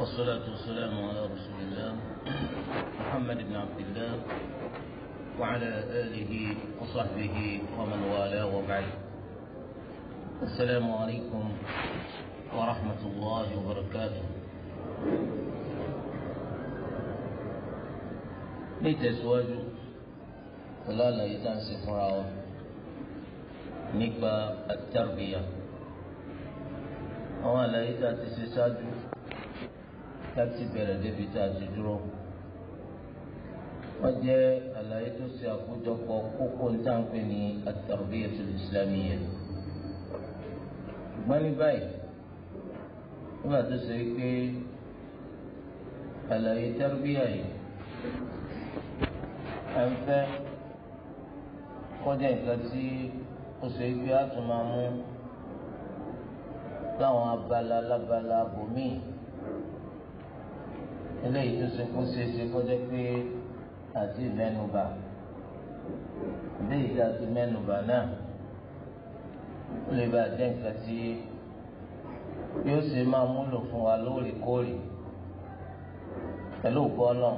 والصلاة والسلام على رسول الله محمد بن عبد الله وعلى آله وصحبه ومن والاه وبعد السلام عليكم ورحمة الله وبركاته nítẹ̀síwájú pẹ̀lú àlàyé tá à ń التربية fúnra wa nípa láti bẹ̀rẹ̀ débi tá a ti dúró. wọ́n jẹ́ àlàyé tó ṣe àkójọpọ̀ kókó ntànpé ní at-tarbiyatul islamiyya. ṣùgbọ́n ní báyìí nígbà tó ṣe pé àlàyé tarbiyya yìí à ń fẹ́ kọjá nǹkan tí ó ṣe pé a tún máa mú láwọn abala lábala bòmíì eléyìí tó ṣe kó ṣe é ṣe kó jẹ́ pé àti mẹ́nubà eléyìí tó àti mẹ́nubà náà ó lè bá jẹ́ nǹkan tí yóò ṣe máa múlò fún wa lóòrèkóòrè pẹ̀lú gbọ́lọ̀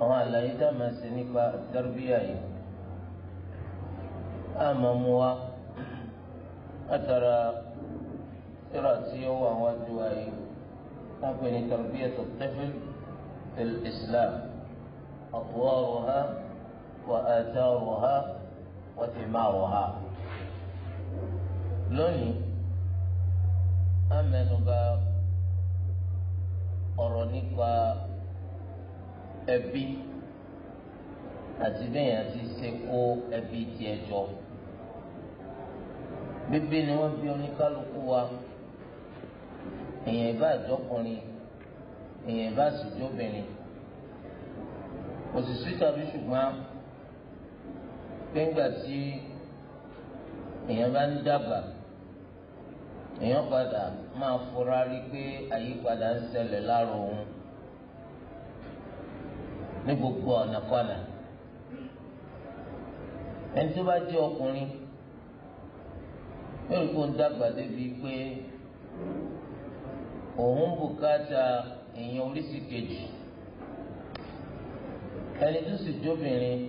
àwọn àlàyé dáàmà sí nípa dárúbíyà yìí àmọ́ mu wa látara tíra tí ó wà wájú wa yìí. وفي لتربية الطفل في الإسلام أطوارها وآثارها وثمارها lónìí amẹnuba ọ̀rọ̀ nípa ẹbí àti bẹyàn ti ṣe kó ẹbí tiẹ̀ jọ bíbí ni wọ́n bí oníkálukú wa èèyàn ìbá àjọkùnrin èèyàn ìbá àṣìjọbìnrin òṣìṣẹ́ tàbí ṣùgbọ́n gbẹ́ngbà tí èèyàn bá ń dàgbà èèyàn padà máa fura rí pé àyípadà ń ṣẹlẹ̀ lára òun ní gbogbo ọ̀nàkọ́nà ẹni tó bá jẹ́ ọkùnrin yóò rí kó ń dàgbà débi pé òun bùkátà èèyàn oríṣi kejì ẹni tó sì jóbìnrin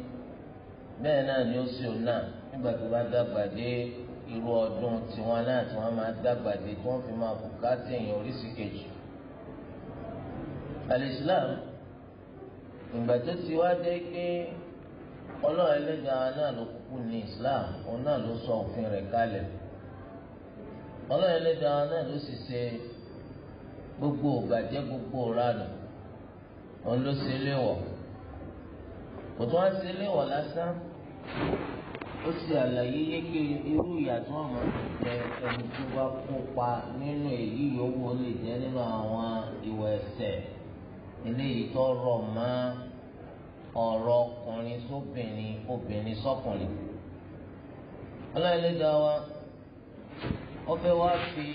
bẹ́ẹ̀ náà ni ó sì ò náà nígbà tó bá dàgbà dé irú ọdún tiwọn náà tí wọ́n máa dàgbà dé tí wọ́n fi máa bùkátà èèyàn oríṣi kejì alìsílámù ìgbà tó ti wá dé pé ọlọ́run ẹlẹ́dàá náà ló kúkú ní islam òun náà ló sọ òfin rẹ̀ kalẹ̀ ọlọ́run gbogbo ògbàjẹ́ gbogbo ọ̀ranù òun ló ṣe léwọ̀ kò tó wá ṣe léwọ̀ lásán ó ṣe àlàyé yéke irú ìyà tí wọ́n mọ̀ jẹ ẹni kópa nínú èyí yòówù lè jẹ́ nínú àwọn ìwà eléyìí tó ọkùnrin sóbìnrin obìnrin sọ́kùnrin eleda wa ó fẹ́ wá fi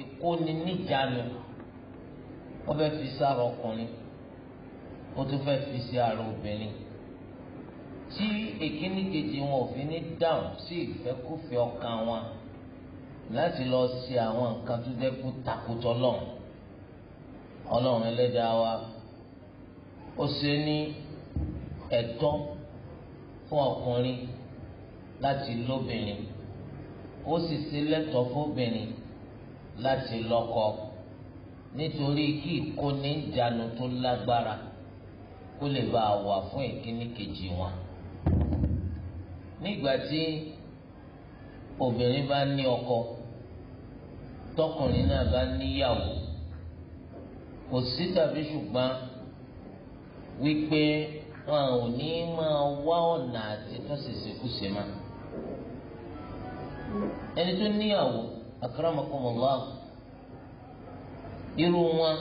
ìkóni níjànú. wọ́n fẹ́ fi sí ara ọkùnrin wọ́n tún fẹ́ fi sí ara obìnrin tí èkíní kejì wọn ò fi ní dáhùn sí ìfẹ́kùfẹ́ ọkàn wọn láti lọ sí àwọn nǹkan tó jẹ́ kó takùtọ̀ lọ́hùn ọlọ́run ẹlẹ́dàá wa ó ṣe ní ẹ̀tọ́ fún ọkùnrin láti lóbìnrin ó sì ṣe lẹ́tọ̀ọ́ fóbìnrin láti lọ́kọ nítorí kí ìkóni ìjánu tó lágbára kó lè bá a wà fún ìkíní kejì wọn. nígbà tí obìnrin bá ní ọkọ tọkùnrin náà bá níyàwó kò sí tàbí ṣùgbọ́n wípé wọn ò ní máa wá ọ̀nà àti tó sì ṣekú ṣe ẹni tó níyàwó akramakumullah. irú wọn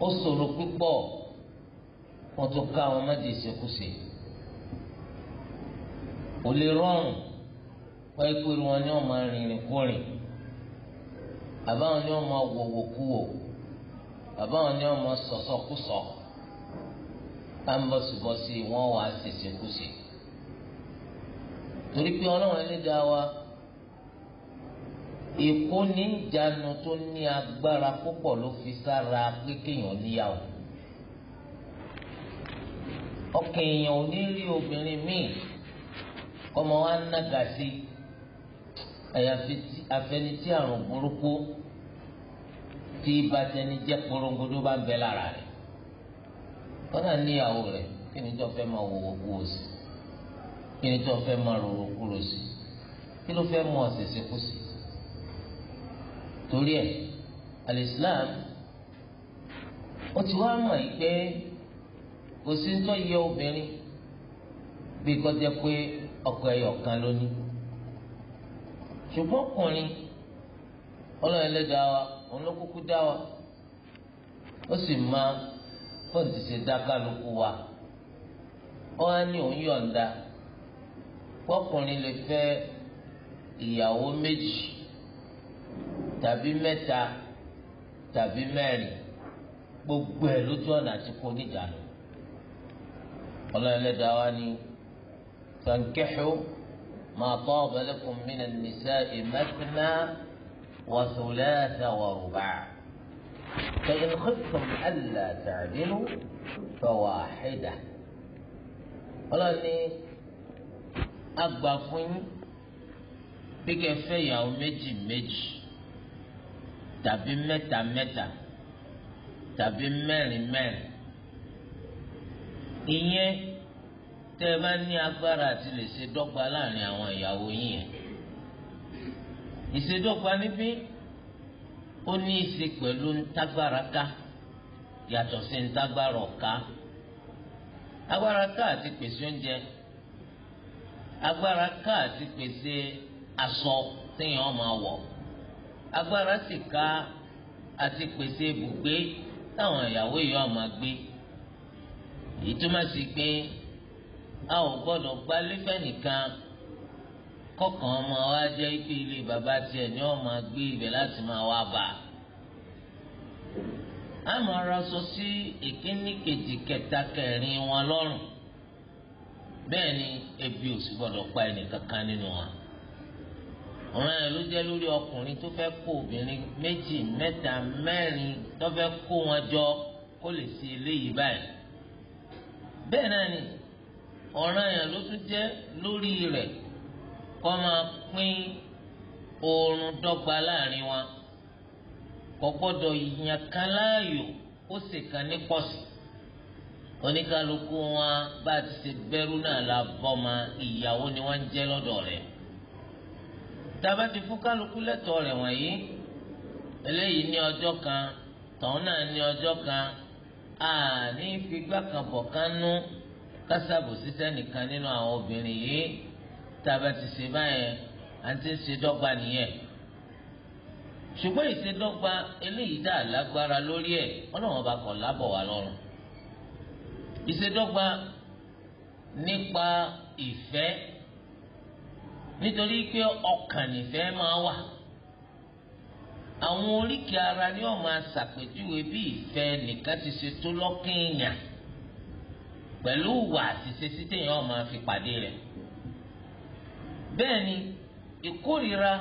ó ṣòro púpọ̀ wọn tó ká àwọn mọ́tì ìṣekúṣe kò lè rọrùn wáyé pé irú wọn ni wọn máa rìnrìn kúrìn àbáwọn ni wọn máa wọ̀wọ̀ àbáwọn ni wọn máa wọn wà wa. ìkóni ìjánu tó ní agbára púpọ̀ ló fi sára pé kéèyàn níyàwó ọkàn èèyàn ò ní rí obìnrin míì ọmọ wa ń nàgà sí àyàfi afẹni tí àrùn burúkú tí ìbátẹni jẹ́ korongodo bá ń bẹ lára rẹ̀ kọ́nà níyàwó rẹ̀ kí ni tó fẹ́ máa wòwò kú òsì kí ni tó fẹ́ máa rorò kúrò sí kí ló fẹ́ mú ọ̀sẹ̀ sí kú sí. torí ẹ̀ alislam ó ti wá mọ̀ yìí pé kò sí ń tọ́ yẹ obìnrin bí kọjá pé ọkọ ẹyọ kan ló ní ṣùgbọ́n ọkùnrin ọlọ́run ẹlẹ́dàá wa òun dá wa ó sì máa fóun ti ṣe dá kálukú wa ó wá ní òun yọ̀ǹda ọkùnrin lè fẹ́ ìyàwó méjì. tàbí mẹ́ta tàbí mẹ́rin gbogbo ẹ̀ lójú ọ̀nà àti kó níjànú ọlọ́ọ̀lẹ́dàá wa ni fankihu ma taba lakum minan nisa'i mathna wa thulatha wa ruba' fa in khiftum alla ta'dilu fawahida ọlọ́ọ̀ni agbàfún bí kẹfẹ́ ìyàwó méjì méjì tàbí mẹ́ta mẹ́ta tàbí mẹ́rin mẹ́rin ìyẹn tẹ́ ẹ bá ní agbára àti lè ṣe dọ́gba láàrin àwọn ìyàwó yín yẹn ìṣèdọ́gba níbí ó ní í ṣe pẹ̀lú ntágbára ká yàtọ̀ sí ntágbára ọ̀ká agbára ká àti pèsè oúnjẹ agbára ká àti pèsè aṣọ téèyàn máa wọ̀ agbára sì ká àti pèsè ibùgbé táwọn ìyàwó yìí ọmọ gbé èyí tó má sì pé a ò gbọ́dọ̀ gbálé fẹ́nìkan kọ̀ọ̀kan ọmọ wa jẹ́ ipe ilé bàbá tiẹ̀ ni wọ́n máa gbé ibẹ̀ láti máa wá bà á. a máa ra sọ sí ìkíní kejì kẹta kẹrin wọn lọ́rùn bẹ́ẹ̀ ni ebi ò sì gbọ́dọ̀ pa ẹnì kankan nínú wọn ọ̀ràn yẹn ló jẹ́ lórí ọkùnrin tó fẹ́ kó obìnrin méjì mẹ́ta mẹ́rin tó fẹ́ kó wọn jọ kó lè ṣe eléyìí báyìí bẹ́ẹ̀ náà ni ọ̀ràn yẹn ló tún jẹ́ lórí rẹ̀ kó máa pín oorun dọ́gba láàrin wa kò gbọ́dọ̀ yàn kan láàyò ó sì kan ní pọ̀sì oníkálukú wọn bá ti ṣe bẹ́rù náà la bọ́ ma ìyàwó ni wọ́n ń jẹ́ lọ́dọ̀ tàbá ti fún kálukú lẹ́tọ̀ọ́ rẹ̀ wọ̀nyí eléyìí ní ọjọ́ kan tọ̀hún náà ní ọjọ́ kan àní figbá kan bọ̀ kánú kásáàbò sísẹ́ nìkan nínú àwọn obìnrin yìí tàbá ti ṣe báyẹn à ń ti ṣe dọ́gba nìyẹn ṣùgbọ́n ìṣedọ́gba eléyìí dá lágbára lórí ẹ̀ ọlọ́run ọba kọ̀ lábọ̀ wá lọ́rùn ìṣedọ́gba nípa ìfẹ́ nítorí pé ọkàn nìfẹ́ máa wà àwọn oríkì ara ni wọ́n máa ṣàpèjúwe bí ìfẹ́ nìkan ti ṣe tó lọ́kìnyà pẹ̀lú ìwà àtìṣesí téèyàn ọ̀ máa fi pàdé rẹ̀ bẹ́ẹ̀ ni ìkórìíra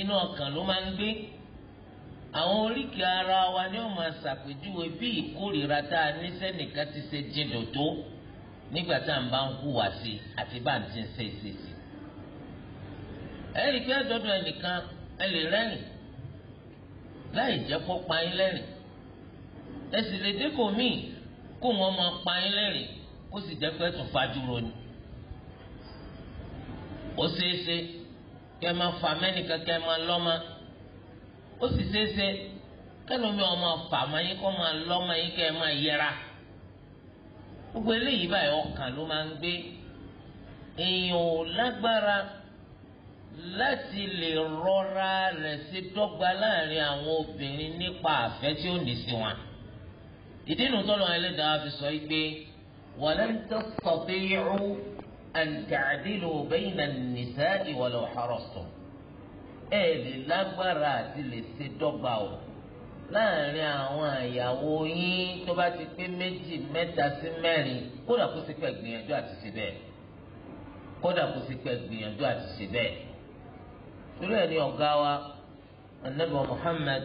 inú ọkàn ló máa ń gbé àwọn oríkì ara wa ni wọ́n máa ṣàpèjúwe bí ìkórìíra tá a ní sẹ́nìkan ti ṣe jìndò tó nígbà tá à ń bá ń hùwà sí àti bá ń ti ń ṣe ìṣesí. ẹnì kí ẹdọdọ ẹnìkan ẹ lè rẹ́rìn láì jẹ́ kó pa yín lẹ́rìn ẹ sì lè dẹ́kọ̀ míì kó wọn máa pa yín lẹ́rìn kó sì jẹ́ pé tún fajúro ni ó ṣeéṣe máa mẹ́nìkan máa lọ́mọ ó sì ṣeéṣe ọmọ fàmà yín kọ́ máa lọ́mọ yín kẹ́ máa yẹra gbogbo eléyìí báyìí ọkàn láti lè rọra rẹ̀ sí dọ́gba láàrin àwọn obìnrin nípa àfẹ́ tí ó ní sí wọn. ìdí nu tọ́lọ́ ẹlẹ́dàá fi sọ yìí pé walan tastati'u an ta'dilu bayna an-nisa'i walau harastum. ẹ lè lágbára àti lè ṣe dọ́gba o láàrin àwọn àyàwó yín tó bá ti pé méjì mẹ́ta sí mẹ́rin kódà kó sì pẹ́ gbìyànjú àti ṣe bẹ́ẹ̀ kódà kó sì pẹ́ gbìyànjú àti ṣe bẹ́ẹ̀ irú ẹni ọ̀gá wa anabi muhammad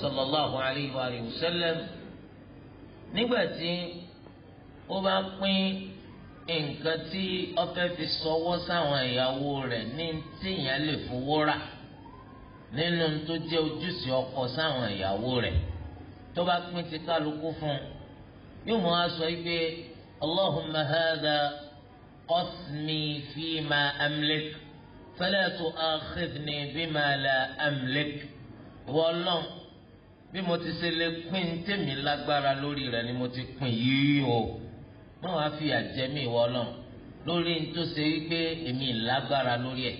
sallallahu alayhi wa sallam nígbà tí ó bá pín nǹkan tí ó fẹ́ fi sọwọ́ sáwọn ìyàwó rẹ̀ ní tíyàn lè fowó rà nínú tó jẹ́ ojúṣe ọkọ sáwọn ìyàwó rẹ̀ tó bá pín ti kálukú fún yóò mọ aṣọ ìgbé allahumma hadha qasmi fima amlik fala tu'akhidhni bima la amlik wọ́lọ́n bí mo ti ṣe lè pín tèmi lágbára lórí rẹ̀ ni mo ti pín yìí o má wàá fi àjẹmí wọ́lọ́n lórí tó wípé èmi lágbára lórí ẹ̀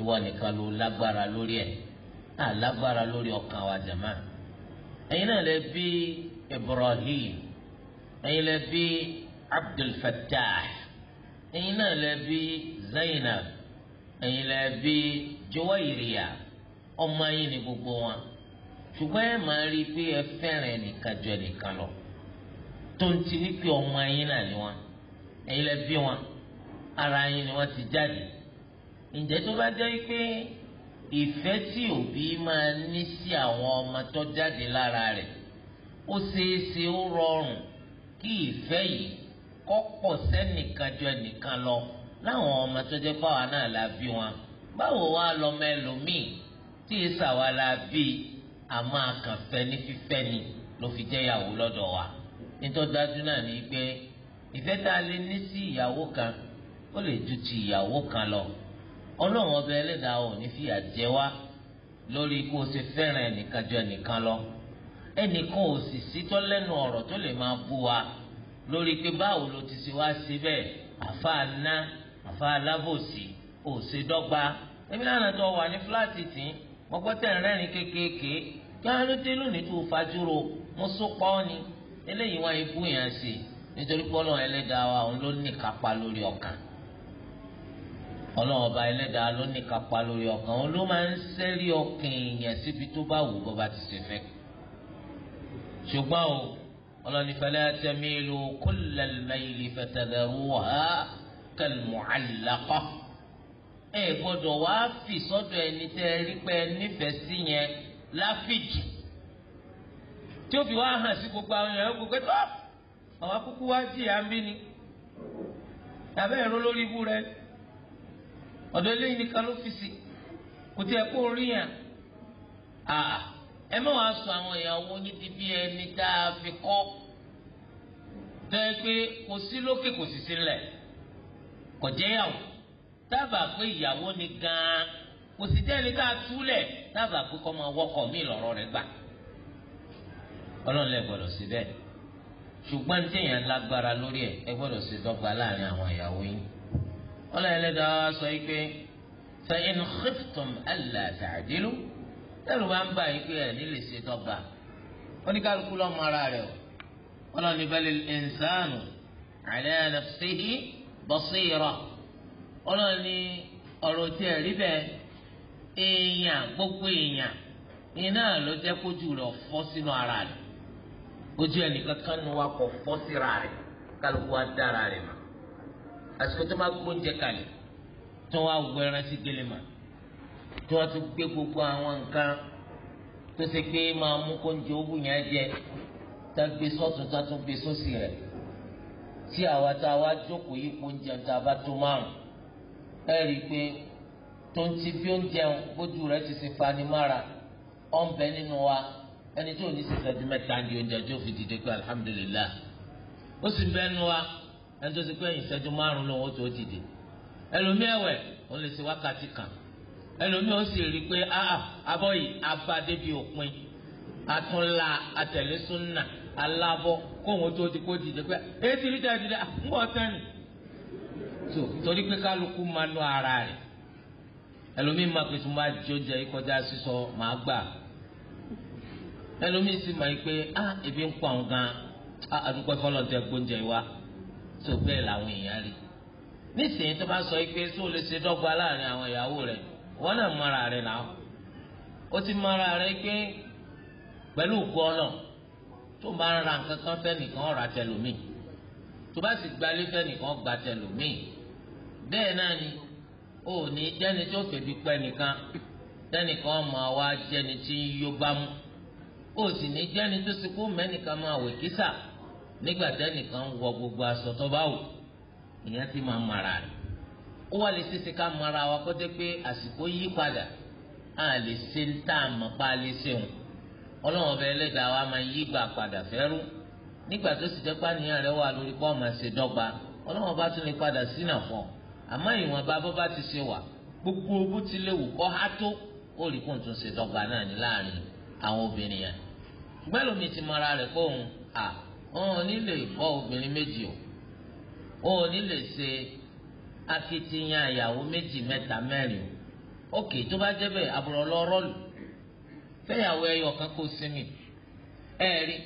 ìwọ nìkan ló lágbára lórí ẹ̀ á lágbára lórí ọkàn wa jàmá ẹ̀yin náà lè bí Ibrahim ẹ̀yin lè bí Abdul Fattah náà lè bí Zainab ẹ̀yin lẹ bí Juwayriya ọmọ yín ni gbogbo wọn ṣùgbọ́n ẹ máa rí i pé ẹ fẹ́ràn ẹnìkan ju ẹnìkan lọ tó ń ti wípé ọmọ yín náà ni wọn ẹ̀yin lẹ bí wọn ara yín ni wọ́n ti jáde ǹjẹ́ tó bá jẹ́ pé ìfẹ́ tí òbí máa ní sí àwọn ọmọ tó jáde lára rẹ̀ ó ṣeéṣe ó rọrùn kí ìfẹ́ yìí kó pọ̀ sẹ́nìkan ju ẹnìkan lọ láwọn ọmọ tó jẹ́ fáwa náà la bí wọn báwo wá lọ́mọ ẹlòmíì tí èsà wa la bí àmọ́ àkànfẹ́ ní fífẹ́ ni ló fi jẹ́ ìyàwó lọ́dọ̀ wa nítorí dájú náà ni pé ìfẹ́ tá a lè ní sí ìyàwó kan ó lè ju ti ìyàwó kan lọ ọlọ́run ọbẹ̀ ẹlẹ́dàá ò ní fìyà jẹ wá lórí kó o ṣe fẹ́ràn ẹnìkan ju ẹnìkan lọ ẹnìkan ò sì sítọ́ lẹ́nu ọ̀rọ̀ tó lè máa bú wa lórí pé báwo ló ti ṣe wá síbẹ̀ àfa ná àfa alábòsí òsè dọ́gba ẹbí lánàá tó wà ní fúláàtì tì mo gbọ́ tẹ̀ ń rẹ́rìn kékèké kí wọ́n ló dé lónìí tó fajúro mo sún pọ́ ni eléyìí wọ́n ibú yẹn sí nítorí pé ọlọ́run ẹlẹ́dàá wa òun ló ní kápá lórí ọkàn ọlọ́run ọba ẹlẹ́dàá ló ní kápá lórí ọkàn òun ló máa ń sẹ́rí ọkàn èèyàn síbi tó bá wù bó ti ṣe fẹ́ ṣùgbọ́n o ọlọ́run ìfẹ́lẹ́ tẹ́mi lu kullal mayli fatadharuha kẹlmùcàlàkọ ẹ gbọ́dọ̀ wá fi sọ́dọ̀ ẹni tẹ rí pé nífẹ̀ẹ́ sí yẹn láfíjì tí ó fi wá hàn sí gbogbo àwọn èèyàn gbogbo tó àwọn akúkú wá jìyà ń bí ni tàbí ẹ̀rọ lórí ibú rẹ ọ̀dọ̀ eléyìí nìkan ló fi sí kò tí ẹ kó rí yàn à ẹ má wàá sọ àwọn ìyàwó yín di bí ẹni tá a fi kọ́ tẹ́ pé kò sí lókè kò sì sílẹ̀ kò jẹ́yàwó dábàá pé ìyàwó ni gan-an kò sì jẹ́ ẹni tá a túlẹ̀ dábàá pé kọ́ máa wọ́kọ̀ mí lọ́rọ̀ rẹ̀ gbà ọlọ́run lè gbọ́dọ̀ sí bẹ́ẹ̀ ṣùgbọ́n ní téèyàn lágbára lórí ẹ̀ ẹ gbọ́dọ̀ ṣe dọ́gba láàrin àwọn ìyàwó yín ọlọ́run ẹlẹ́dàá wá sọ pé fa in khiftum alla ta'dilu tẹ́lu bá ń bá yín pé ẹ̀ nílè ṣe dọ́gba oníkálukú lọ́mọ ara rẹ̀ o basira ọlọ́run ní ọ̀rọ̀ tí ẹ̀ rí bẹ́ẹ̀ èèyàn gbogbo èèyàn iná ló jẹ́ kójú rẹ̀ fọ́ sínú ara rẹ̀ ojú ẹnìkan kan nu wa kọ̀ fọ́ síra rẹ̀ kálukú wa dára rẹ̀ mọ́ àsìkò tó máa gbóúnjẹ kalẹ̀ tó wá gẹlẹ́ mọ́ tún tí àwa tá a wá jókòó yìí kó oúnjẹ tá a bá tó márùn ẹ rí i pé tó ń ti bí oúnjẹ bójú rẹ ti ṣe fanimára ọ̀ ń bẹ nínú wa ẹni tó ní sísè mẹ́ta di oúnjẹ tó fi dìde pé alhamdulillah ó sì bẹ nu wa ẹni tó ti pé ìṣẹ́jú márùn lòun ó tó dìde ẹlòmíì ẹ̀wẹ̀ ó lè ṣe wákàtí kan ẹlòmíì ó sì rí i pé abọ́ yìí abá débi òpin atúnla atẹ̀lẹ́sùn náà. ala kóhun tó ti kó dìde pé ètí rí jáde dá ah, ń bọ̀ tẹ́lẹ̀ tó torí pé kálukú máa nú ara rẹ̀ ẹlòmíín máa pèsè máa jó jẹ ìkọjá sísọ máa gbà ẹlòmíín sì máa pé a ah, ebi ń pa òun gan a ah, àdúgbò fọlọ́ntẹ gbóúnjẹ wa tó bẹ́ẹ̀ làwọn èèyàn rí nísìnyí tó bá sọ pé tó lè ṣe dọ́gba láàrin àwọn ìyàwó náà náà ó ti ara pé pẹ̀lú tó bá ń ra nǹkan kan fẹ́nìkan ọ̀rà tẹlómi tó bá sì gbalé fẹ́nìkan gba tẹlómi bẹ́ẹ̀ náà ni ó ní jẹ́ni tó fèbi pẹ́ nìkan tẹ́nìkan máa wá jẹ́ni tí ń yó bá mú ó sì ní jẹ́ni tó sì kú mẹ́nìkan máa wẹ̀ kísà nígbà tẹ́nìkan wọ gbogbo aṣọ tó bá wù ìyẹn ti máa mara rẹ̀ ó wà lè ṣeéṣe ká mara wa kó dé pé àsìkò yí padà á lè ṣe ń tà mọ́ pa á lè ṣeun ọlọ́run ọba ẹlẹ́dàá wa máa yí gbà padà fẹ́rú nígbà tó sì jẹ́ pàníyàn rẹ wà lórí pọ́ máa ṣe dọ́gba ọlọ́run ọba tún lè padà sínà fún ọ àmọ́ ìwọ̀nba bó bá ti ṣe wà gbogbo bó ti lè wù kọ́ há tó ó rí kóun tún ṣe dọ́gba náà ní láàrin àwọn obìnrin yẹn ṣùgbọ́n lómi ti mara rẹ̀ kóun à òun ní lè kọ́ obìnrin méjì o òun ní lè ṣe akitiyan ìyàwó méjì mẹ́ta mẹ́rin o òkè tó bá jẹ́ bẹ́ẹ̀ àbúrò ọlọ́rọ́ lù fẹ́yàwó ẹyọ kan kó sinmi ẹ rí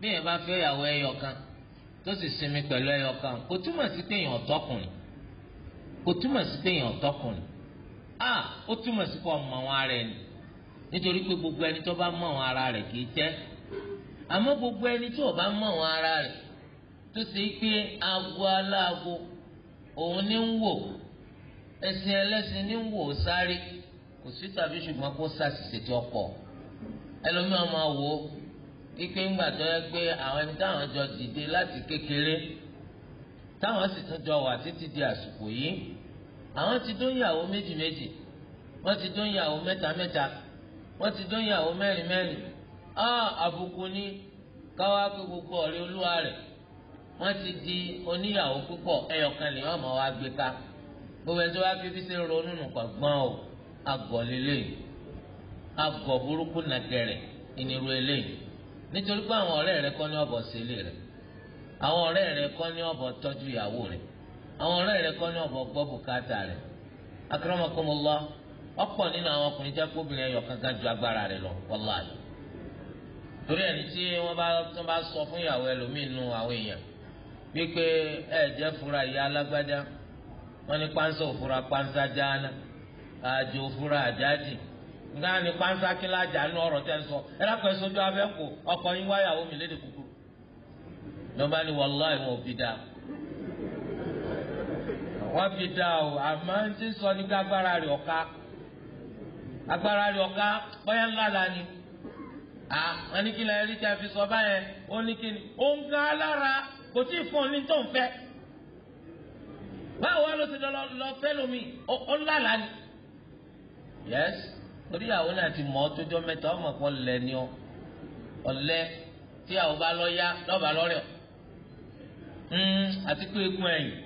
bí èèyàn bá fẹ́yàwó ẹyọ kan tó sì sinmi pẹ̀lú ẹyọ kan kò túmọ̀ sí pé èèyàn ọ̀tọ́kùnrin kò túmọ̀ sí pé èèyàn ọ̀tọ́kùnrin a ó túmọ̀ sí pé ọmọ wọn ara ẹni nítorí pé gbogbo ẹni tó bá mọ àwọn ara rẹ̀ kì í tẹ́ àmọ́ gbogbo ẹni tó bá mọ àwọn ara rẹ̀ tó ṣe pé aago aláago òun ní ń wò ẹ̀sìn ẹlẹ́sìn ní ń wò sáré kò sí tàbí ṣùgbọ́n kó sàṣìṣe tí ó pọ̀ ẹlòmíràn máa wò ó ike ńgbà tó yẹ pé àwọn ẹni táwọn jọ dìde láti kékeré táwọn sì tún jọ wà títí di àsìkò yìí àwọn ti dún ìyàwó méjì méjì wọ́n ti dún ìyàwó mẹ́ta mẹ́ta wọ́n ti dún ìyàwó mẹ́rin mẹ́rin á àbùkù ní káwá pé gbogbo ọ̀rẹ́ olúwa rẹ̀ wọ́n ti di oníyàwó púpọ̀ ẹyọkan lè wọ́n mọ̀ wá gbé ká gbogbo ẹni tó wá fi fi ṣe ronú nù gbọ́n o àgọ́ lélẹ́yìí. agọ̀ burúkú nàgẹ̀rẹ̀ ìnirú eléyìí nítorí pé àwọn ọ̀rẹ́ rẹ kọ́ ní ọ̀bọ̀ sílé rẹ àwọn ọ̀rẹ́ rẹ kọ́ ní ọ̀bọ̀ tọ́jú ìyàwó rẹ àwọn ọ̀rẹ́ rẹ kọ́ ní ọ̀bọ̀ gbọ́ bùkátà rẹ akramakumullah ọ̀pọ̀ nínú àwọn ọkùnrin jẹ́ kóbìnrin ẹyọ kankan ju agbára rẹ lọ wàláhì torí ẹni tí bá bá sọ fún ìyàwó àwọn èèyàn wípé ẹ ìyá alágbádá ní náà ní pánsákí lájà nínú tẹ sọ ẹ lápẹ́ sojú ọkọ yín wáyàwó mi léde kúkúrú ní wọ́n bá ní fi fi o ń ti sọ ní agbára rẹ̀ ọ̀ka agbára rẹ̀ ọ̀ka bóyá ńlá la ni à ní kí rí fi sọ báyẹn ó ní kí ni ó ń ga kò tí ì fún ọ ní tó ń ni. yes. oríyàwó náà ti mọ̀ ọ́ tójọ́ mẹ́ta ọmọ kan lẹ̀ ni ọ ọ̀lẹ́ tí àwọn bá lọ yá lọ́ba lọ́rẹ̀ ọ́ hmm, àti pé egun ẹ̀yìn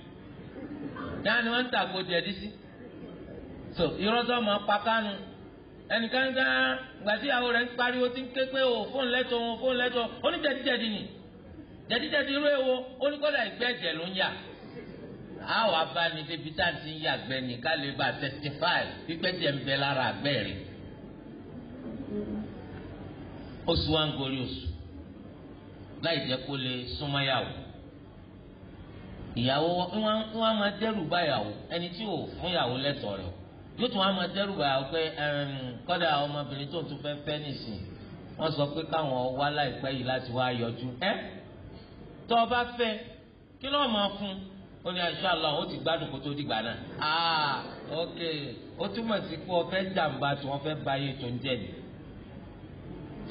náà ni wọ́n ń tàgò dẹ̀dí sí so irọ́sọ́ máa pa kánú ẹnìkan gá gbàtí àwọn rẹ̀ ń pariwo ti ń ké pé o oh, fóònù lẹ́tọ̀ o oh, fóònù lẹ́tọ̀ o ní ni jẹ̀díjẹ̀dí irú èwo ó ní kọ́dà ìgbẹ́ ẹ̀jẹ̀ ló ń yà àwọn abáni a ti ń yàgbẹ́ ni ká lè bá testify pípẹ́ jẹ̀ ń bẹ lára àgbẹ̀ rẹ̀ oṣù wa ń gorí oṣù láì jẹ́ kó lè súnmọ́yàwó ìyàwó wọn a máa dẹ́rù báyàwó ẹni tí ò fún yàwó lẹ́tọ̀ọ́ rẹ̀ yóò tún wọn a máa dẹ́rù báyàwó pé kọ́dà ọmọbìnrin tó ń tún fẹ́ fẹ́ nìsín wọ́n sọ pé káwọn wá láìpẹ́ yìí láti wá yọjú ẹ́ tó o bá fẹ́ kí ló máa fún ó ní inshallah ó ti gbádùn kó tó dìgbà náà ah ok ó túmọ̀ sí pé o fẹ́ jàǹbá tí wọ́n fẹ́ báyé tó ń jẹ́ nìyí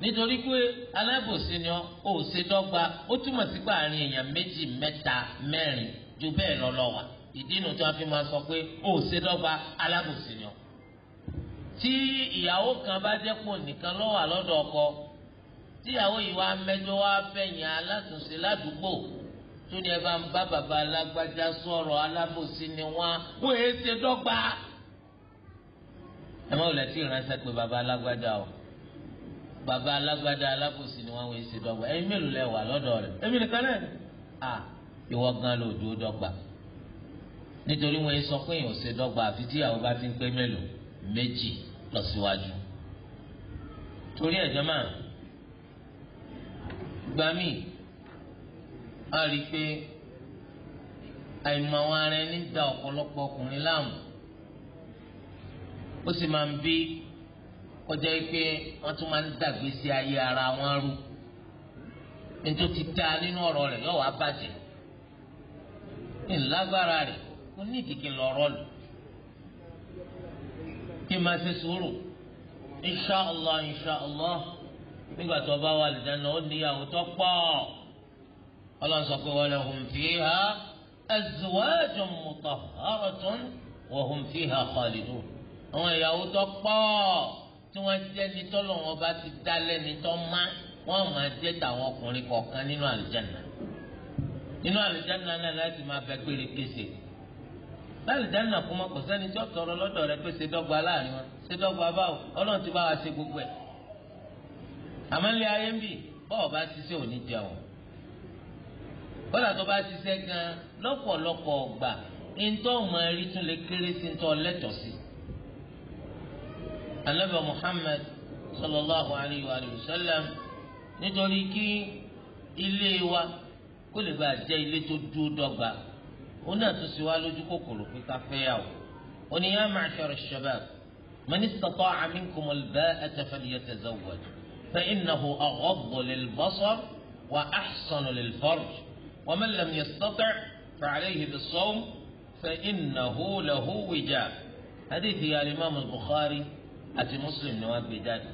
nítorí pé alábòsí ni ó ò ṣe dọ́gba ó túmọ̀ sí pé àárín èèyàn méjì mẹ́ta mẹ́rin ju bẹ́ẹ̀ lọ lọ wà ìdí inú tí wọ́n fi máa sọ pé ó ṣe dọ́gba alábòsí ni ó. tí ìyàwó kan bá dẹ́kun nìkan ló wà lọ́dọ̀ ọkọ tíyàwó yìí wá mẹ́jọ wá fẹ̀yìn alátùnṣe ládùúgbò tó ní ẹ bá ń bá bàbá alágbájá sọ̀rọ̀ alábòsí ni wọ́n wọ́n ṣe dọ́gba. ẹ má wùlẹ̀ tí ìránṣẹ́ pé bàbá alágbájá o baba alágbádá alákòsí ni wọn wọ èsì dọ́gba ẹ̀yin mélòó lẹ wà lọ́dọ̀ rẹ̀ èmi nìkan náà à ìwọ gan ló dúró dọ́gba nítorí wọn sọ pé èèyàn ò ṣe dọ́gba àfi tí àwọn bá ti ń pé mélòó méjì lọ síwájú torí ẹjọ́ máa gbà mí a rí i pé àìmọ̀ àwọn ará ẹni dá ọ̀pọ̀lọpọ̀ ọkùnrin láàmú ó sì máa ń bí kọjá pé wọ́n tún máa ń dàgbèsè ayé ara wọn rú nítorí ti da nínú ọ̀rọ̀ rẹ̀ yóò wá bàjẹ́ ńlágbára rẹ̀ ó ní ìdíkì lọ́rọ́ lò kí n máa ṣe sùúrù inṣàlá inṣàlá nígbà tó bá wà lè dáná ó níyàwó tó pọ̀ ọlọ́run sọ pé wọ́n lè hùn fi ha azuwájú mutahharatun wa hùn fi ha khalidun àwọn ìyàwó tó pọ̀ tí wọ́n jẹ́ ni tọ́lọ̀ wọn bá ti dá lẹ́ni tọ́ má wọ́n máa jẹ́ tàwọn ọkùnrin kọ̀ọ̀kan nínú àlùjáná nínú àlùjáná náà láti máa bẹ péré kése lálùjáná kó mọ kò sẹ́ni tí ó tọrọ lọ́dọ̀ rẹ pé ṣe dọ́gba láàrin wọn ṣe dọ́gba báwo ọlọ́run ti bá wa ṣe gbogbo ẹ̀ àmọ́ ilé ayé ń bì bọ́ọ̀ bá ṣiṣẹ́ òní jẹun bọ́dà tó bá ṣiṣẹ́ gan lọ́pọ̀lọpọ̀ ọgbà ntọ́ mọ ẹrí tún lè kéré sí ntọ́ lẹ́tọ̀ọ́ sí النبي محمد صلى الله عليه وآله وسلم نتوليكي إليوا كل بعد جاي لتجو دوبا هنا تسوالو جكوكولو في كافياو هنا يا معشر الشباب من استطاع منكم الباءة فليتزوج فإنه أغض للبصر وأحصن للفرج ومن لم يستطع فعليه بالصوم فإنه له وجاء حديث يا الإمام البخاري àti muslim ni wọ́n gbé jáde.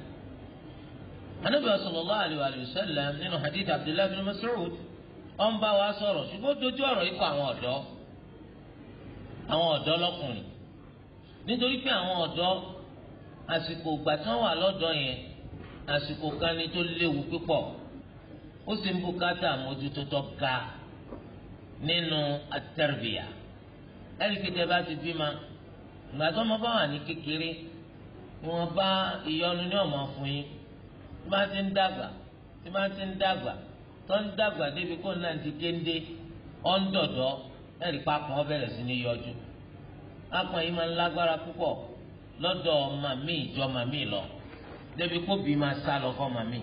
anabi sallallahu alayhi wa sallam nínú hadith abdullahi bin mas'ud ó ń bá wa sọ̀rọ̀ ṣùgbọ́n dojú ọ̀rọ̀ ikọ àwọn ọ̀dọ́ àwọn ọ̀dọ́ lọ́kùnrin nítorí pé àwọn ọ̀dọ́ àsìkò ìgbà tí wọ́n wà lọ́dọ̀ yẹn àsìkò kan ni tó léwu púpọ̀ ó sì ń bùkátà àmójútó tó ga nínú at ẹ̀ríkìtẹ́ bá ti bímọ ìgbà tó ọmọ bá wà ní kékeré wọn bá ìyọnu ní ọmọ fún yín tí bá ti ń dàgbà tí bá ti ń dàgbà tó ń dàgbà débi kó náà ti géńdé ọ̀ ń dọ̀dọ̀ ẹ̀rí papọ̀ wọn bẹ̀rẹ̀ sí ní yọjú akọ yìí máa ń lágbára púpọ̀ lọ́dọ̀ ọmọ mi ìjọ ọmọ mi lọ débi kó bí máa sá lọ fọmọ mi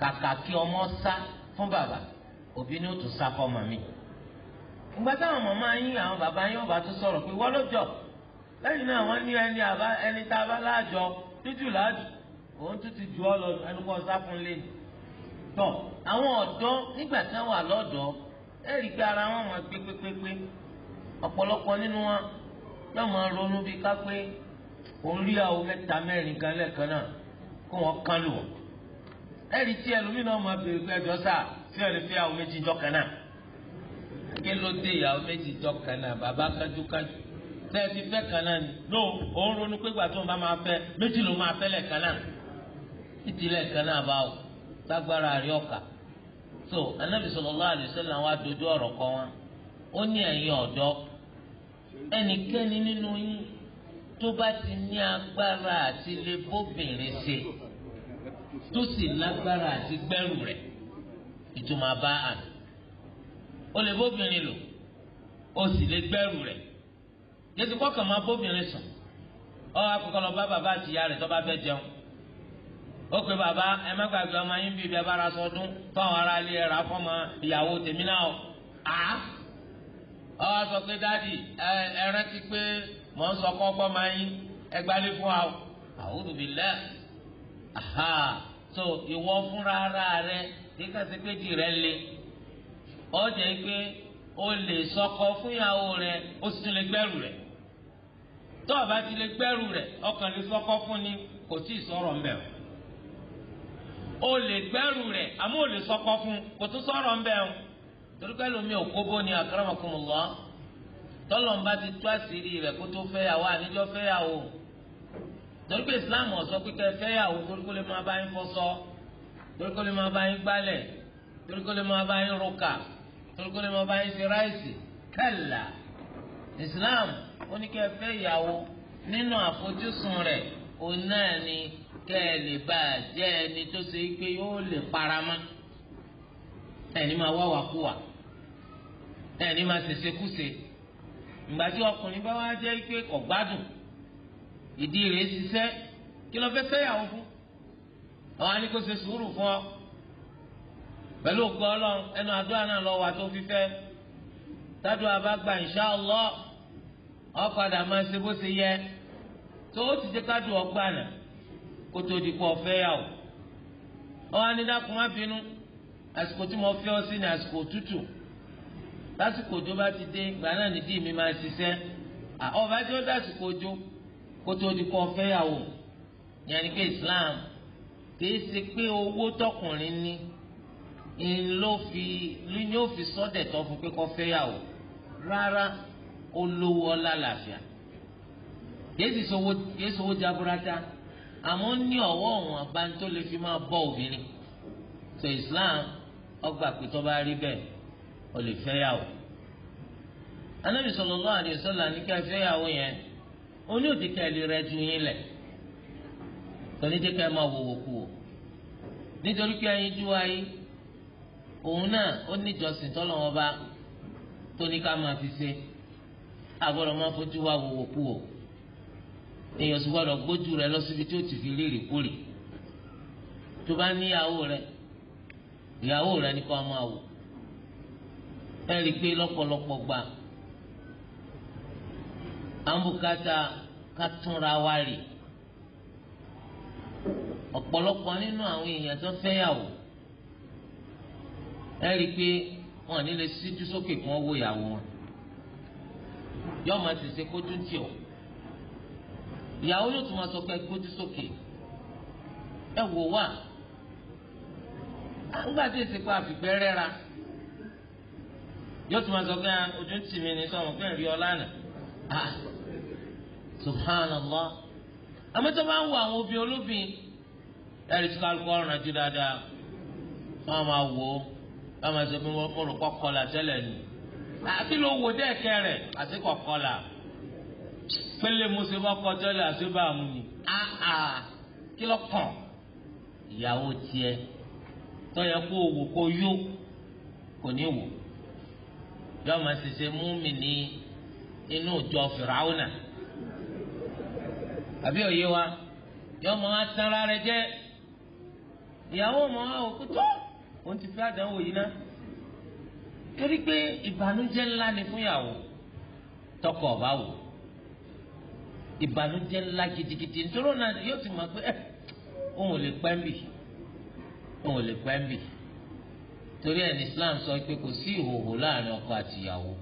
kàkà kí ọmọ sá fún bàbá òbí ni ó tún sá fọmọ mi ìgbà táwọn ọmọ máa ń yín àwọn bàbá yín ọba tó sọ̀rọ̀ pé wọ́n ló lẹ́yìn náà wọ́n ní ẹni àbá ẹni tá a bá láàjọ tútù láàjù òun tún ti ju ọ lọ ẹnu kọ́ sáfún lé tọ àwọn ọ̀dọ́ nígbà tí wọ́n wà lọ́dọ̀ ẹ rí i pé ara wọn máa gbé pépépé ọ̀pọ̀lọpọ̀ nínú wọn yóò máa ronú bíi ká pé òun rí àwọn mẹ́ta mẹ́rin kan lẹ́ẹ̀kan náà kó wọ́n kán lò wọ́n ẹ rí i tí ẹlòmíràn náà máa béèrè pé ẹjọ́ sáà tí ẹ lè fi àwọn méjì jọ kan náà kí ló dé ìyàwó méjì jọ kan náà bàbá kájúkájú bẹ́ẹ̀ ti fẹ́ kan ni no òun ronú pé gbà tó máa fẹ́ méjì ló máa fẹ́ lẹ́ẹ̀kan náà títí lẹ́ẹ̀kan náà bá wò lágbára rí ọ̀kà so anabi sallallahu alaihi wasallam wa dojú kọ wọn ó ní ẹ̀yin ọdọ ẹnikẹ́ni nínú yín tó bá ti ní agbára yẹsi kọkàn máa bóbìnrin sùn ọ akọkọ lọ bá bàbá àtìyá rẹ tó bá fẹ́ jẹun ó pe bàbá ẹ má gbàgbé ọmọ yín bíi bẹ́ẹ̀ bá ra sọdún fáwọn ará ilé ẹ rà fọmọ ìyàwó tèmi náà á ọ sọ pé dáàdì ẹ ẹ rántí pé mọ̀ ń sọ kọ́ gbọ́ máa yín ẹ gbálé fún wa a'udhu billah so ìwọ fúnra ara rẹ kí kàtí pé di rẹ le ọ jẹ́ pé o lè sọkọ fún ìyàwó rẹ o sì tún lè gbẹ́rù rẹ̀ tó o bá ti lè gbẹ́rù rẹ̀ ọkàn lè sọ́kọ́ fún ni kò tí ì sọ̀rọ̀ ń bẹ̀ o. o lè gbẹ́rù rẹ̀ àmọ́ o lè sọ́kọ́ fún kò tún sọ̀rọ̀ ń bẹ̀ o. torí pẹ́ lómi òkóbó ni akramakumullah tọ́lọ́mbà ti tú àṣírí rẹ̀ kó tó fẹ́yàwó àníjọ́ fẹ́yàwó torí pé Islam ọ̀sọ́ pípẹ́ fẹ́yàwó torí kó lè máa bá yín fọṣọ torí kó lè máa bá yín gbálẹ̀ torí kó lè máa bá yín rúkà torí kó lè máa bá yín ṣe ráìsì kẹ́là Islam ó ní kí ẹ ìyàwó nínú àfojúsùn rẹ̀ òun náà ni kẹ́ ẹ lè bá a jẹ́ ẹni tó ṣe é pé yóò lè paramọ́ ẹni máa wá wàkúwà ẹni máa ṣèṣe kúṣe ìgbà tí ọkùnrin bá wá jẹ́ pé kò gbádùn ìdí rẹ̀ ṣiṣẹ́ kí ló fẹ́ fẹ́yàwó fún àwọn á ṣe sùúrù fún ọ pẹ̀lú ògbọ́ ọlọ́run ẹnu àdúrà náà lọ́wọ́ àti òfìfẹ́ tádùn abágbà inṣàlọ́ ọ̀padà máa ṣe bó ṣe yẹ tó o ti ṣe kádùn ọgbà náà kó tó di pọ̀ fẹ́ yà o. ọ̀hún anidakun má bínú àsìkò tí mo fẹ́ ọ sí ni àsìkò tútù lásìkò òjò bá ti dé ìgbà náà nídìí mi máa ṣiṣẹ́ ọba tí ó dásìkò òjò kó tó di pọ̀ fẹ́ yà o yẹn ni pé Islam kìí ṣe pé owó tọkùnrin ní ń ló fi ló sọ́dẹ̀ tọ́ fún pé kọ́ fẹ́ yà o. rárá ó lówó ọlá làáfíà yéésì sowó yéésì sowó jaburata àmọ́ ní ọ̀wọ́ ọ̀hún lè fi máa bọ obìnrin tó Islam ọgbà pé o. bá rí bẹ́ẹ̀ ó lè fẹ́yàwó anabi sallallahu alaihi wasallam ní ká fẹ́yàwó yẹn oní rẹ ju yín lẹ̀ máa kú o nítorí pé ẹyin jú òun náà ó níjọsìn tọ́lọ́wọ́n bá tó ní ká máa fi ṣe agbọ́dọ̀ máa fojú wa wò wò kú o èèyàn sì gbọ́dọ̀ gbójú rẹ lọ síbi tí ó ti fi léèrè kórè tó bá ní ìyàwó rẹ ìyàwó rẹ ní kó máa wò ẹ rí i pé lọ́pọ̀lọpọ̀ gbà àǹbùkátà ká túnra wa rè ọ̀pọ̀lọpọ̀ nínú àwọn èèyàn tó fẹ́yàwó ẹ rí i pé wọn ní lè síjú sókè kí wọ́n wo ìyàwó wọn yóò máa ṣèṣe kójú tì ọ́ ìyàwó yóò tún máa sọ pé kójú sókè ẹ wò wá nígbà tí èsì pa àfìgbẹ́ rẹ́ra yóò tún máa sọ pé ojú tì mí ní sọ̀rọ̀ pé rí ọ lánàá subhanallah àmọ́ tó bá ń wo àwọn obìnrin olóbìn ẹ̀rí tí kálukọ́ ọ̀ràn jù dáadáa wọ́n máa wò ó káma ṣe fún wọn kóró kọkọlà tẹ́lẹ̀ ni àti ló wò dẹ́ẹ̀kẹ́ rẹ̀ àti kọkọlà pélé mo ṣe fọkọ tẹ́lẹ̀ àti bá a mú mi áhà kí ló kàn ìyàwó tiẹ̀ tọ́yẹ kó wò kó yó kò ní wò yọọ ma ṣiṣẹ́ mú mi ní inú ìjọ fìràwùnà àbí òye wa yọọ ma wá tán ara jẹ ìyàwó ma wá òkú tó òun ti fẹ́ àdánwò yìí ná torí pé ìbànújẹ́ ńlá ni fún ìyàwó tọkọ ọba wò ìbànújẹ́ ńlá gidigidi nítorí ọ̀nà yóò ti mọ̀ pé ẹ eh, òun ò lè pẹ́ ń bì òun ò lè pẹ́ ń bì torí ẹ̀ ní Islam sọ pé kò sí ìhòòhò láàrin ọkọ àti ìyàwó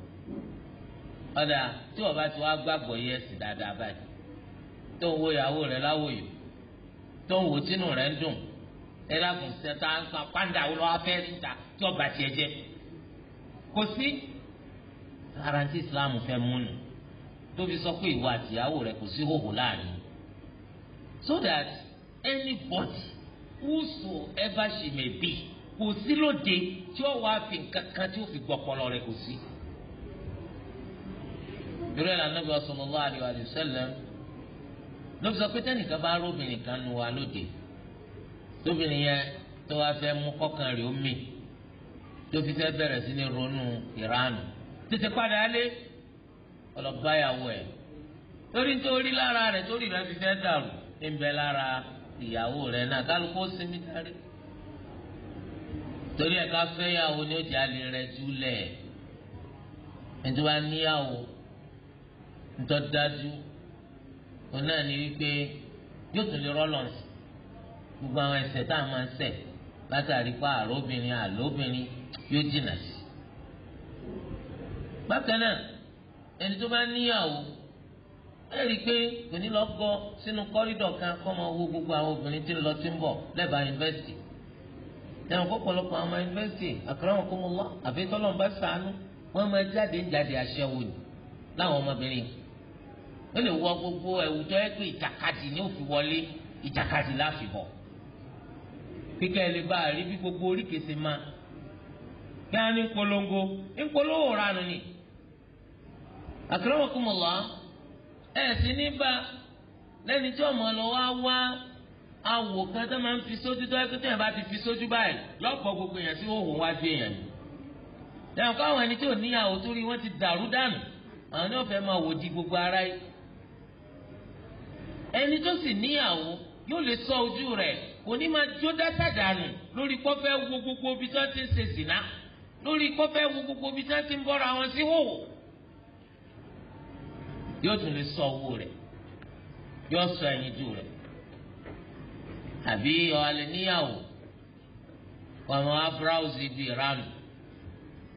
ọ̀dà tí wọ́n bá ti wá gbàgbọ́ yẹ ẹ̀sìn dáadáa báyìí tó ń wo ìyàwó rẹ̀ láwòyò tó ń wo tínú rẹ̀ ń dùn ẹ dàgùn sẹta nǹkan pàǹdà wo lọ wá fẹ́ níta tí ọba tiẹ̀ jẹ kò sí ara tí islam fẹ́ mú nù tó sọ pé ìwà àtìyàwó rẹ kò sí hòhò láàrin so that anybody whosoever she may be kò sí lóde tí ó wàá fi nǹkan kan tí ó fi gbọpọlọ rẹ kò sí. ìrẹ́ la Nabi sallallahu alaihi wa sallam ló fi sọ pé tẹ́nìkan bá róbìnrin kan nu wa lóde tóbìnrin yẹn tó wá fẹ́ mú kọ́kàn rẹ̀ ó mì tó fi fẹ́ bẹ̀rẹ̀ sí ní ronú ìránù tètè padà lé ọlọ́báyàwó ẹ̀ torí nítorí lára rẹ̀ torí rẹ̀ fi fẹ́ dàrú ń bẹ lára ìyàwó rẹ̀ náà kálukú ó sinmi dárí torí ẹ̀ka fẹ́yàwó ni ó di alẹ́ rẹ̀ júlẹ̀ nítorí níyàwó nítorí dájú òun náà ní wípé yóò tún lè rọ́ gbogbo àwọn ẹ̀ṣẹ̀ tá a máa ń ṣẹ̀ látàrí pa àròbìnrin àlòbìnrin yóò jìnà sí. bákan náà ẹni tó bá níyàwó ẹ rí i pé kò ní lọ gọ sínú kọ́rídọ̀ kan kọ́ máa wo gbogbo àwọn obìnrin tí ń lọ tí ń bọ̀ lẹ́bàá yunifásitì tẹ̀wọ̀n pọ̀pọ̀lọpọ̀ àwọn yunifásitì àkàràwọ̀n kó mo lọ àfi tọ́lọ́run bá ṣàánú wọ́n máa jáde ń jáde aṣẹ́wó ni láwọn ọmọbìnrin ó lè wọ gbogbo ẹ̀wùjọ́ ẹgbẹ́ ìjàkadì ní òfin wọlé ìjàkadì láfi bọ̀. kíkẹ́ lè bá rí bí gbogbo oríkèsè máa kí ní polongo ní polówó ránu ni àkàràwọ̀kùmọ̀lá ẹ̀ sì ní bá lẹ́ni tí ọmọ lọ wá wá awò kan máa ń fi sójú tó yẹn bá ti fi sójú báyìí lọ́pọ̀ gbogbo èèyàn sí òhùn wá èèyàn ni lẹ́yìn kó àwọn ẹni tí ti dàrú dànù àwọn náà fẹ́ máa di gbogbo ara yìí ẹni tó sì níyàwó yóò lè sọ ojú rẹ̀ kò ní máa jó dáta dànù lórí kó fẹ́ wo gbogbo ibi tí wọ́n ti ń ṣe zìnà lórí kó fẹ́ wo gbogbo ibi tí wọ́n ti ń bọ́ra wọn sí hòhò yóò tún lè sọ owó rẹ̀ yóò sọ ẹyinjú rẹ̀ àbí ọ̀hálẹ̀ níyàwó wà máa wá búráùsì bíi ránù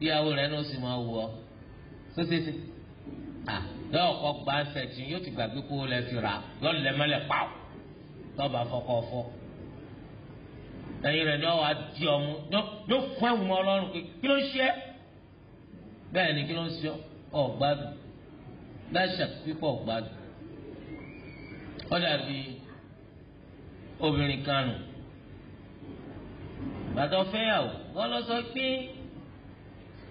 ìyàwó rẹ̀ náà sì máa wù ọ́ sótètè à yóò kọ́ gbà ń sẹ̀tì yóò ti gbàgbé kó lẹ́ fi rà yóò lẹ́ mọ́lẹ̀ lọ́ba fọkọ̀ fọ́ ẹ̀yin rẹ̀ ni ọwọ́ àti ọmú yóò fún ẹ̀wù mọ́ ọlọ́run pé kí ló ń ṣe é bẹ́ẹ̀ ni kí ló ń ṣe ọ gbádùn láṣà pípọ̀ gbádùn ó dàbí obìnrin kanu bàtọ́ fẹ́yàwó wọ́n lọ sọ pé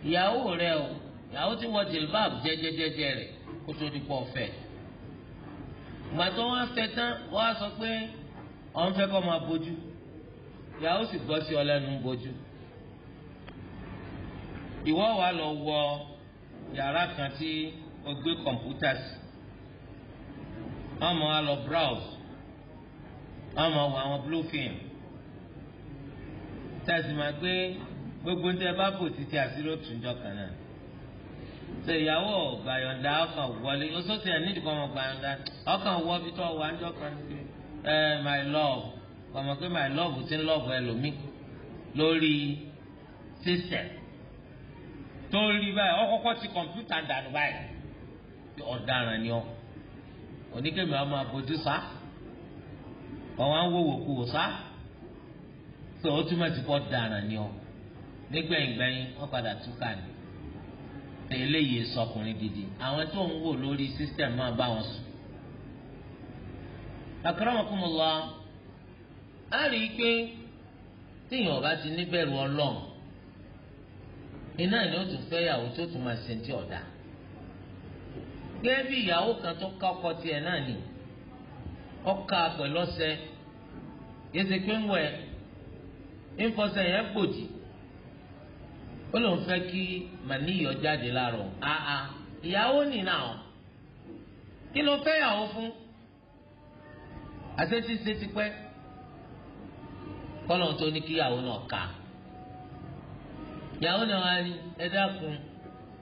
ìyàwó rẹ o ìyàwó ti wọ jìlbáàb jẹjẹjẹjẹ rẹ kó tó di pọ̀ fẹ́ gbàtọ́ wọn fẹ́ tán wọ́n á sọ pé ọ̀n fẹ́ kọ́ máa bójú ìyàwó sì gbọ́ sí ọ lẹ́nu bójú ìwọ wà lọ wọ yàrá kan tí o gbé kọ̀ǹpútà sí ọmọ wa lọ browse ọmọ wa àwọn blue film tẹ̀sí ma gbé gbogbo ń tẹ bá bò títí àsìrò tùjọ kan náà ṣe ìyàwó gbàyọ̀ǹda ọkàn wọlé oṣooṣù ẹ̀ nídìí kan ọgbàyọ̀ǹda ọkàn wọ bí tó wà ń jọ kan ní ẹ eh, my love ọmọ pé my love ti ń love ẹlòmíì lórí system tó rí báyìí ọkọ̀ọ̀kọ̀ ti kọ̀mpútà dànù báyìí ọ̀daràn ni ọ oníkèmí ọmọ àbójú sá ọmọ awòwò kù sá tó o túmọ̀ sí kọ́ daràn ni ọ nígbẹ̀yìngbẹ̀yìn wọ́n padà túkà ní eléyìí sọkùnrin gidi àwọn tó ń wò lórí system máa bá wọn sùn. akramakumullah. A rí i pé téèyàn ọba ti níbẹ̀rù ọlọ́run iná ni ó tún fẹ́ tó tún máa ṣe ti ọ̀dà gẹ́gẹ́ bí ìyàwó kan tó ká ọkọ tiẹ̀ náà ni ọkà pẹ̀lú yẹsẹ pé ń wẹ̀ ń fọṣẹ yẹn gbòdì ó lóun fẹ́ kí jáde láàrọ̀ àà ìyàwó na ọ̀ kí ló fẹ́ ìyàwó fún kọ́lọ̀ tó ní kíyàwó náà kà ìyàwó náà wá ní ẹ dákun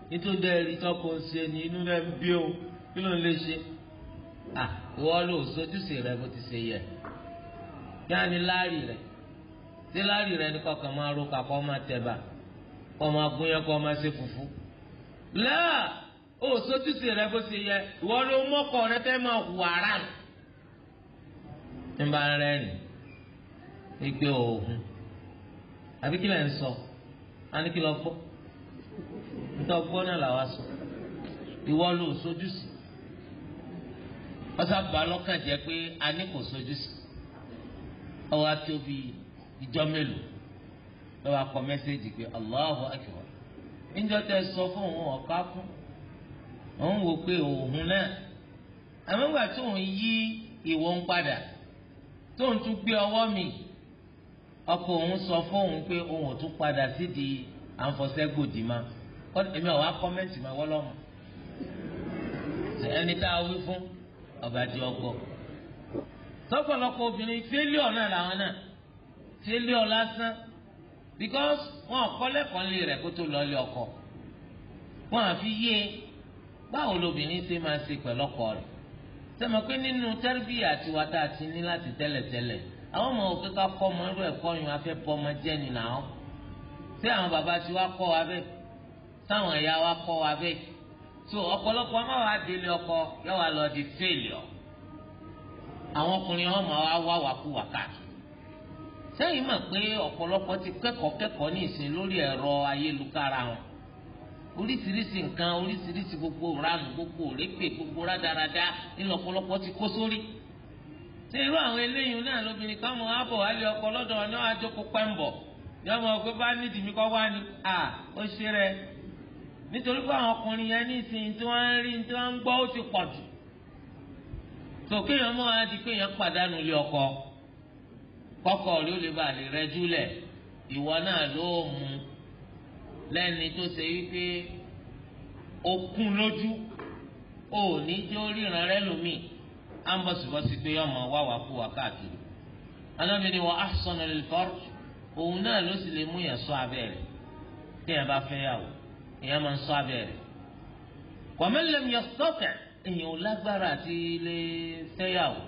nítorí ẹ̀rí tọkọ ṣe ni inú rẹ̀ ń bí o kí ló ń lè ṣe à wọ́n lò sójúṣe rẹ bó ti ṣe yẹ kí á ní láàrì rẹ ṣé láàrì rẹ ní kọkàn máa ro kakọ́ máa tẹ̀bà kọ́ máa gúnyán kọ́ máa ṣe fùfú láà ó sójúṣe rẹ bó ṣe yẹ ìwọ́n ló mọ́kọ̀ rẹ fẹ́ máa hùwà rà ní bá rẹ̀ nìí ìgbé òògùn àbí kí lẹ̀ ń sọ a ní kí lọ gbọ́ nítorí ọgbọ́n náà làwa sọ ìwọ ló sojú sí ọsàn bá lọ́kàn jẹ́ pé a ní kò sojú sí ọwọ́ àtòbí ìjọ mélòó lọ́wọ́ akọ mẹ́sẹ́jì pé Allahu akbar níjọ́ tẹ sọ fún òun ọ̀ká fún òun wò pé òun náà àmọ́ ìgbà tó ń yí ìwọ̀n padà tó ń tún gbé ọwọ́ mi ọkọ òun sọ fóun pé òun ò tún padà sídìí à ń fọṣẹ́gbòdì ma èmi ọ̀ wá kọ́mẹ́ǹtì ma wọ́ lọ́mọ ẹni tá a wí fún ọba tí ọgbọ tọpọlọpọ obìnrin fẹlíọ náà làwọn náà fẹlíọ lásán because wọn kọ́ lẹ́kọ̀ọ́ lé rẹ̀ kó tó lọlé ọkọ wọn àfi yé e, báwo lobìnrin ṣe máa ṣe pẹ̀lọ́kọ rẹ̀ sẹ́mi pé nínú tẹ́rìbì àtiwátá ti ní láti tẹ́lẹ̀tẹ́lẹ̀ àwọn ọmọ òkè ká kọ́ ọmọ irú ẹ̀kọ́ yun afẹ́ bọ́ ọmọ jẹ́ nìyà ọ́ ṣé àwọn bàbá tí wàá kọ́ wa bẹ́ẹ̀ táwọn ẹ̀yà wa kọ́ wa bẹ́ẹ̀ so ọ̀pọ̀lọpọ̀ ọmọ wa délé ọkọ yóò wá lọ di fèlìọ̀ àwọn ọkùnrin ọmọ wa wá wàkúwà káàkiri sẹ́yìn mọ̀ pé ọ̀pọ̀lọpọ̀ ti kẹ́kọ̀ọ́ kẹ́kọ̀ọ́ ní ìsìn lórí ẹ̀rọ ayélujára wọn oríṣiríṣi nǹkan oríṣiríṣi gbogbo ránù gbogbo rẹ́pẹ̀ gbogbo rádaràda ńlọpọlọpọ ti kó sórí. So, ṣé irú àwọn eléyìí náà lóbìnrin kan mọ àbọ̀ àlẹ́ ọkọ lọ́dọ̀ ọ̀nà àjọkọ̀ pẹ́ńbọ̀ yọ ọmọ ọgbẹ́ bá nídìí mi kọ́ wá ni à ó ṣe rẹ nítorí pé àwọn ọkùnrin yẹn ní ìsìn tí wọ́n ń rí tí wọ́n gbọ́ ó ti pọ̀ jù sòkè mọ́ adi pàdánù ilé ọkọ kọ́kọ́ rí ó lè bà lè rẹ́jú lẹ̀ ìwọ náà ló mú lẹ́ni tó ṣe wípé à ń bọ̀sibọ́sí pé ọmọ wà wá kú wá káàkiri anábì ni wọ́n ahsanu òun náà ló sì lè mú yẹn sọ abẹ́rẹ́ téèyàn bá fẹ́ yàwó èèyàn máa ń sọ abẹ́rẹ́ wa man lam yastati' èèyàn ò lágbára àti lè fẹ́ yàwó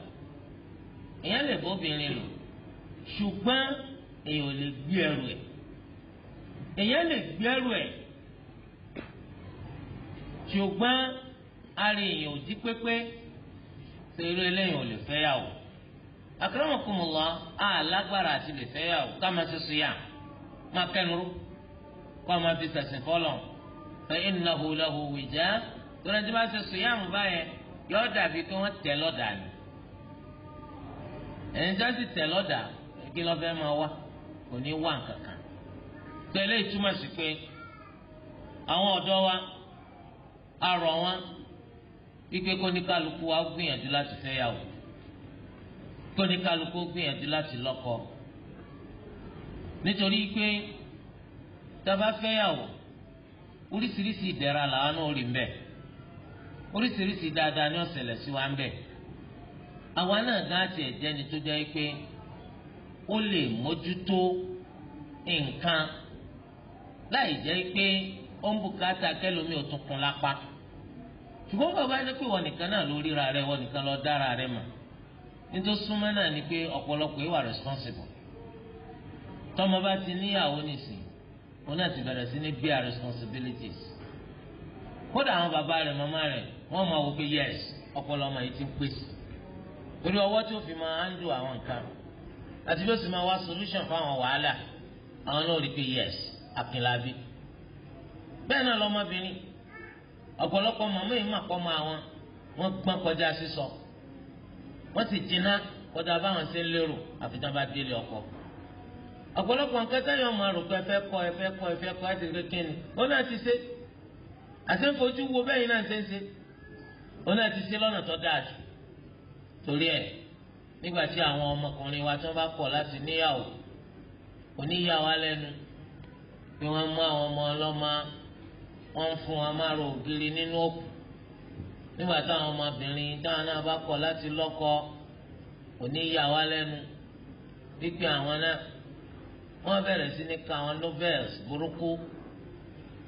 èèyàn lè bọ́ obìnrin lò ṣùgbọ́n èèyàn ò lè gbé ẹrù ẹ̀ èèyàn lè gbé ẹrù ẹ̀ ṣùgbọ́n ara èèyàn ò jí pépé. pé irú eléyìí ò lè fẹ́ yà wò akramakumullah á lágbára àti lè fẹ́ yà wò ká máa yà máa kẹnuru kó a máa fi sẹ̀sìn fọlọ fa innahu lahu wija tó lẹ́ni tí wọ́n yà mú báyẹn yọ dàbí kí wọ́n tẹ̀ ni ẹ̀yin já sì tẹ̀ lọ́dà kí lọ́ fẹ́ máa wá kò ní wá ìtumọ̀ sí pé àwọn ọ̀dọ́ wa arọ̀ wọn. wípé kóníkálukú wa gbìyànjú láti fẹ́yàwó kóníkálukú gbìyànjú láti lọ́kọ nítorí pé tá bá fẹ́yàwó oríṣiríṣi ìdẹ̀ra làwọn náà rí mbẹ́ oríṣiríṣi dáadáa ni ó ṣẹlẹ̀ sí wa mbẹ́ àwa náà gán àti ẹ̀jẹ̀ ni tó jẹ́ pé ó lè mójútó nǹkan láì jẹ́ pé ó ń bùkátà kẹlòmíì ó tún kún lápá. ṣùgbọ́n bàbá yẹn pé wọ́n nìkan náà ló ríra rẹ wọ́n nìkan lọ dára rẹ mà nítorí súnmọ́ náà ni pé ọ̀pọ̀lọpọ̀ ìwà responsible tọ́mọ bá ti níyàwó nìsín òun náà ti bẹ̀rẹ̀ sí ní bear responsibilities kódà àwọn bàbá rẹ màmá rẹ wọ́n máa pé yes ọpọlọ ọmọ yìí ti ń pèsè torí ọwọ́ tí fi máa àwọn nǹkan ọ̀pọ̀lọpọ̀ màmá yìí mà kọ́ ma wọn wọ́n gbọ́n kọjá sísọ wọ́n sì jiná kọjá báwọn ṣe ń lérò àfi tán bá délé ọkọ ọ̀pọ̀lọpọ̀ nǹkan táyọ̀ máa rò pé ẹ fẹ́ kọ́ ẹ fẹ́ kọ́ ẹ fẹ́ kọ́ ẹ ti rí kíni ó náà ti ṣe àti fojú wo bẹ́yìn náà ṣe ń ṣe ó náà ti ṣe lọ́nà tó dáa jù torí ẹ̀ nígbà tí àwọn ọmọkùnrin wa tí wọ́n bá kọ̀ láti níyàwó oníyàwó alẹ́nu bí wọ́n mú àwọn ọmọ ọlọ́mọ wọ́n ń fún wọn márùn ògiri nínú òkú nígbà táwọn ọmọbìnrin táwọn náà bá kọ̀ láti lọ́kọ òní yà wá lẹ́nu wípé àwọn náà wọ́n bẹ̀rẹ̀ sí ní ka àwọn novels burúkú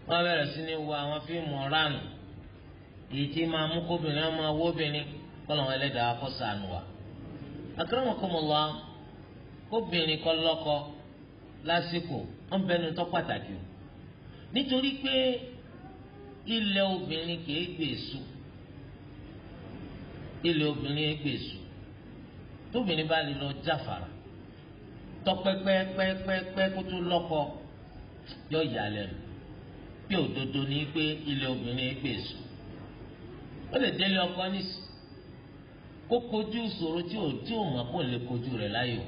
wọ́n bẹ̀rẹ̀ sí ní wo àwọn fíìmù ránù èyí tí máa mú kóbìnrin ọmọ owóbìnrin kọ́lọ̀ wọn ẹlẹ́dàá kọ́ sànù wa. akramakumullah kóbìnrin kọ́ lọ́kọ lásìkò wọ́n bẹnu tó pàtàkì nítorí pé ilẹ̀ obìnrin kìí gbèsù ilẹ̀ obìnrin kìí gbèsù tóbìnrin bá lè lọ jáfara tọpẹpẹpẹpẹ kó tó lọ́kọ yọ ìyàlẹ́nu bí òdodo ní pé ilẹ̀ obìnrin gbèsù ó lè délé ọkọ nísì kó kojú ìṣòro tí ò tí ò mọ̀ kó lè kojú rẹ̀ láyò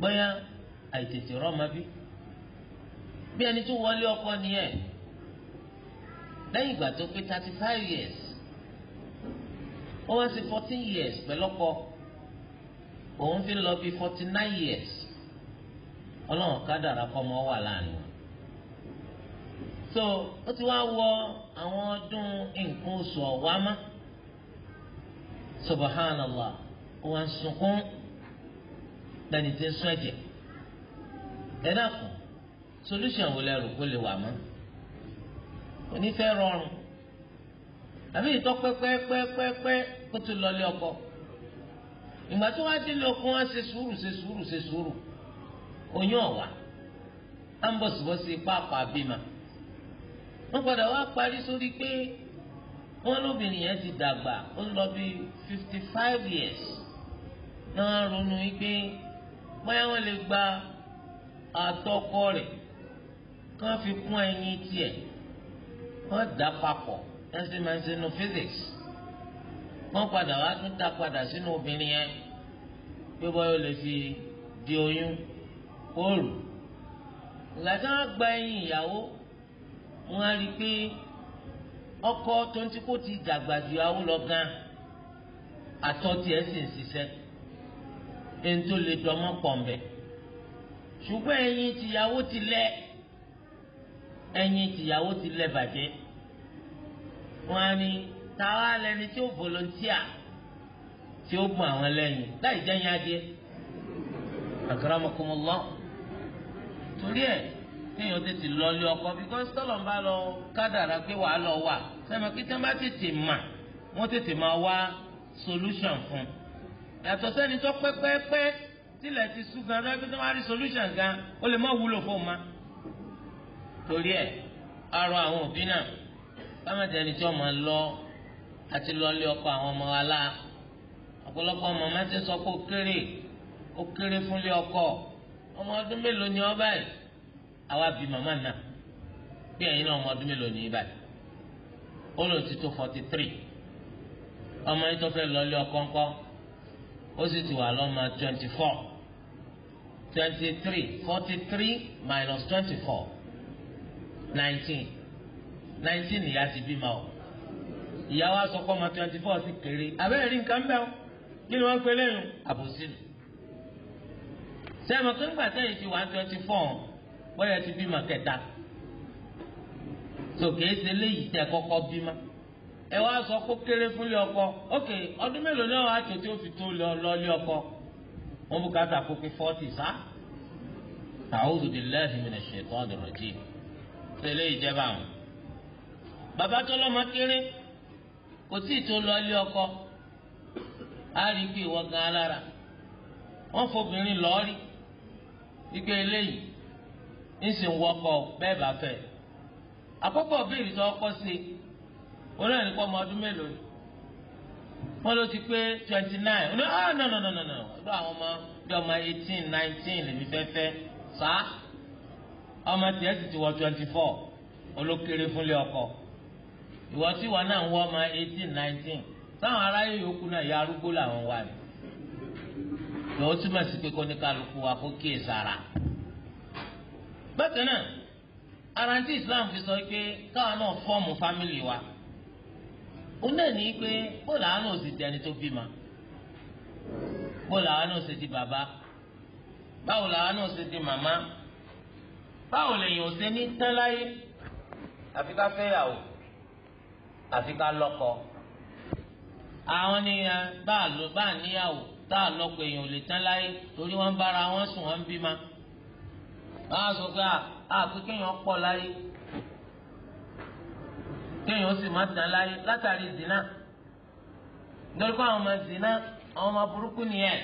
bóyá àìtètè rọ́mọ bí bí ẹni tó wọlé ọkọ nìyẹn lẹ́yìn ìgbà tó pé thirty five years ó wá sí fourteen years pẹ̀lọ́kọ òun fi lọ bí forty nine years ọlọ́run kádàrá kọ́ ọmọ wà láàánú so ó ti wá wọ àwọn ọdún nǹkan oṣù ọ̀wámá subhanallah ó wá ń sunkún lẹ́ni tí ń sún ẹ̀jẹ̀ ẹ dákun solution wo lẹ rò kó lè wà mọ́ kò ní fẹ́ rọrùn àbí ìtọ́ pẹ́pẹ́pẹ́pẹ́ kó tó lọlé ọkọ ìgbà tó wá délé ọkọ wá ṣe sùúrù ṣe sùúrù ṣe sùúrù oyún ọ̀wà á ń bọ̀sibọ́sí pápá bímọ wọ́n padà wá parí sórí pé wọ́n lóbìnrin yẹn ti dàgbà ó ń lọ bí fifty five years náà ronú wípé bóyá wọ́n lè gba àtọkọ rẹ̀ kí wọ́n fi kún ẹyin tiẹ̀ wọ́n dà papọ̀ ẹsẹ̀ máa ń ṣe nu physics wọ́n padà wá tún dá padà sínú obìnrin yẹn pé bọ́yọ̀ lè fi di oyún kóòrù ìgbàdá gba ẹyin ìyàwó wọn á rí i pé ọkọ tó ń tí kò ti dàgbà ju ìyàwó lọ gan àtọ tiẹ̀ sì ń ṣiṣẹ́ ẹni tó lè dọmọ pọ̀ mbẹ́ ṣùgbọ́n ẹyin tìyàwó ti lẹ́ẹ̀ ẹyin tìyàwó ti lẹ bàjẹ́ wọn á ní táwa lẹni tí ó volontia tí ó gun àwọn lẹ́yìn láì jẹ́yìn adìẹ akramakumullah torí ẹ̀ kéèyàn tètè lọ lé ọkọ because tọ́lọ̀ ń bá lọ kádàrá pé wàá lọ wà sẹ́mi kí tẹ́ bá tètè mà wọ́n tètè máa wá solution fún yàtọ̀ sẹ́ni tó pẹ́pẹ́pẹ́ tilẹ̀ ti sú gan-an tó wá rí solution gan ó lè má wúlò fún un ma torí ẹ̀ arọ àwọn òbí náà kámẹ́tẹ̀ ẹni tí wọ́n máa lọ àti lọ́lé ọkọ àwọn ọmọ wa la ọ̀pọ̀lọpọ̀ ọmọ máa ti sọ pé ó kéré ó kéré fúnlé ọkọ ọmọ ọdún mélòó ni ọba yìí àwa bí màmá náà bí ẹ̀yin náà ọmọ ọdún mélòó ni ibà yìí ó lò ti tó forty three ọmọ yìí tó fẹ́ lọ́lé ọkọ ńkọ́ ó sì ti wà lọ́mọ twenty four twenty three forty three minus twenty four nineteen nineteen ìyá ti bímọ o ìyá wa sọ kọ́ ọmọ twenty four sí kéré abẹ́rẹ́ rí nǹkan bẹ́ẹ̀ o kí ni wọ́n pe lẹ́yìn àbòsí nù sẹ́mi kí nígbà sẹ́yìn ti one twenty four bóyá ti bímọ kẹta so kìí ṣe léyìí tẹ kọ́kọ́ bímọ ẹ wá sọ kó kéré fúnlé ọkọ ok ọdún mélòó náà wàá tó tí ó fi tó lọ lé ọkọ wọn bùkátà kó pé forty sá a'udhu billahi minash shaitanir rajim. tẹ̀lé ìjẹba àwọn. bàbá tó lọ́mọ kéré kò tí ì tó lọ ilé ọkọ á rí pé ìwọ gan alára wọ́n fobìnrin lọ́ọ́rì ike eléyìí ń sì bẹ́ẹ̀ bá fẹ́. àkọ́kọ́ béèrè tó ọkọ sí orí ọmọ ọdún ti pé twenty nine ọ̀nà ah, no no ọ̀dọ̀ àwọn ọmọ bí ọmọ eighteen nineteen lèmi fẹ́ fẹ́ ọmọ tiẹ̀ sì ti wọ twenty four fúnlé ọkọ ìwọ tí wọn náà ń wọ ọmọ eighteen nineteen táwọn aráyé yòókù náà ya arúgbó làwọn wà ní. lọ́wọ́ túmọ̀ sí pé kóníkàlùkù wa kó sára. bákan náà ara Islam fi sọ pé káwọn wa ó náà ní pé bó náà sì ẹni tó ma. náà sì di bàbá báwo làwọn náà sì báwo lèyìn ò ṣe ní tán láyé àfi ká fẹ́yàwó àfi ká lọ́kọ àwọn nìyẹn bá a lọ bá a níyàwó tá a lọ́kọ èèyàn ò lè tán láyé torí wọ́n ń bára wọn sùn wọ́n ń bímọ a sọ pé àfi kéèyàn pọ̀ láyé kéèyàn sì má tán láyé látàrí zina nítorí pé àwọn ọmọ zina àwọn ọmọ burúkú nìyẹn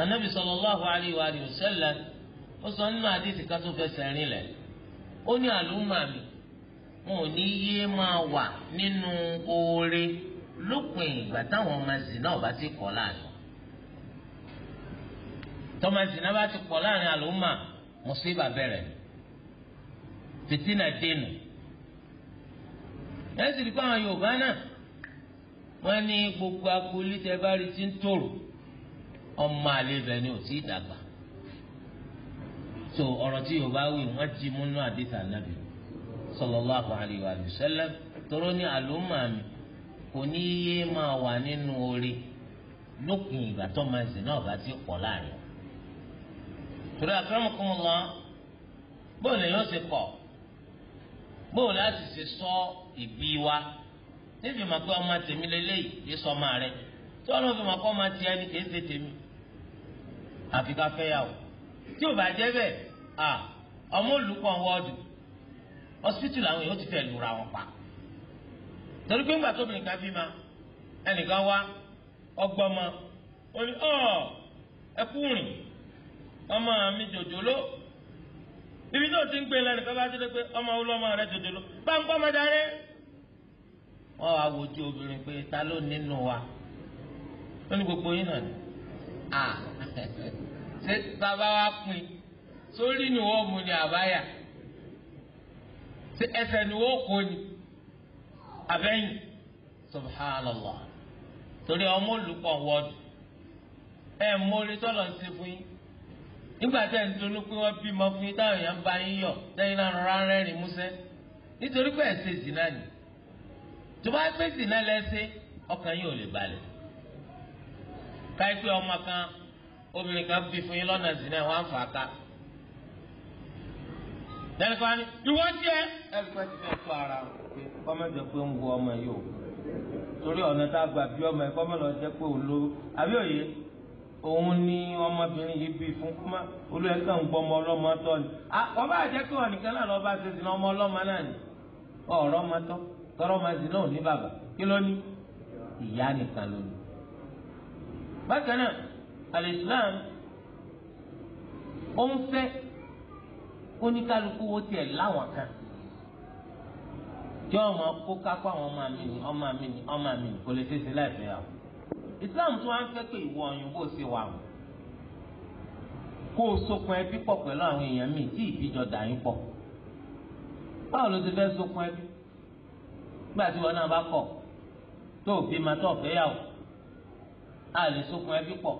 anabi sallallahu alayhi wa sallam ó sọ nínú àdéhìí kan tó fẹsẹ̀ rìn lẹ̀ ó ní àlùmọ̀ mi wọn ò ní yé máa wà nínú oore lópin ìgbà táwọn ọmọ zina ọba ti kọ̀ láàrin tọmọ zina bá ti kọ̀ láàrin àlùmọ̀ mùsíbà bẹ̀rẹ̀ fìtínà dénú ẹ sì àwọn Yorùbá náà wọ́n ní gbogbo agboolé tẹ bá rí ti ń tòrò ọmọ àlebẹ ni ò tí ì dàgbà so ọ̀rọ̀ tí yorùbá wí wọ́n ti múnú àdìsá nàbì sallallahu alayhi wa sallam tóró ní àlùmọ́ọ̀mì kò ní yé máa wà nínú orí lópin ìgbà tó máa zì náà bá ti pọ̀ láàrin. torí akramakumullah bóun lèyàn ṣe kọ̀ bóun láti ṣe sọ ìbí wa níbi màá pé ọmọ tèmi lélẹ́yìí yé sọ ọmọ rẹ tí wọn náà fi màá kọ́ ọmọ tiẹ̀ ní kèé tèmi àfi ká fẹ́ yà wò. tí ò bá jẹ́ bẹ́ẹ̀ ọmọ olùkọ́ wọ́ọ̀dù hospital àwọn yóò ti fẹ́ lura wọn pa torí pé ńgbà tóbi fi ma ẹnìkan wá ọgbọ́mọ ó ní ọ ẹkú ọmọ mi jòjòló ibi náà ti ń gbé lẹ́nìkan bá ti dé pé ọmọ olọ́mọ rẹ jòjòló bá obìnrin ta ló nínú wa ṣé bàbá wa pin sórí ni wọ́n mú ni àbáyà ṣé ẹsẹ̀ ni wọ́n kó ni abẹ́yìn subhanallah torí ọmọ olùkọ́ wọ́ọ̀dù ẹ̀ mórí tọ́lọ̀ ń ṣe fún yín nígbà tẹ́ ń dunú pé wọ́n bímọ fún yín táwọn èèyàn bá yín yọ̀ lẹ́yìn náà rọra ń rẹ́rìn músẹ́ nítorí pé ẹ̀ ṣe zìnà ni tó bá gbé zìnà lẹ́sẹ̀ ọkàn yín lè balẹ̀ káyipẹ́ ọmọ kan obìnrin kan bí fún yín lọ́nà zina ẹ̀ wá ń fà á ká. Dẹ́rẹ́kọ́ ni ìwọ tiẹ̀. Ẹgbẹ́ ti fẹ́ kó ara rẹ̀ pé kọ́mẹ́jọ pé ń wo ọmọ yìí o. Torí ọ̀nà tá a gbà bí ọmọ yìí kọ́mẹ́lọ jẹ́ pé òun ló àbí òye òun ni ọmọbìnrin yìí bí fún kọ́má olóyèkà ń gbọ́ ọlọ́mọ tọ́ ni. Ọba àjẹ́ pé wọn nìkan náà lọ́ba ṣe sìn ọmọ ọlọ́mọ náà ni. Ọ̀rọ̀ ọmọ tọ́ tọ́rọ ọmọ sí náà ní bàbá kí ló ní? Ìyá nìkan ló Bákan náà alislam ó ń fẹ́ oníkálukú wo tiẹ̀ láwọn kan tí ọmọ kó kápá àwọn ọmọ mi ni ọmọ mi ni ọmọ mi ni kò lè ṣe é ṣe láìpẹ́ yàwó islam tún wá ń fẹ́ pé ìwọ ọyàn bó ṣe wà wọ́n kó o sokun ẹbí pọ̀ pẹ̀lú àwọn èèyàn míì tí ìbíjọ dà yín pọ̀ báwo ló ti fẹ́ sokun ẹbí nígbà tí wọn náà bá kọ̀ tó òbí ma tó ọ̀fẹ́ yàwó a lè sokun ẹbí pọ̀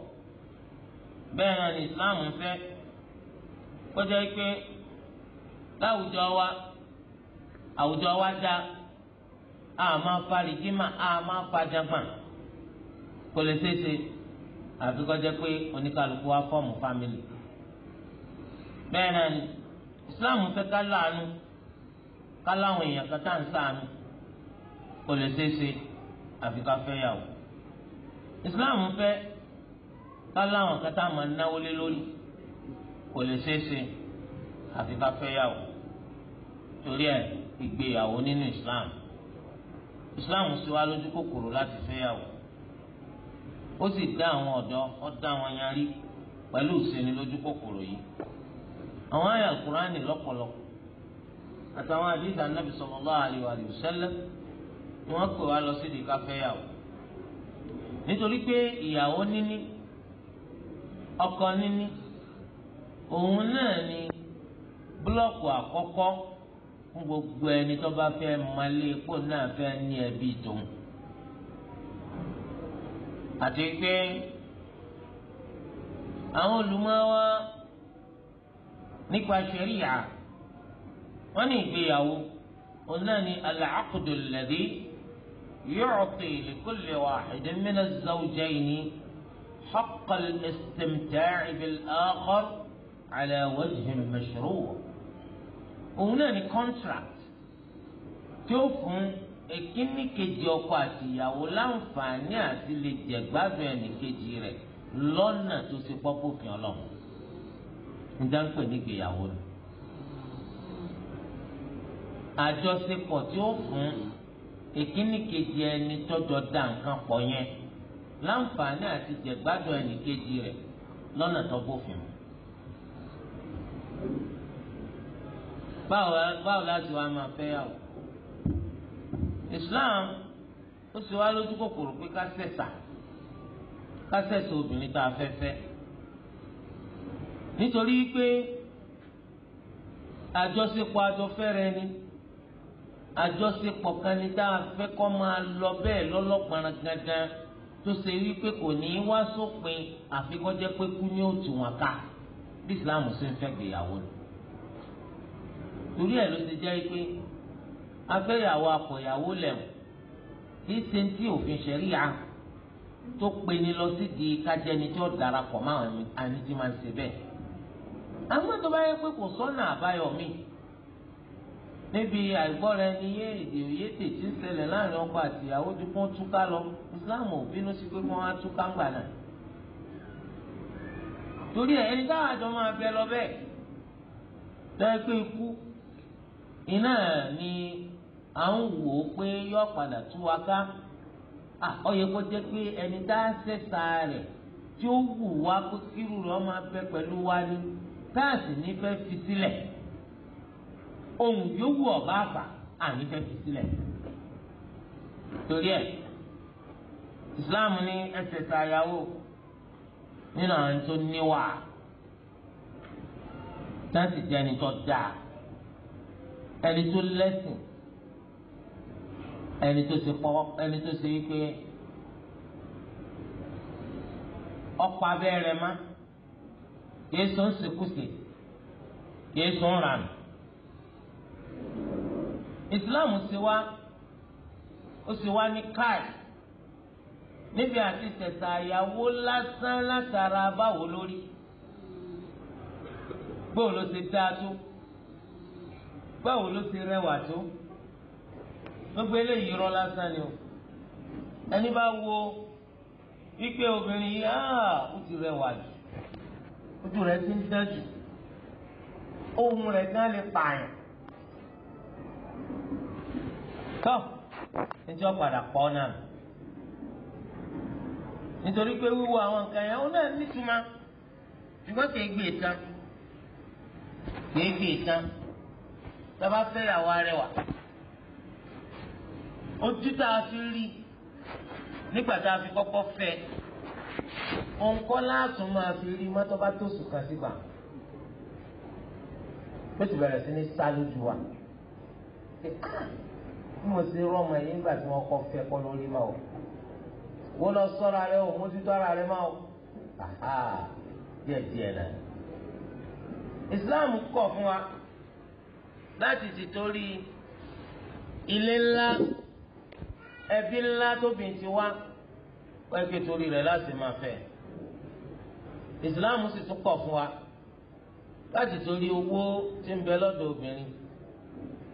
bẹ́ẹ̀ náà ni islam ń fẹ́ kọjá pé láwùjọ wa àwùjọ wa dá a máa farigima a máa fajagba kò lè ṣeéṣe àfi kọjá pé oníkàlùkù wa fọ́ọ̀mù fámìlì bẹ́ẹ̀ náà ni islam fẹ́ ká láàánú ká láwọn èèyàn kan tá à ń ṣàánú kò lè ṣeéṣe àfi ká fẹ́ yàwó islam fẹ́ ká láwọn kan tá a máa náwó lé lórí kò lè ṣeé àfi ká fẹ́ yàwó torí ẹ̀ ìgbéyàwó nínú Islam Islam sì wá lójú kòkòrò láti fẹ́ yàwó ó sì dá àwọn ọ̀dọ́ ó dá wọn yarí pẹ̀lú ìṣeni lójú kòkòrò yìí àwọn àyà kúránì lọ́pọ̀lọpọ̀ àtàwọn àdìsá nàbì sallallahu alaihi wa sallam ni wọ́n pè wá lọ sí ìdíkà fẹ́yàwó nítorí pé ìyàwó níní ọkọ níní òun náà ni búlọ́ọ̀kù àkọ́kọ́ fún gbogbo ẹni tó bá fẹ́ malé epo náà fẹ́ ní ẹbí tòun àti pé àwọn olùmọ́wá nípa ṣẹ̀ríyà wọ́n ní ìgbéyàwó òun náà ni al-aqdu alladhi yu'ti li kulli wahidin min az-zawjayni. حق الاستمتاع بالآخر على وجه مشروع òun náà ni contract tí ó fún èkíní kejì ọkọ àti ìyàwó láǹfààní àti lè jẹgbádùn ẹnìkejì rẹ̀ lọ́nà tó ṣe pọ́pọ́ òfin ọlọ́run ń dáńpẹ̀ nígbèyàwó ni àjọṣepọ̀ tí ó fún èkíní kejì ẹni tọ́jọ́ dá nǹkan pọ̀ yẹn láǹfààní àti jẹ̀gbádùn ẹnìkejì rẹ̀ re tó bófin mu. báwo láti wá máa fẹ́ yàwó Islam ó sì wá lójú kòkòrò pé ká sẹ̀sà ká sẹ̀sà obìnrin tá a fẹ́ fẹ́ ni àjọṣepọ̀ kan ní tá a fẹ́ kọ́ máa lọ bẹ́ẹ̀ lọ́lọ́pàá tó ṣe wípé kò ní í wá sópin àfikọ́jẹ́ pé kú ní òtù wọn ká bí islam ṣe ń fẹ́ gbéyàwó lò torí ẹ̀ ló ti jẹ́ pé abẹ́yàwó akọ̀yàwó lẹ̀mú kì í ṣe tí òfin ṣẹ̀ríà tó pe ni lọ sí di kájẹni tí ó darapọ̀ máa ní tí máa ń ṣe bẹ́ẹ̀ àwọn tó bá yẹ pé kò sọ́nà àbáyọ míì níbi àìgbọ́ra ẹni yé èdè òye tètè ń ṣẹlẹ̀ láàrin ọkọ àti ìyàwó tí wọ́n túká lọ Islam ò bínú sí pé wọ́n á túká ń gbà náà. torí ẹ ẹni táwọn àjọ máa bẹ lọ bẹ́ẹ̀ tẹ́ pé ikú iná ni à ń wò ó pé yọ padà tú wa ká ó yẹ kó jẹ́ pé ẹni tá a ṣẹ̀ṣà rẹ̀ tí ó wù wá pé kírù rẹ̀ ọmọ abẹ pẹ̀lú wa ni táà sì ní fẹ́ fi sílẹ̀. Si ohun yòówù ọba àgbà àní fẹ́ fi sílẹ̀ torí ẹ̀ islam ní ẹsẹ̀ tayáwó nínú àwọn tó níwà táǹtì jẹ́ ẹni tó dáa ẹni tó lẹ́sìn ẹni tó ṣe pọ́ ẹni tó ṣe wípé ọkọ̀ abẹ́rẹ́ má yéésù ń ṣekúṣe yéésù ń rànù ìsìláàmù sì wá ó sì wá ní káì níbi àti tẹ̀sà àyàwó lásán látara báwo lórí báwo ló ṣe dáa tó báwo ló ṣe rẹwà tó gbogbo eléyìí rọ lásán ni o ẹni bá wo wípé obìnrin yìí áà ah, ó ti rẹwà jù ojú rẹ̀ ti ń dájú ohun rẹ̀ gan lè pààyàn tọ́ níjọ́ padà pọ̀ náà nítorí pé wíwo àwọn nǹkan yẹn ó náà nítumọ̀ ṣùgbọ́n kì í gbé e tán kì í gbé e tán tọ́ba fẹ́yàwó arẹwà ojú tá a fi rí nígbà tá a fi kọ́kọ́ fẹ́ òǹkọ́ láàtún máa fi rí mọ́tọ́ba tó sùn kan sígbà ó sì bẹ̀rẹ̀ sí ní sá wa pé bí mo ṣe rọmọ yìí nígbà tí wọ́n kọ́ fẹ́ kọ́ lórí máa o wọ́n lọ sọ́ra rẹ o mójútó ara rẹ máa o díẹ̀ díẹ̀ náà Islam kọ̀ fún wa láti ti torí ilé ńlá ẹbí ńlá tóbi ti wá wọ́n ké torí rẹ̀ láti máa fẹ́ Islam sì tún kọ̀ fún wa láti torí owó tí ń bẹ lọ́dọ̀ obìnrin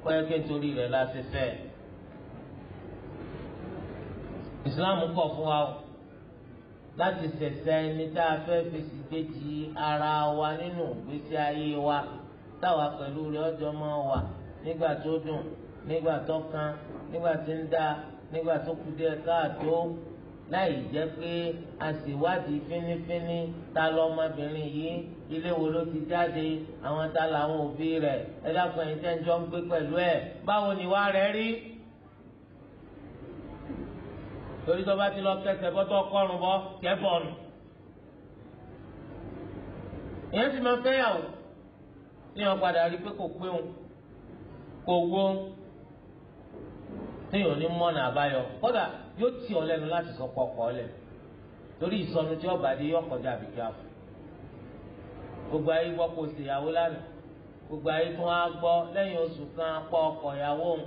kọ́yẹ́kẹ́ torí rẹ̀ la ṣe fẹ́ ìsìláàmù kọ̀ fún wa o láti ṣẹ̀ṣẹ̀ ẹni tá a fẹ́ fèsì gbèjì ara wa nínú ìgbésí ayé wa táwa pẹ̀lú rẹ̀ ọjọ́ mọ́ wa nígbà tó dùn nígbà tó kan nígbà tí ń dá nígbà tó kù díẹ̀ káàtó láì jẹ́ pé a sì wádìí fínífíní ta lọ́mọbìnrin yìí ilé wo ló ti jáde àwọn ta làwọn òbí rẹ̀ ẹ dákun ẹ̀yin tẹ́ ń jọ ń gbé pẹ̀lú ẹ̀ báwo ni wá rẹ̀ rí. torí tó bá ti lọ kẹsẹ̀ bọ́ tó kọrùn bọ́ kẹ́ bọ̀rùn. ìyẹn sì máa fẹ́yàwó tí wọn padà rí pé kò pé òun kò wó tí òun ní mọ́nà àbáyọ kódà yóò tì ọ lẹ́nu láti sọ pọpọ lẹ torí ìsọnu tí ọba dé yọ kọjá àbíkí àfọ gbogbo ayé gbọ́ kó ṣe ìyàwó lánàá gbogbo ayé tó wá gbọ́ lẹ́yìn oṣù kan pọ ọkọ ìyàwó òun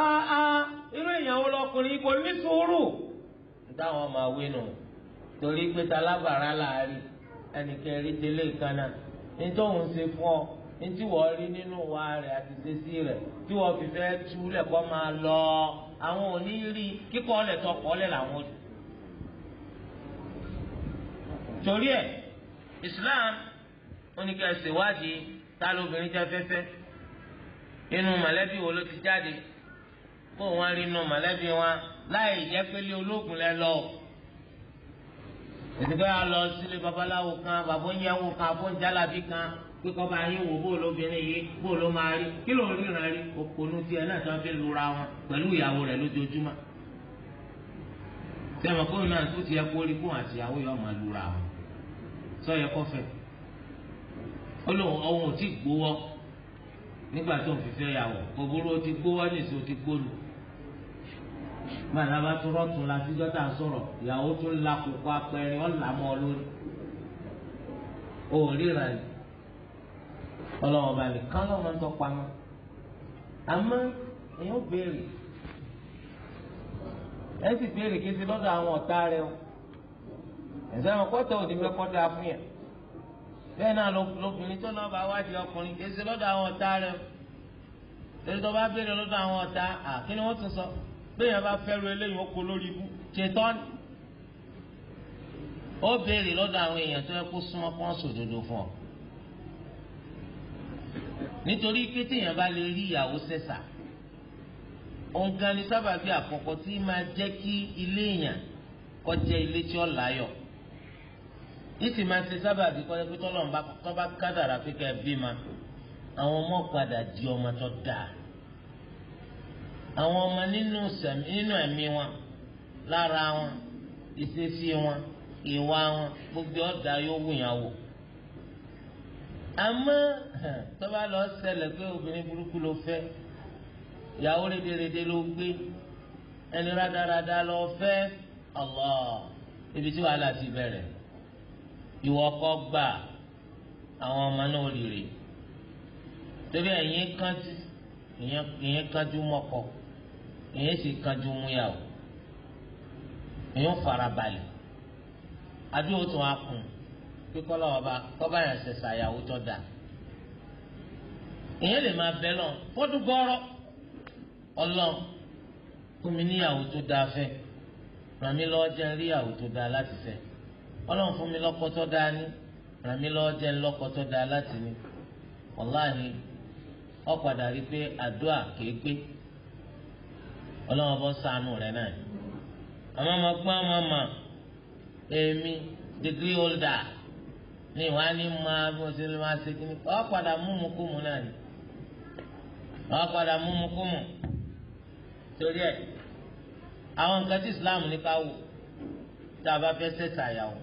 aa irú ìyàwó lọkùnrin kò ní sùúrù táwọn máa wí nù torí pé talábàárà láàárín ẹnìkẹ́ rí délé ìkànnà nítorí òun ṣe fún ọ ntí wọ́n rí nínú wa rẹ̀ àti ṣe sí rẹ̀ tí wọ́n fi fẹ́ tú lẹ̀kọ́ máa lọ àwọn ò ní rí kíkọ́ ọ̀lẹ̀ tó kọ́ ọ̀lẹ̀ làwọn ò rí. torí ẹ̀ Islam oníkẹ́ ẹ̀sìn wádìí ta lóbìnrin jẹ́ fẹ́fẹ́ inú mọ̀lẹ́bí wo ló ti jáde kó wọn rí inú mọ̀lẹ́bí wọn láì jẹ́ pélé ológun lẹ lọ ètùkọ́ yà lọ sílé babaláwo kan babóyẹ̀wò kan abóńjálàbí kan pé kọ́ bá yín wò bó lóbìnrin yìí bó ló máa rí kí ló ń ríran rí òpònú tiẹ̀ náà tó ń fi lura wọn pẹ̀lú ìyàwó rẹ̀ lójoojúmọ́ sẹ́wọ̀n kó náà tó ti yẹ kó rí fún àtìyàwó yọ máa lura wọn sọ yẹ kọ́ fẹ́ ó lóun ọ̀hún ò tí ì gbowó nígbà tó ń fi fẹ́ yàwó òbúrò ó ti gbowó nìṣó ti gbólu màdàbà tó rọ́tún la síjọ́ tá a sọ̀rọ̀ ìyàwó tó ń apẹ̀rẹ̀ ọ̀ lórí òun ríran ọlọ́wọ́n bá nìkan lọ́wọ́ máa ń tọ́ pamọ́ àmọ́ èèyàn béèrè ẹ sì béèrè kí sí lọ́dọ̀ àwọn ọ̀tá rẹ o ẹ̀sẹ̀ wọn kọ́tọ̀ òdì fẹ́ kọ́tà fún yẹn bẹ́ẹ̀ náà lóbìnrin tó náà bá wádìí ọkùnrin kí sí lọ́dọ̀ àwọn ọ̀tá rẹ o torí tó bá béèrè lọ́dọ̀ àwọn ọ̀tá kí ni wọ́n tún sọ bẹ́ẹ̀ yẹn bá fẹ́ ru eléyìí ó kó lórí ibú ṣètọ́ni ó béèrè lọ́dọ̀ àwọn èèyàn tó yẹ kó súnmọ́ kó wọ́n sòdodo fún ọ nítorí pé téèyàn bá lè rí ìyàwó sẹ́sà òǹkan ni sábàbí àkọ́kọ́ tí máa jẹ́ kí ilé èèyàn kó jẹ́ ilé tí ó láyọ̀ ìsì máa ṣe sábàbí kó jẹ́ pé tọ́lọ̀ ń bá tọ́ bá kádàrà pé kẹ́ bí ma àwọn ọmọ padà di ọmọ tó dáa àwọn ọmọ nínú ẹ̀mí wọn lára wọn ìṣesí wọn ìwà wọn gbogbo ọ̀dà yóò wù yàn wò àmọ́ tó bá lọ ṣẹlẹ̀ pé obìnrin burúkú ló fẹ́ ìyàwó rédèrèdè ló gbé ẹni rádaràda lọ fẹ́ Allah ibi tí wàhálà ti bẹ̀rẹ̀ ìwọ kọ́ gbà àwọn ọmọ náà rírì torí ẹ̀yin kánjú ìyẹn kánjú mọ́kọ ìyẹn sì kánjú múyàwó ìyẹn farabalẹ̀ adúlọ̀ tún á kún un. kíkọ́ lọ́wọ́ ọba ọba yẹn ṣe ṣàyàwó tó dà èèyàn lè máa bẹ lọ fọdún gọ́rọ́ fún mi níyàwó tó dáa fẹ́ ràn mí lọ́wọ́ jẹ́ ríyàwó tó dáa láti fún mi tó ní ràn mí lọ́wọ́ jẹ́ lọ́kọ tó láti ọ rí pé àdúrà bọ́ sànù rẹ̀ náà àmọ́ ọmọ gbọ́n ọmọ mà èmi degree holder. ní ìwà ni máa bí wọ́n ti lè máa ṣe kíni ọ̀ padà múmu kúmu náà ni ọ̀ padà múmu kúmu torí ẹ̀ àwọn nǹkan tí Islam ní ká wò tá a bá fẹ́ sẹ́sà yàwó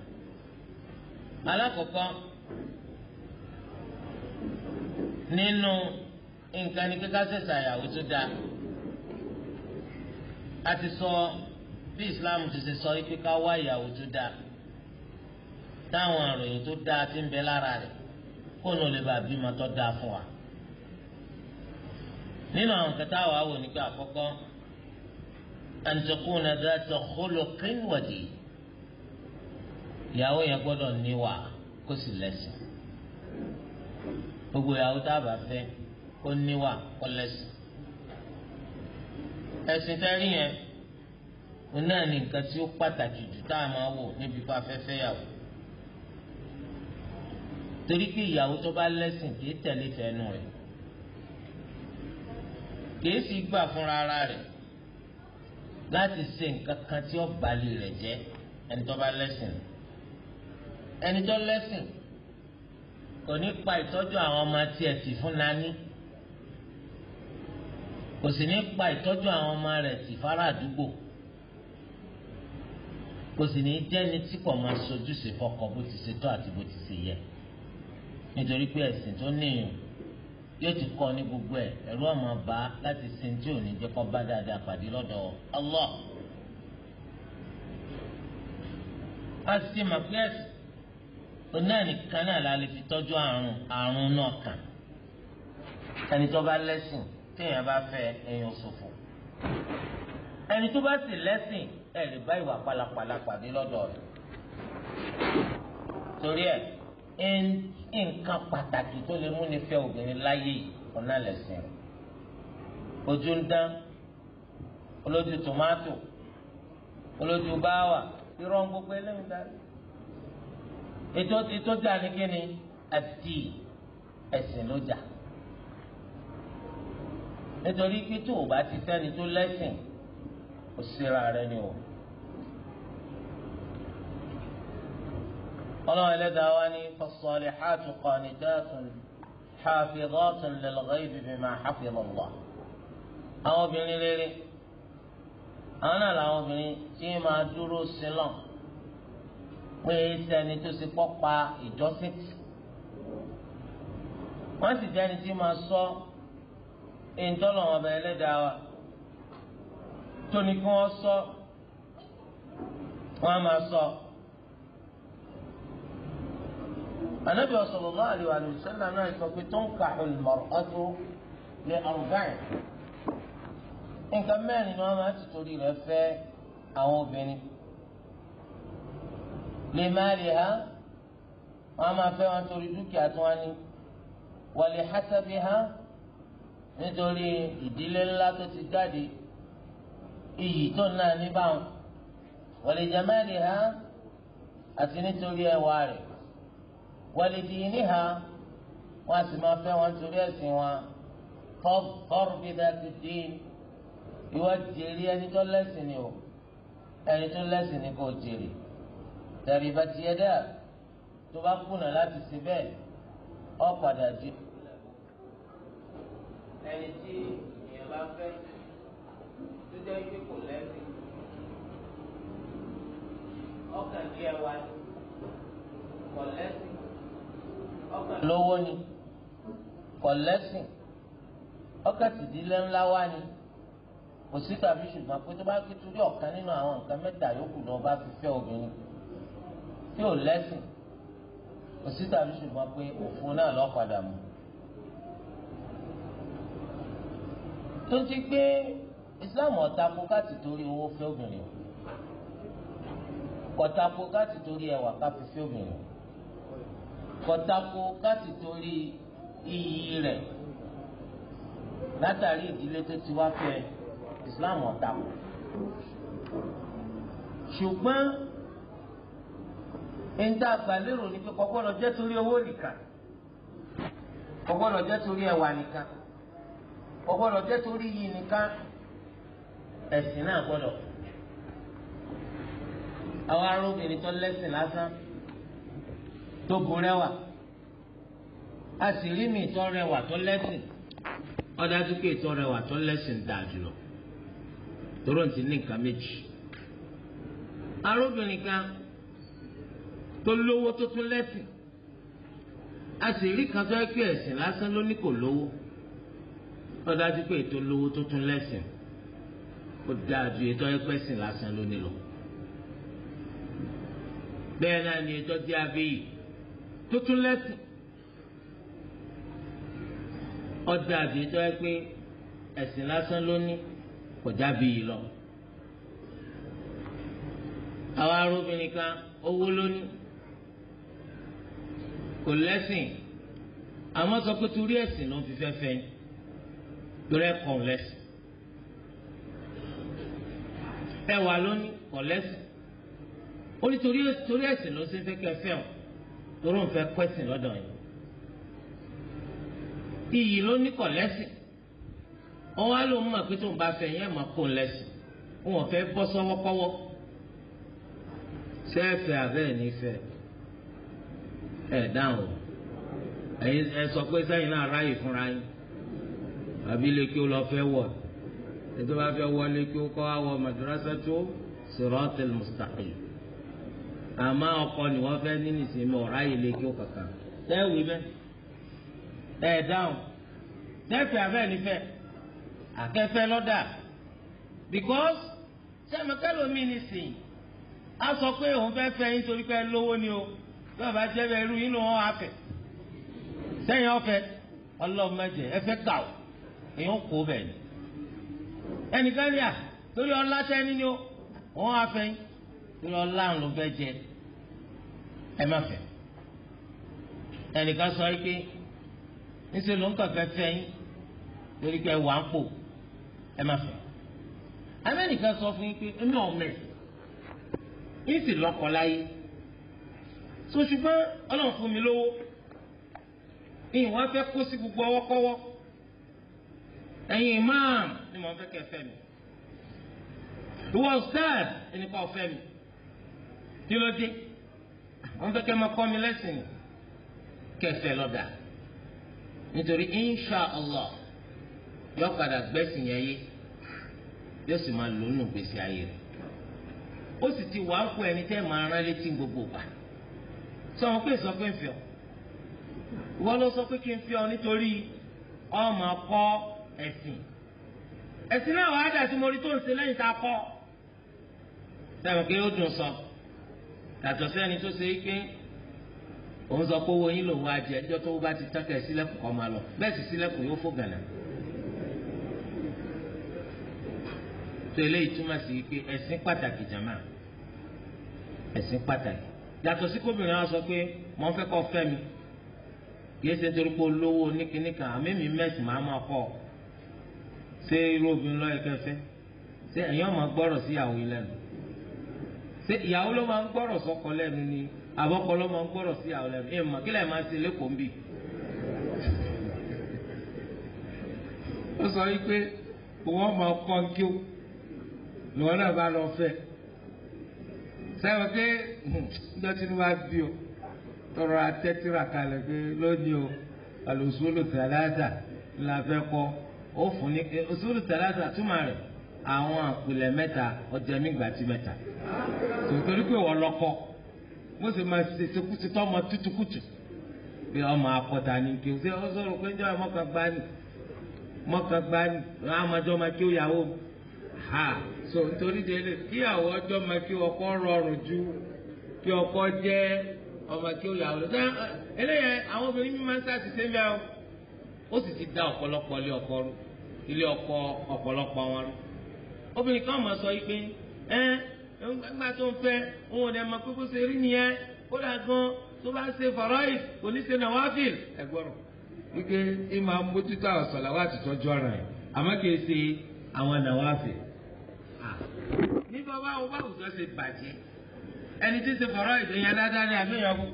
alákọ̀ọ́kọ́ nínú nǹkan ní kíká sẹ́sà yàwó tó dáa a ti sọ bí Islam ti ṣe sọ pé ká wá ìyàwó tó dáa táwọn àròyìn tó dáa ti ń bẹ lára rẹ̀ kó nù lè bá bímọ tó dáa fún wa. nínú àwọn kẹta wàá wò nígbà àkọ́kọ́ an takuna dhata khuluqin wa din ìyàwó yẹn gbọ́dọ̀ níwà kó sì lẹ́sìn gbogbo ìyàwó tá a bá fẹ́ kó níwà kó lẹ́sìn ẹ̀sìn tẹ́rí yẹn òun náà ní nǹkan tí ó pàtàkì jù tá a máa wò níbi bá fẹ́ yàwó torí pé ìyàwó tó bá lẹ́sìn kìí tẹ̀lé fẹ́nu rẹ̀ kìí sì gbà fúnra ara rẹ̀ láti ṣe nǹkan kan tí ó balẹ̀ rẹ̀ jẹ́ ẹni tó bá lẹ́sìn ẹni tó lẹ́sìn kò ní pa ìtọ́jú àwọn ọmọ tiẹ̀ tì fún nání kò sì ní pa ìtọ́jú àwọn ọmọ rẹ̀ tì fara àdúgbò kò sì ní jẹ́ni tí kò máa ṣojúṣe fọkọ bó ti ṣe tọ́ àti bó ti ṣe yẹ nítorí pé ẹ̀sìn tó níyàn yóò ti kọ́ ní gbogbo ẹ̀ ẹ̀rú ọmọ bá láti sin tí ò ní jẹ́ kó bá dáadáa pàdé lọ́dọ̀ Allah. a sì mọ̀ pé ẹ̀sìn tó náà nìkan náà la lè fi tọ́jú àrùn àrùn náà kàn ẹni tó bá lẹ́sìn téèyàn bá fẹ́ ẹ̀yàn ṣòfò ẹni tó bá sì lẹ́sìn ẹ̀ bá ìwà pálapàla pàdé lọ́dọ̀ rẹ̀ torí ẹ̀ nǹkan pàtàkì tó lè múni fẹ́ obìnrin láyé ọ̀nà lẹ̀sìn rẹ̀ ojú ń dán olójú tòmátò olójú báwà irọ́ ń gbogbo eléyìí dárí ètò ètò jà ní kíni àti ẹ̀sìn ló jà nítorí pé tó o bá ti sẹ́ni tó lẹ́sìn ó síra rẹ ni o. ọlọ́run ẹlẹ́dàá wa ní fassalihatu qanitatun hafizatun lil ghaibi bima hafiza Allah àwọn obìnrin rere àwọn náà làwọn obìnrin tí máa dúró sílọ̀ pé sẹ́ni tó ti pọ́ pa ìjọsìn tì wọ́n sì jẹ́ni tí máa sọ ìtọ́lọ̀ ọba ẹlẹ́dàá wa tó kí wọ́n sọ wọ́n á máa sọ. So, anabi sallallahu alayhi wa sallam náà sọ pé tunkahu al-mar'atu li arba'in nǹkan mẹ́rin ni wọ́n máa ti torí rẹ̀ fẹ́ àwọn obìnrin li maliha wọ́n máa fẹ́ wọn torí dúkìá tí wọ́n ní wa li hasabiha nítorí ìdílé ńlá tó ti jáde iyì tó náà ní báwọn wa li àti nítorí ẹwà rẹ̀ walidiniha wọ́n á sì máa fẹ́ wọn torí ẹ̀sìn wọn fọ́ọ̀rù bíi dàtí dín ìwọ jèrè ẹni tó lẹ́sìn ni o ẹni tó lẹ́sìn ni kò jèrè tẹ̀rí bá tiẹ̀ dẹ́ tó bá kùnà láti ṣe bẹ́ẹ̀ ọ̀ padà jẹ́ ẹni tí èèyàn bá fẹ́ tó jẹ́ pé kò lẹ́sìn ọkàn díẹ̀ wá kò lẹ́sìn lówó ni kọ̀lẹ́sìn ọkàn tìdílé ńlá wá ni kò sí tàbí ṣùgbọ́n pé tó bá kí torí ọ̀kan nínú àwọn nǹkan mẹ́ta yòókù lọ bá fi fẹ́ obìnrin tí ò lẹ́sìn kò sí tàbí ṣùgbọ́n pé òfin náà lọ́ padà mú. tó ti gbé Islam ọ̀tako káti torí owó fẹ́ obìnrin ọ̀tako káti torí ẹwà ká fi fẹ́ obìnrin kọtako káti torí iyì rẹ̀ látàrí ìdílé tó ti wá fẹ́ islam ọ̀tako ṣùgbọ́n níta gbàlérò ni pé kọ́kọ́rọ́ jẹ́ torí owó nìkan kọ́kọ́rọ́ jẹ́ torí ẹwà nìkan kọ́kọ́rọ́ jẹ́ torí iyì nìkan ẹ̀sìn náà gbọ́dọ̀ àwọn arábìnrin tó lẹ́sìn lásán tó gun rẹwà a sì rí mi ìtọ́ rẹwà tó lẹ́sìn ọ̀dájú pé ìtọ́ rẹwà tó lẹ́sìn dáa jùlọ tóró ti ní nǹkan méjì. arúbìnrin kan tó lówó tó tún lẹ́sìn a sì rí kan tó yẹ pé ẹ̀sìn lásán ló ní kò lówó ọ̀dájú pé ètò lówó tó tún lẹ́sìn ó dáa ju ètò ẹ̀pẹ́sìn lásán ló ní lọ. bẹ́ẹ̀ náà ni ètò tí a fi yìí tó tún lẹ́sìn ọdẹ àbíjọ ẹ pé ẹ̀sìn lásán ló ní kò jábì yìí lọ. àwa arúbìnrin kan owó ló ní kò lẹ́sìn àmọ́ sọ pé torí ẹ̀sìn ló ń fi fẹ́fẹ́ torí ẹ̀ kọ̀ ẹwà ló ní kọ̀ ó ní torí ẹ̀sìn ló ń fi fẹ́ o torí ń fẹ́ kwẹ́sìn lọ́dọ̀ yìí iyì ló ní kọ̀ lẹ́sìn wọn wá ló ń mọ̀ pé tó ń bá fẹ́ yẹn mọ̀ kó lẹ́sìn wọn fẹ́ bọ́ sọ́wọ́kọ́wọ́ sẹ́ẹ̀fẹ̀ abẹ́ ẹ̀ nífẹ̀ ẹ̀ dáhùn ẹ sọ pé sẹ́yìn náà ráyè fúnra yín àbí lèkí ó lọ fẹ́ wọ̀ ètò bá fẹ́ wọ lèkí ó kọ́ àwọ̀ madrasatu siratil mustaqim àmọ́ ọkọ ni wọ́n fẹ́ ní nìsinmi ọ̀rá yìí lè kí ó kankan tẹ́wìí bẹ́ẹ̀ ẹ̀ dáhùn tẹ́fẹ̀ẹ́ abẹ́ẹ̀nifẹ́ akẹ́fẹ́ lọ́dà because sẹ́mọ̀kẹ́lò mi ní sìn á sọ pé òun fẹ́ fẹ́ yín torí pé lówó ni o bí wọ́n bá jẹ́ bẹ́ẹ̀ irú yín ló wọ́n á fẹ́ sẹ́yìn ọ̀fẹ́ ọlọ́mọdé kà ó èyàn kó bẹ́ẹ̀ ni ẹnìkan rí à torí ọlá tẹ́ni ni ó wọ́n á fẹ́ yín lọ láàrún ló fẹ́ jẹ ẹ má fẹ́ ẹnìkan sọ yìí pé níṣẹ́ ló ń kọ̀kẹ́ fẹ́ yín lórí pé wà á pò ẹ má fẹ́ amẹ́nìkan sọ fún yín pé ẹnu ọ̀mẹ́ yín sì lọ́kọ̀ láyé so ṣùgbọ́n ọlọ́run fún mi lówó ìyìn wọn fẹ́ kó sí gbogbo ọwọ́kọ́wọ́ ẹ̀yin imam ni mo fẹ́ kẹ́ fẹ́ mi ìwọ ustad ẹnìkan ọ̀fẹ́ mi. kí wọ́n kẹ́ máa kọ́ mi lẹ́sìn kẹfẹ́ lọ́dà nítorí insha allah yọ padà gbẹ́sìn yẹn yé yóò sì máa nù gbèsè ayé rẹ̀ ti wàá kó ẹni tẹ́ máa rán létí gbogbo gbà sọ wọn pé sọ pé ń fi ọ ìwọ ló ọ nítorí ọmọ kọ ẹ̀sìn naa náà wàá dà sí mo rí tó ń yàtọ̀ sẹ́ni tó ṣe é pé òun sọ pé owó yín lòun wá jẹ ẹjọ́ tó bá ti tọ́kẹ̀ sílẹ̀kùn kọ́ máa lọ bẹ́ẹ̀ sì sílẹ̀kùn yóò fò gànà. tó eléyìí túmọ̀ sí pé ẹ̀sìn pàtàkì jàmá ẹ̀sìn pàtàkì yàtọ̀ sí kóbìnrin wa sọ pé mo fẹ́ kọ́ fẹ́ mi kì í ṣe nítorí pé olówó oníkìníkan àmì mi mẹ́sì máa máa kọ́ ṣé irú obìnrin lọ́ọ́ yẹ ṣé ẹ̀yin ọmọ gbọ́rọ̀ síyàwó yín lẹ́nu ṣé ìyàwó ló máa ń gbọ́rọ̀ sọ́kọ lẹ́nu ni àbọ̀kọ ló máa ń gbọ́rọ̀ sí ìyàwó lẹ́nu ẹ̀ mọ̀ kí lẹ́ẹ̀ máa ṣe lẹ́kọ̀ọ́ nbì. ó sọ wípé wọ́n máa kọ́ kí ó lọ́wọ́ náà bá lọ fẹ́ sẹ́wọ̀n pé ǹjọ́ tinubu á bí o tọrọ atẹ́tìrà kalẹ̀ pé lónìí o àlùsùlù tàlátà la fẹ́ kọ́ ó fún ní òsùlù tàlátà túmọ̀ rẹ̀ àwọn àpilẹ̀ mẹ́ta ọjà nígbà tí mẹ́ta tòtòrí pé wọ́n lọ́kọ́ mo sì máa ṣètò kùtù tó ọmọ tútùkùtù bí ọmọ akọta ní kí o ṣe ọ sọ̀rọ̀ pé ń jẹ́ ni mọ́kà ni àmọ́jọ́ máa kí ó yàwó ha so nítorí délé kí àwọn ọjọ́ máa kí ọkọ rọrùn ju kí ọkọ jẹ́ ọmọ kí ó yàwó lọ. eléyẹ àwọn obìnrin mi máa ń ṣàṣìṣe mẹ́wọ́ ó sì ti da ọ̀pọ̀lọpọ̀ ilé ọkọ ọ̀pọ̀lọpọ̀ wọn rú obìnrin kan máa sọ yìí pé ẹ nígbà tó ń fẹ́ òun ò dẹ̀ mọ pé kó ṣe rí nìyẹn kó dà gan tó bá ṣe fọ̀rọ̀ì kò ní ṣe nàwáfìl ẹ gbọ́rọ̀. wípé ẹ máa mójútó àwọn sọ̀làwà àtìtọ́jú ara ẹ̀ àmọ́ kì í ṣe àwọn nàwáfìl. nígbà bá wọn bá òjò ṣe bàjẹ́ ẹni tí ń ṣe fọ̀rọ̀ì èèyàn dáadáa ni àbí èèyàn kú.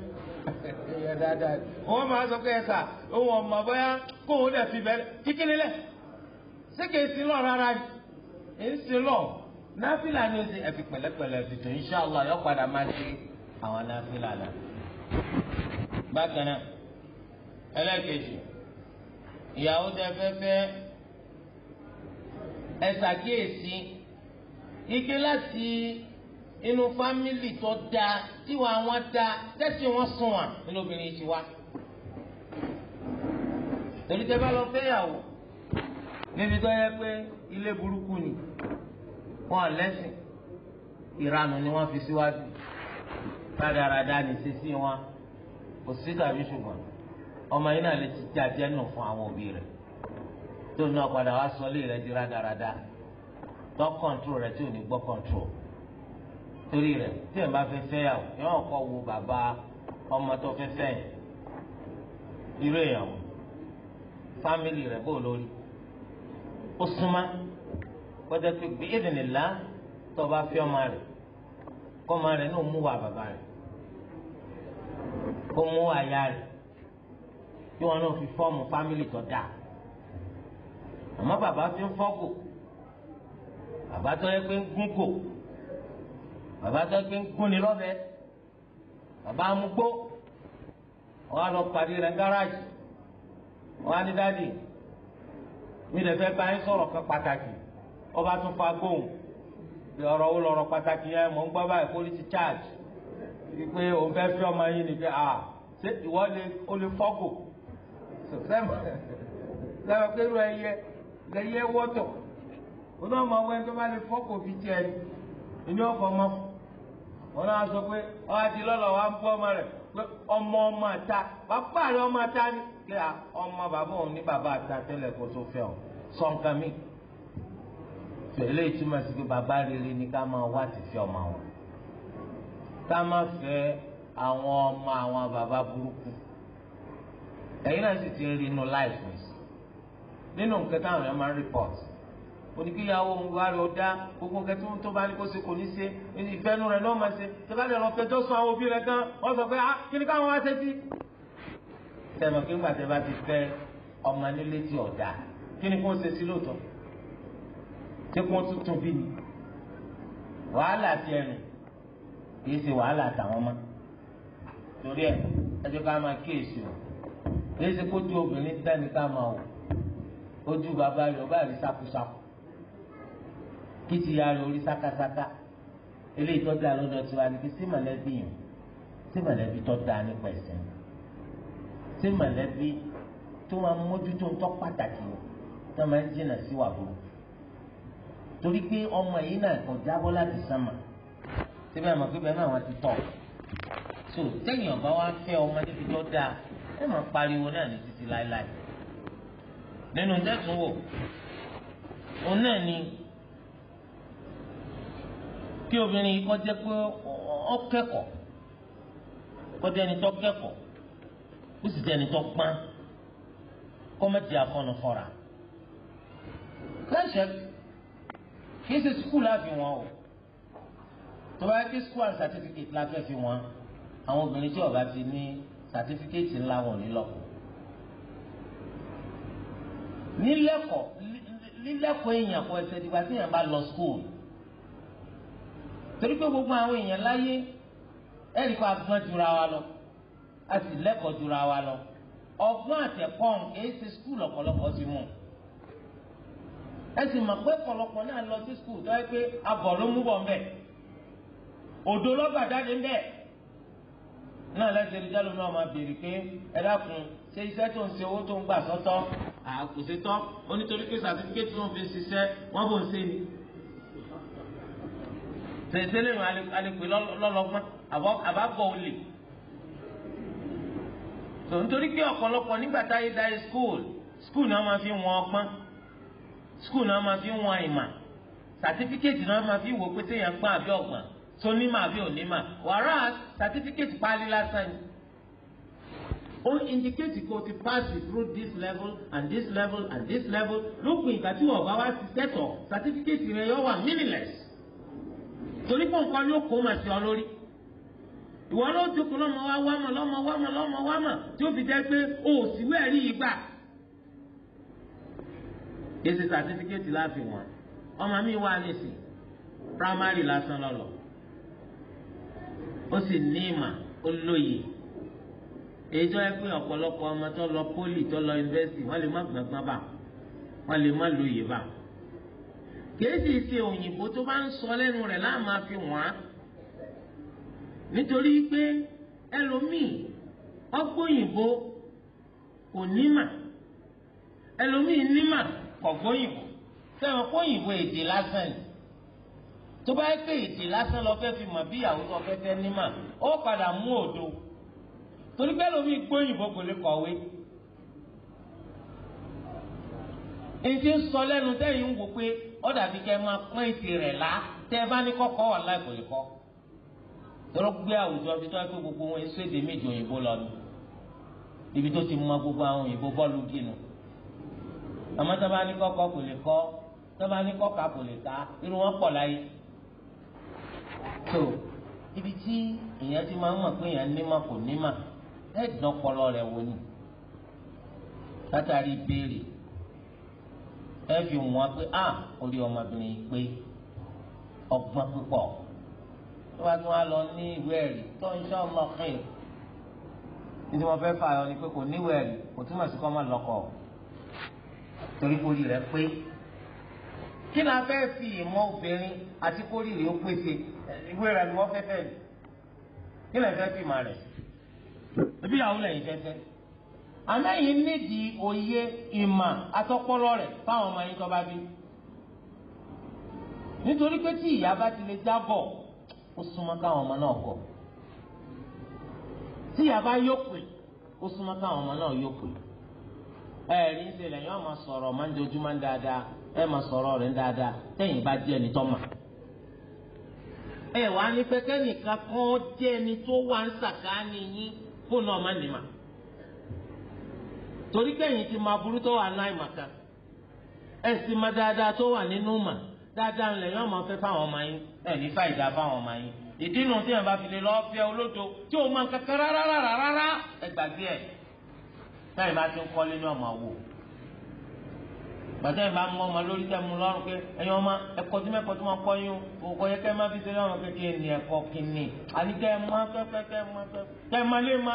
dáadáa ni. òun máa sọ pé ẹ sà òun ọmọ bóyá kóun dẹ̀ fi bẹ́ẹ̀ kíkélélẹ̀ ṣé kì í sí lọ́ọ̀ rárá ni èsì lọ náfìlà ni ó ti ẹ̀fì pẹ̀lẹ́pẹ̀lẹ́ fìtò inṣàlá yọ padà máa ṣe àwọn náfìlà náà. bákan náà ẹlẹ́kejì ìyàwó tẹ fẹ́ fẹ́ ẹ ṣàkíyèsí ike láti inú fámìlì tó dáa tíwa wọn dáa tẹ́sí wọn sùn wọn inú obìnrin ti wá. torí tẹ bá lọ fẹ́ yàwó níbi tó yẹ pé ilé burúkú ni wọn lẹ́sìn ìranù ni wọ́n fi síwájú rádaràdá ní sísí wọn kò sí tàbí ṣùgbọ́n ọmọ yìí náà lè ti jàjẹ́ nù fún àwọn òbí rẹ̀ tó náà padà wá sọ lé rẹ̀ di rádaràdá tó kọ̀ǹtró rẹ̀ tí ò ní gbọ́ kọ̀ǹtró torí rẹ̀ tí ẹ̀ bá fẹ́ fẹ́yàwó yọ̀ọ́ kọ́ wo bàbá ọmọ tó fẹ́ fẹ́yìn irú èèyàn fámìlì rẹ̀ bó lórí ó súnmá kọjá pé bí ìdìnnìlá tó bá fi ọmọ rẹ̀ kọ́ ọmọ rẹ̀ náà mú wà bàbá rẹ̀ kó mú àyà rẹ̀ kí wọn náà fi fọ́ọ̀mù fámìlì tó dáa àmọ́ bàbá fi ń fọ́gò bàbá tó yẹ pé ń gún kò bàbá tó yẹ pé ń gún ni lọ́bẹ bàbá amúgbó wọn á lọ parí rẹ̀ gáràjì wọn á ní dáàdì mi lè fẹ́ bá yín sọ̀rọ̀ kan pàtàkì ọba tún fa gbóhùn ọ̀rọ̀ wo lọ̀rọ̀ pàtàkì yẹn mò ń gbọ́ báyìí polisi charge pé òun fẹ́ fi ọmọ yín ni pé à ṣé ìwọ lè ó lè fọ́gò sẹ́wọ̀n kérò ẹyẹ lẹ́yẹ wọ́tọ̀ ó náà mọ ọgbẹ́ni tó bá lè fọ́gò fi tiẹ̀ ni ìní ọ̀fọ̀ mọ́ wọn náà sọ pé ọba ti lọ́lọ́ wa ń bú ọmọ rẹ̀ pé ọmọ ọmọ àta bàbá rẹ̀ ọmọ àta ni pé ọmọ bàbá òun ní bàbá àta tẹ́lẹ̀ kó tó fẹ́ òun sọ̀nkàn mi pẹ̀lú ìtumọ̀ sí pé bàbá rere ni ká máa wá ti fi ọmọ wọn ká má fẹ́ àwọn ọmọ àwọn bàbá burúkú ẹ̀yin náà sì ti ń rí inú láìpẹ́ nínú nǹkan táwọn yẹn máa ń rìpọ̀t oníkíyàwó ngbárí ọ̀dá gbogbo nǹkan tó ń tó bá ní kó ṣe kò ní ṣe ìfẹ́nu rẹ̀ lọ́ọ́ máa ṣe tẹ́lẹ̀ lọ́ọ́ fẹjọ́ sùn àwọn òbí rẹ̀ gan wọ́n sọ pé ah kí ni káwọn wá ṣe sí. tẹ̀mọ̀ kí ngbà tẹ bá ti fẹ́ ọmọ nílé tí ọ̀dà kí ni kò ṣe sí lóòótọ́ tí kò tuntun bí ni wàhálà ti ẹ̀rìn kìí ṣe wàhálà tàwọn mọ́ torí ẹ̀ ẹjọ́ ká máa kíyèsí o kìí ṣe kó ju obìnrin dání ká máa wò ojú bàbá rẹ̀ ọba rí sákúsákú kí ti ya rẹ̀ orí sákásáká eléyìí tó dáa lọ́dọ̀ tí wàá ní kí sí mọ̀lẹ́bí yẹn sí mọ̀lẹ́bí tó dáa nípa ẹ̀sìn sí mọ̀lẹ́bí tó máa mójútó ń tọ́ pàtàkì yẹn tó máa ń jìnnà sí wà burú torí pé ọmọ yìí náà kò jábọ́ láti sánmà síbẹ̀ àmọ́ pé bẹ́ẹ̀ náà wọ́n ti tọ̀ so tẹ́yìn ọ̀bá wa fẹ́ ọmọ níbi tó dáa ẹ máa pariwo náà ní títí láéláé nínú tẹ́sán wò òun náà ni kí obìnrin kọ́ jẹ́ pé ó kẹ́kọ̀ọ́ kọ́ jẹ́ ẹni tó kẹ́kọ̀ọ́ ó sì jẹ́ ẹni tó pán kọ́ mọ́ di afọ́nufọ́ra lẹ́sẹ̀ kì í ṣe skul láfi wọn o tó bá yẹ kí skul and certificate láfẹ́ fi wọn àwọn obìnrin tí ọba ti ní certificate ńlá wọn ní lọ́kọ̀ nílẹ̀kọ̀ lílẹ̀kọ̀ èèyàn kọ ẹsẹ̀ dìgbà tí èèyàn bá lọ skul torí pé gbogbo àwọn èèyàn láyé ẹ̀rí kó agbọ́n jura wa lọ a sì lẹ́kọ̀ọ́ jura wa lọ ọgbọ́n àtẹ̀kọ́ kì í ṣe skul ọ̀pọ̀lọpọ̀ ti mú ẹ sì mọ̀ pé pọ̀lọpọ̀ náà lọ sí skul tó yẹ pé abọ̀ ló mú bọ̀ mbẹ́ òdo lọ́gbà jáde mbẹ́ náà lẹ́sẹ̀ ìdíjà ló máa máa béèrè pé ẹ dákun ṣé iṣẹ́ tó ń ṣe owó tó ń gbà sọ́tọ̀ àkùsítọ́ onítorí pé sàtífíkẹ́tì tó ń fi ṣiṣẹ́ wọ́n bò ń ṣe ni tẹ̀sílẹ̀ nù alẹ́pẹ̀ lọ́lọ́gbọ́n àbábọ̀ olè tó nítorí pé ọ̀pọ̀lọpọ̀ nígbà táyé dáyé skul skul náà máa fi wọn ọpọ́n skul náà máa fi ń wọn ìmà sàtífíkẹ́tì náà máa fi wò pé téèyàn gbọ́n àbí ọ̀gbọ́n tó nímọ̀ àbí ònímọ̀ wàrà sàtífíkẹ́tì pálí lásán ni. ó indicate kó o ti pass through this level and this level and this level lópin ìgbà tí wọ́n bá wá ti sẹ́tọ̀ sàtífíkẹ́tì rẹ yóò wà meaningless. torí pé nǹkan ló kó màsí ọ lórí ìwọ ló dúkùú lọ́mọ wá wámọ̀ lọ́mọ wámọ̀ lọ́mọ wámọ̀ tí ó fi jẹ́ pé o ò síwẹ́ẹ̀rí yìí gbà gbèsè sàtífíkẹ́tì láàfin wọn ọmọ mi wà nísìn primary lásán lọ́lọ́ ó sì ní ìmà ó lóye èyí tó yẹ pé ọ̀pọ̀lọpọ̀ ọmọ tó lọ pólì tó lọ yunifásitì wọ́n lè má gbọ̀ngbọ́n bá wọ́n lè má lóye bá kèésì ṣe òyìnbó tó bá ń sọ lẹ́nu rẹ̀ láàmú àfi wọ́n á nítorí pé ẹlòmíì ọgbóyìnbó kò nímà ẹlòmíì nímà kọ̀gbóyìnbó sẹ́wọ̀n kóyìnbó èdè lásán ni tó bá yẹ pé èdè lásán lọ fẹ́ fi mọ̀ bí ìyàwó lọ fẹ́ fẹ́ ní mà ó padà mú òdo torí pé lómi gbóyìnbó kò lè kọ̀wé èdè sọ lẹ́nu tẹ́yìn ń wò pé ọ̀dà bíi kẹ́ máa pọ́n ètè rẹ̀ lá tẹ́ bá ní kọ́kọ́ wà láì kò lè kọ́ tọ́lọ́ gbé àwùjọ bí tó yẹ pé gbogbo wọn èso èdè méjì òyìnbó lọ ni ibi tó ti mọ gbogbo àwọn òyìnbó bọ́ọ̀lù gínú àmọ́ tó bá ní kọ́kọ́ kò lè kọ́ tó bá ní kọ́ka kò lè ká irun wọn pọ̀ láyé. tó ibi tí èèyàn ti máa ń mọ̀ pé èèyàn nímọ̀ kò nímọ̀ ẹ̀ dán ọpọlọ rẹ̀ wò ni látàrí ìbéèrè ẹ fi wọn pé a orí ọmọbìnrin pé ọgbọ́n púpọ̀ tó bá tún wá lọ ní ìwé ẹ̀rí tó ń ṣọ́ ọmọ ní tí wọ́n fẹ́ fà yọ ni pé kò níwèé ẹ̀rí kò túmọ̀ sí kọ́ máa lọ́kọ̀ọ́ torí kórì rẹ̀ pé kí ni a fẹ́ fi ìmọ̀ obìnrin àti kórì rẹ̀ ó pèsè ìwé rẹ̀ ni wọ́n fẹ́ fẹ́ kí ni a fẹ́ fi ìmọ̀ rẹ̀ ebi yàwó lẹ́yìn fẹ́fẹ́ àmẹ́yìn nídìí òye ìmọ̀ atọ́pọ́lọ́ rẹ̀ fáwọn ọmọ yín tó bá bí nítorí pé tí ìyá bá ti lè jábọ̀ ó súnmọ́ káwọn ọmọ náà gọ̀ tí ìyá bá yóò pè ó súnmọ́ káwọn ọmọ náà yóò ẹ̀rí ṣe lẹ́yìn ọmọ sọ̀rọ̀ máa ń dojúmọ́ ń dáadáa ẹ máa sọ̀rọ̀ rẹ̀ dáadáa tẹ̀yìn bá jẹ́ ẹni tó ẹ ní pé tó wà ń sàkáání yín nìmà. torí kẹ́yìn ti máa burú tó wà náà ìmọ̀ kan ẹ sì máa dáadáa tó wà nínú mà dáadáa ń lẹ́yìn ọmọ fẹ́ fáwọn ọmọ yín ọmọ yín ìdí bá fi lè tí sẹ́yìn bá ti ń kọ́lé ní ọmọ wò gbàtẹ́yìn bá mú ọmọ lórí tẹ́ mu lọ́rùn pé ẹ̀yin ọmọ ẹ̀kọ́ tí mẹ́kọ́ tí wọ́n kọ́ yín o kò yẹ kẹ́ ẹ má fi sílẹ̀ ọmọ kékeré ní ẹ̀kọ́ kìíní àní kẹ́ ẹ má pẹ́pẹ́ kẹ́ ẹ má pẹ́pẹ́ kẹ́ ẹ má lé má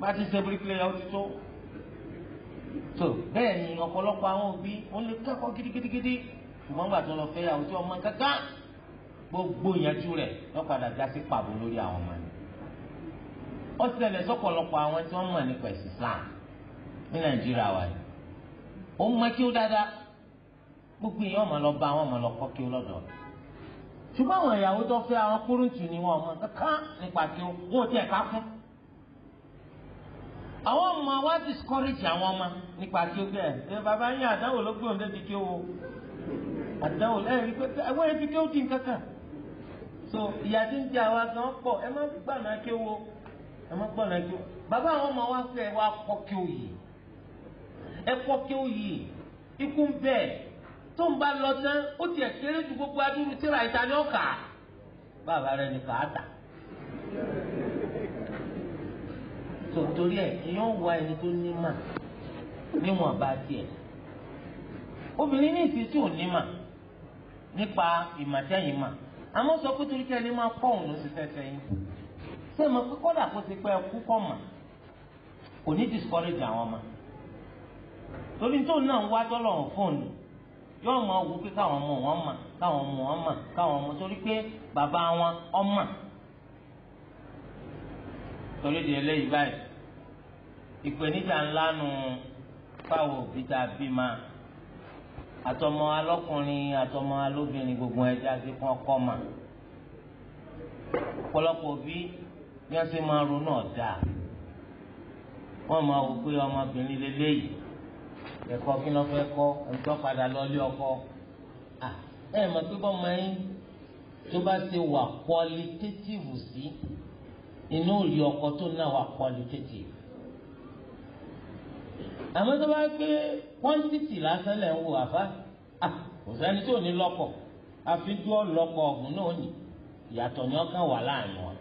bá ti ṣe bíríkìlẹ̀ yà ó ti tó. tó bẹ́ẹ̀ ni ọ̀pọ̀lọpọ̀ àwọn òbí ó lè kẹ́kọ̀ọ́ gidigidigidi ṣùgbọ́n gbà tó lọ fẹ́ yàwó tí ọmọ kankan gbogbo ìyànjú rẹ̀ lọ́ padà já sí pàbó lórí àwọn ọmọ ó ṣẹlẹ̀ sọ́pọ̀lọpọ̀ àwọn tí wọ́n mọ̀ nípa ẹ̀sìn Islam ní Nàìjíríà wa ni ó mọ kí ó dáadáa gbogbo èèyàn ọmọ lọ bá àwọn ọmọ lọ kọ́ kí ó lọ́dọ̀ ṣùgbọ́n àwọn ìyàwó tó fẹ́ àwọn kúrúntù ni wọn ọmọ kankan nípa kí wọn ò tiẹ̀ ká fún àwọn ọmọ wa discourage àwọn ọmọ nípa kí ó bẹ́ẹ̀ ṣe bàbá yín àdáwò ló gbé òǹdẹ́bi kí ó wo àdáwò lẹ́yìn pé ẹ̀wọ́n kí ó dín kankan so ìyá tí ń jẹ àwa gan pọ̀ ẹ má gbà kí ó wo. ẹ má gbọ́nà kí bàbá àwọn ọmọ wa pé ẹ wá kọ́ ó yìí ẹ kọ́ kí ó yìí ikú ń bẹ̀ tó ń bá lọ ó tiẹ̀ kéré ju gbogbo adúrú tíra ìta ni ó kà á bàbá rẹ ni kà á tà. tòtòrí ẹ wá ẹni tó ní mà bá obìnrin ní ò ní ṣé mo pé kódà kó ti pẹ́ ẹkú kọ́ mà kò ní discourage àwọn ọmọ torí tó náà ń wá tọ́lọ̀ fóònù yóò mọ owó pé káwọn ọmọ wọn mà káwọn ọmọ wọn mà káwọn ọmọ torí pé bàbá wọn ọmọ torí di eléyìí báyìí ìpèníjà ńlá nu fáwọn òbí tá a bí ma àtọmọ alọkùnrin àtọmọ alóbìnrin gbogbo ẹja sí fún ọkọ mà ọ̀pọ̀lọpọ̀ bí wọ́n ṣe máa ronú ọ̀dà wọ́n máa wò pé ọmọbìnrin lélẹ́yìí ẹ̀kọ́ kí ló fẹ́ kọ́ ẹ̀ńtọ́ padà lọ́lé ọkọ ẹ̀ mọ̀ pé bọ́mọ yín tó bá ṣe wà qualitative sí inú òòlì ọkọ tó náà wà qualitative àmọ́ tó bá gbé quantity lásán lẹ̀ ń wo àfa kò sẹ́ni tó ní lọ́kọ̀ àfi dúró lọ́kọ̀ ọ̀gùn náà ní ìyàtọ̀ ni ọkàn wà láàrin wọn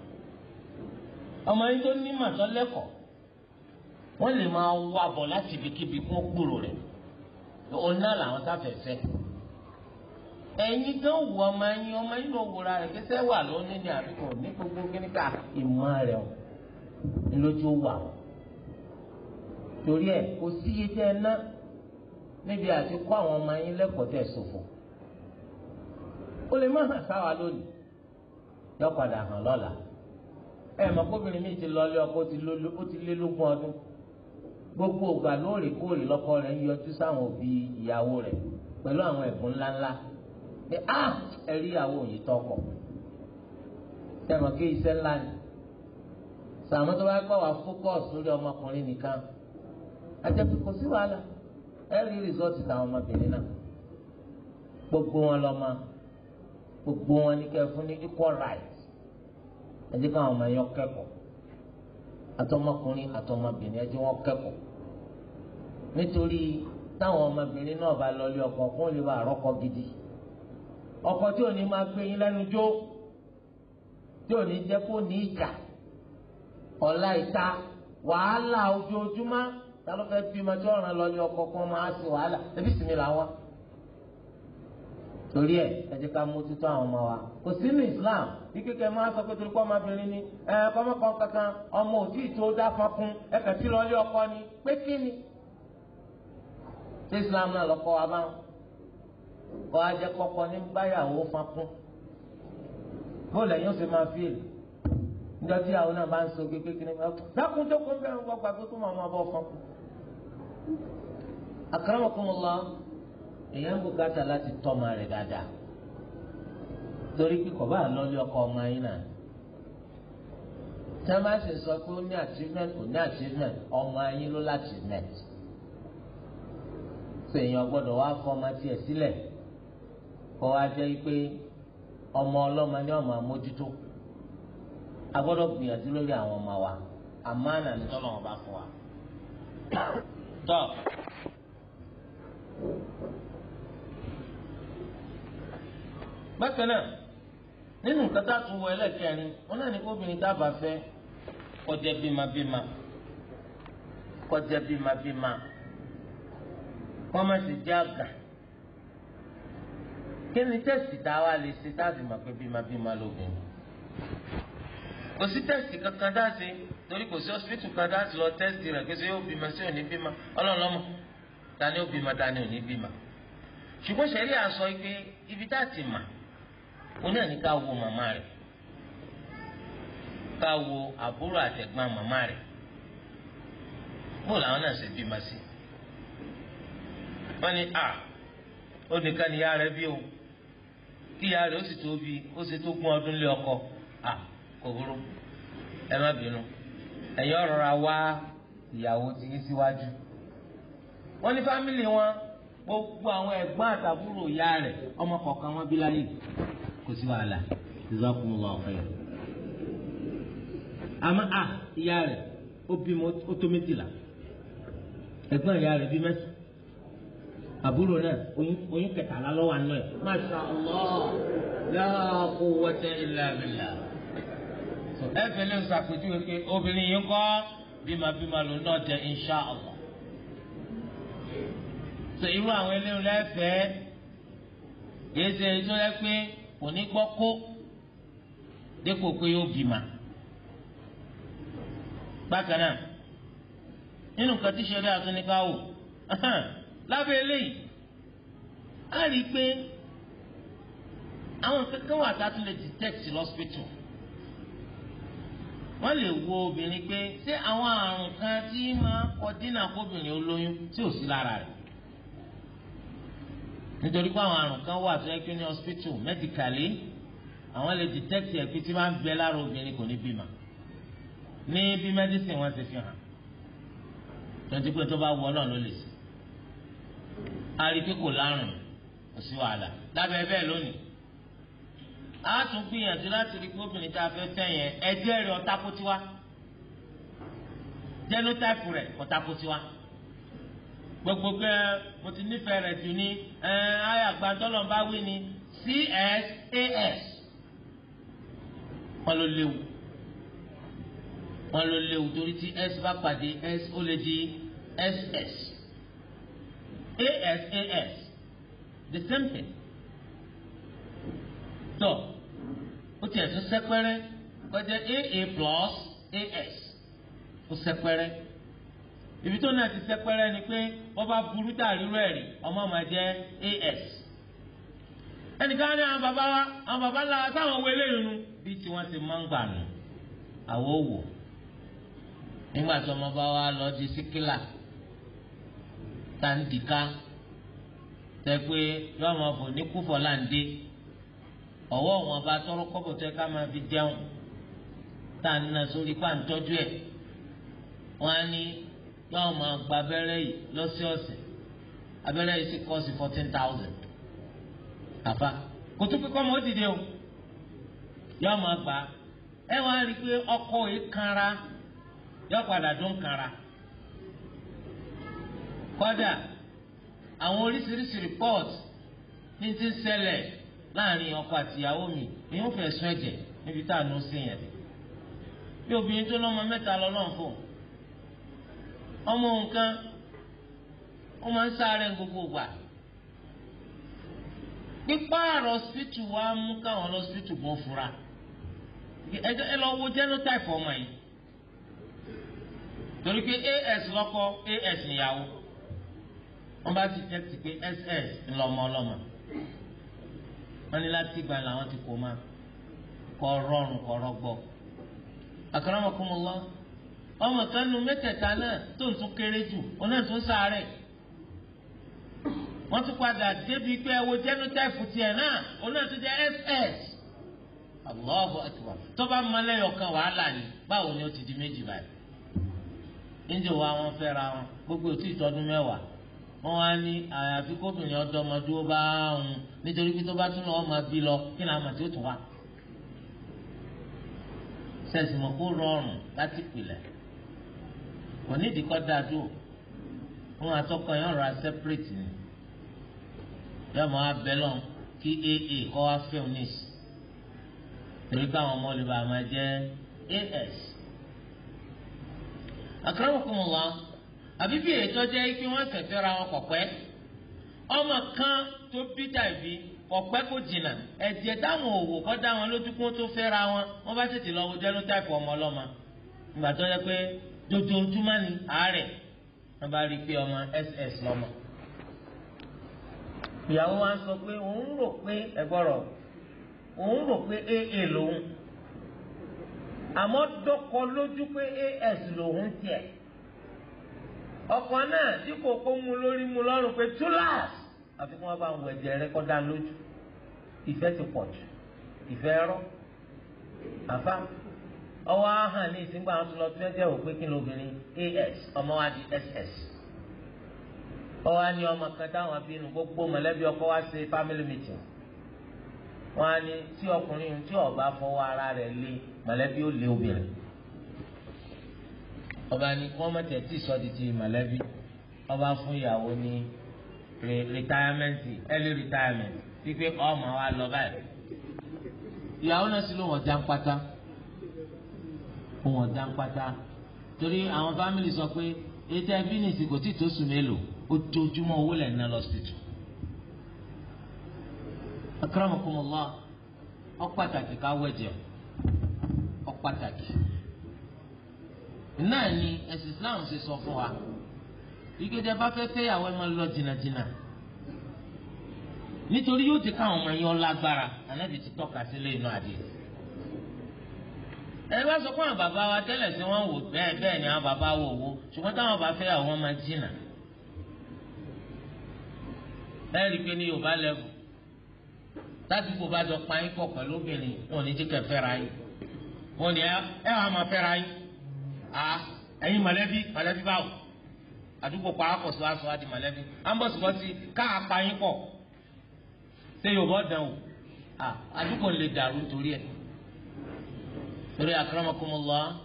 ọmọ yín tó ní màtọ́ lẹ́kọ̀ọ́ wọ́n lè máa wá bọ̀ láti ibikíbi fún gbòòrò rẹ̀ òun náà làwọn sáfẹ́ fẹ́ ẹ̀yin tó wù ọmọ yín ọmọ yín ló wúra rẹ̀ kẹsẹ́ wà lónìí ní àbíkọ̀ ní gbogbo kíníkà ìmọ̀ rẹ̀ o lójú wà o torí ẹ̀ kò síye tẹ́ ẹ ná níbi àti kọ́ àwọn ọmọ yín lẹ́kọ̀ọ́ tẹ̀ ṣòfò ó lè má hàn sáwa lónìí yọ padà hàn lọ́la ẹ mọ̀ kóbìnrin mi ti lọlé ọkọ ó ti lé lógún ọdún gbogbo ògbà lóòrèkóòrè lọ́kọ rẹ̀ ń yọjú sáwọn òbí ìyàwó rẹ̀ pẹ̀lú àwọn ẹ̀bùn ńláńlá pé á ẹrí ìyàwó yìí tọkọ ẹ mọ̀ kí iṣẹ́ ńlá ni sàmọ́ tó bá gbọ́ wá fókọ́ọ̀sì lórí ọmọkùnrin nìkan àjẹpẹ́ kò sí wàhálà ẹ rí rìsọ́ọ̀tì táwọn ọmọbìnrin náà gbogbo wọn lọ́mọ gbogbo wọn ní kẹ́ fún ní equal right ẹdí káwọn ọmọ yẹn kẹ́kọ̀ọ́ àtọmọkùnrin àtọmọbìnrin ẹdí wọn kẹ́kọ̀ọ́ nítorí táwọn ọmọbìnrin náà bá lọ lé ọkọ fún lè bá àrọkọ gidi ọkọ tí ò ní máa gbé yín lẹ́nu jó tí ò ní jẹ́ kó ní ìjà ọ̀la ìta wàhálà ojoojúmọ́ ta ló fẹ́ bímọ tí ọ̀ràn lọ lé ọkọ kan máa ṣe wàhálà ẹbí sinmi làwọn torí ẹ ẹ jẹ́ ká mójútó àwọn ọmọ wa kò sínú islam bí kékeré máa sọ pé torí kọ́ ọmọbìnrin ni ẹ kọ́mọkàn kankan ọmọ òtí tó dá fọ́nkún ẹ kàn sí lọ́ọ́lé ọkọ ni pé kí ni ṣé islam náà lọ́kọ́ wa bá wọn kọ́ ajẹ́ kọ́kọ́ ní báyàwó fọ́nkún bóòlù ẹ̀yìn ó sì máa fíìlì níjọ́ tí àwọn náà bá ń so kékeré ní ọkọ dákun tó kún bẹ́ẹ̀ ń gbọ́ gbàgbé kó máa máa bọ́ fọ́nkún. akramakumullah èèyàn bùkátà láti tọ́mọ rẹ̀ dáadáa torí pé kò bá lọ́lé ọkọ ọmọ yín náà tí sọ pé ó ní achievement kò ní achievement ọmọ yín ló lá achievement sọ èèyàn gbọ́dọ̀ wá fọmọ tiẹ̀ sílẹ̀ kó wá jẹ́ pé ọmọ ọlọ́mọ ni ọmọ àmójútó a gbọ́dọ̀ gbìyànjú lórí àwọn ọmọ wa àmánà ni tọ́lọ́wọ́n bá fún wa. bákan náà nínú nǹkan tá a tún wọ ẹlẹ́kẹrin wọn náà ní kó obìnrin dábàá fẹ́ kọjá bímabíma kọjá bímabíma wọn má sì jẹ́ àgà kí ni tẹ́sì tá a wá lè ṣe tá a sì mọ̀ pé bímabíma lóbìnrin kò sí tẹ́sì kankan dá sí torí kò sí hospital kan dá sí lọ tẹ́sì rẹ̀ pé ṣé yóò bímọ sí òní bímọ ọlọ́ọ̀lọ́mọ ta ni ó bímọ ta ni òní bímọ ṣùgbọ́n ṣẹ̀rí àsọ pé ibi tá a ti mọ̀ òun náà ká wo màmá rẹ̀ ká wo àbúrò àtẹ̀gbọ́n màmá rẹ̀ bó làwọn náà ṣe bímọ sí a ó nìkan ní ìyá rẹ̀ bí o kí ìyá rẹ̀ ó sì tó bí ó sì tó gún ọdún ọkọ a kò burú ẹ má bínú ẹ̀yin ọ̀rọ̀ra wá ìyàwó ti yí síwájú ní fámìlì wọn gbogbo àwọn ẹ̀gbọ́n àtàbúrò ìyá rẹ̀ ọmọ wọn kò sí wàhálà jazakumullahu khairan. àmọ́ a ah, ìyá rẹ̀ ó bímọ ó tó méjìlá ẹ̀gbọ́n ìyá rẹ̀ bí mẹ́sàn àbúrò náà oyún kẹtàlá lọ́wọ́ àná ẹ̀. masha allah la quwwata illa billah. ẹ fẹlẹ ṣàpèjúwe pé obìnrin yìí kọ́ bímabíma ló náà jẹ insha allah. sọ irú àwọn eléyìí lẹ́fẹ̀ẹ́ yéé ṣe ìṣó lẹ́pẹ́ kò ní gbọ́ kó dépò pé yóò bímọ. bákan náà nínú nǹkan tí sẹ́rí àtúnika wò lábẹ́ eléyìí á rí i pé àwọn kankan wà tá a tún lè detect lọ́spítù wọ́n lè wo obìnrin pé ṣé àwọn àrùn kan tí máa kọ dínà kóbìnrin olóyún tí ò sí lára rẹ̀ nítorí pé àwọn àrùn kan wà tó yẹ kí ní hospital medically àwọn lè detect ẹ̀ pé tí máa ń bẹ lára obìnrin kò ní bímọ ní bí medicine wọn ti fi hàn tonti pé tó bá wọ náà ló lè sè á kò lárùn kò sí wàhálà lábẹ́ bẹ́ẹ̀ lónìí a tún gbìyànjú láti rí gómìnà tá a fẹ́ fẹ́ yẹn ẹjẹ́ rẹ̀ ọ̀tá kó tiwa genotype rẹ̀ ọ̀tá kó tiwa gbogbo pé ẹ mo ti nífẹ̀ẹ́ rẹ̀ jù ní ẹ ayé àgbàdọ́lọ̀ bá wí ni csas wọn ló léwu wọn ló léwu torí tí s bá pàdé s ó lè di ss asas the same thing tó ó tiẹ̀ tún sẹ́pẹ́rẹ́ kọjá aa plus as ó sẹ́pẹ́rẹ́ ibi tó náà ti sẹpẹrẹ ni pé wọ́n bá burú dàrí rẹ̀ rí ọmọ máa jẹ́ as ẹnìkan ní àwọn bàbá wa àwọn bàbá ńlá wa táwọn wo eléyìí nu bí tí wọ́n ti máa ń gbà nù àwọ̀ wò nígbà tí ọmọ bá wa lọ di síkìlà tàǹdìkà tẹ pé yọ ọmọ bò ní kúfọ̀láǹdé ọwọ́ wọn bá tọrọ kọ́bọ̀ ká máa fi jẹun tá sórí pàǹtọ́jú ẹ̀ wọ́n á ní láwọn máa gba abẹ́rẹ́ yìí lọ́sọ̀ọ̀sẹ̀ abẹ́rẹ́ yìí sì kọ́ọ̀sì fourteen thousand àfa kò tó kíkọ́ mọ́ ó dìde o yóò máa gbà á ẹ wá rí i pé ọkọ yìí kanra yóò padà dún kanra kọ́dà àwọn oríṣiríṣi report ní ti ń ṣẹlẹ̀ láàrin ọkọ àtìyàwó mi èyí ń fẹ́ sún ẹ̀jẹ̀ níbi tá a nù sí yẹn bí obìnrin tó lọ́mọ mẹ́ta lọ́lọ́run fún un ọmọ nǹkan ó máa ń sáré gbogbo ìgbà nípa àrò hospital wa mú káwọn lọ hospital gbọ́n fura ẹ lọ wo genotype ọmọ yìí torí pé as lọ́kọ as níyàwó wọ́n bá ti tẹ́tì pé ss ńlọmọ ọlọ́mọ wọ́n ní láti gbà làwọn ti kó máa kọ́ rọrùn kọ́ rọgbọ àkàrà ọmọkùnrin lọ́wọ́ ọmọ kan nu mẹ́tẹ̀ẹ̀ta náà tó ń tún kéré jù òun náà tún sáré wọ́n tún padà débi pé ẹwo jẹ́nútẹ́ẹ̀fù tiẹ̀ náà òun náà tún jẹ́ ss Allahu akbar tó bá mọlẹ́yọ̀ kan wàhálà ni báwo ni ó ti di méjì báyìí níjẹ́ wa wọ́n fẹ́ra wọn gbogbo ètò ìtọ́dún mẹ́wàá wọ́n wá ní àyàfi kóbìnrin ọ̀dọ́mọdúró bá ń nítorí pé tó bá tún lọ́wọ́ máa bí lọ kí ni àmọ̀ tí ó tún wà sẹ́sìmọ̀ kó rọrùn láti pìlẹ̀ kò ní ìdíkọ́ dáa dúró wọn àtọkọ yẹn ọ̀rọ̀ separate ni yóò máa bẹ lọ kí aa kọ́ wá fẹ́ọ̀ níìsì torí káwọn ọmọ olùbà máa jẹ́ as. akramakumullah àbí bí ètò jẹ́ kí wọ́n ṣẹ̀fẹ́ ra wọn kọ̀pẹ́ ọmọ kan tó bí dàbí kọ̀pẹ́ kò jìnnà ẹ̀jẹ̀ táwọn òwò kọ́ dá wọn lójú kó tó fẹ́ ra wọn wọ́n bá tètè lọ wo jẹ́lótáìpù ọmọ ọlọ́mọ dojoojúmọ́ ni àárẹ̀ wọ́n bá rí i ss lọ́mọ. ìyàwó wa ń sọ pé òun rò pé ẹ̀gbọ́rọ̀ òun rò pé aa lòun àmọ́ dọ́kọ lójú pé as lòun tiẹ̀ ọkọ náà tí kò kó mu lórí mu lọ́rùn pé tulas àfi kí wọ́n bá ń wọ ẹ̀jẹ̀ rẹ kọ́ dá lójú ìfẹ́ ti pọ̀ jù ìfẹ́ rọ́ àfáà. ọwọ́ ahàn ní ìsìngbà àwọn tó lọ tó ẹjẹ́ wò pé kí ni obìnrin as ọmọ wa di ss ọwọ́ ni ọmọ kan táwọn bínú gbogbo mọ̀lẹ́bí ọkọ wa ṣe family meeting wọn á ní tí ọkùnrin yìí tí ọba fọwọ́ ara rẹ̀ lé mọ̀lẹ́bí ó lé obìnrin ọba ni kí wọ́n mọ̀tẹ̀ tí sọ di ti mọ̀lẹ́bí ọba fún ìyàwó ní retirement early retirement wípé ọmọ wa lọ báyìí ìyàwó náà sì ló wọ̀ já fún wọn jáńpátá torí àwọn fámìlì sọ pé ètò ẹbí nìsí kò tí tó sùn mélòó ojoojúmọ́ owó lẹ̀ ná lọ sí tù. akramakumullah ọ pàtàkì ká ọ pàtàkì náà ni Islam ṣe sọ fún wa ìgbẹ́jẹ́ bá fẹ́ fẹ́yàwó ẹ̀ máa lọ jìnnàjìnnà nítorí yóò ti káwọn ọmọ yẹn lágbára ti tọ́ka sílé inú ẹ bá sọ fún àwọn bàbá wa tẹ́lẹ̀ sí wọ́n wò bẹ́ẹ̀ bẹ́ẹ̀ ni àwọn bàbá wò wò ṣùgbọ́n táwọn bá fẹ́ àwọn máa jìnnà ẹ rí i pé ní Yorùbá lẹ́wọ̀n lásìkò bá jọ pa yín pọ̀ pẹ̀lú obìnrin wọn ò ní jẹ́ kẹ́ fẹ́ra yín wọn ni ẹ wàá máa fẹ́ra yín à ẹ̀yin mọ̀lẹ́bí mọ̀lẹ́bí báwò àdúgbò pa akọ̀sọ aṣọ àti mọ̀lẹ́bí ambọ̀sibọ́sí káà pa yín pọ̀ ṣé Yorùbá dàn o àdúgbò lè dàrú torí ẹ̀ torí akramakumullah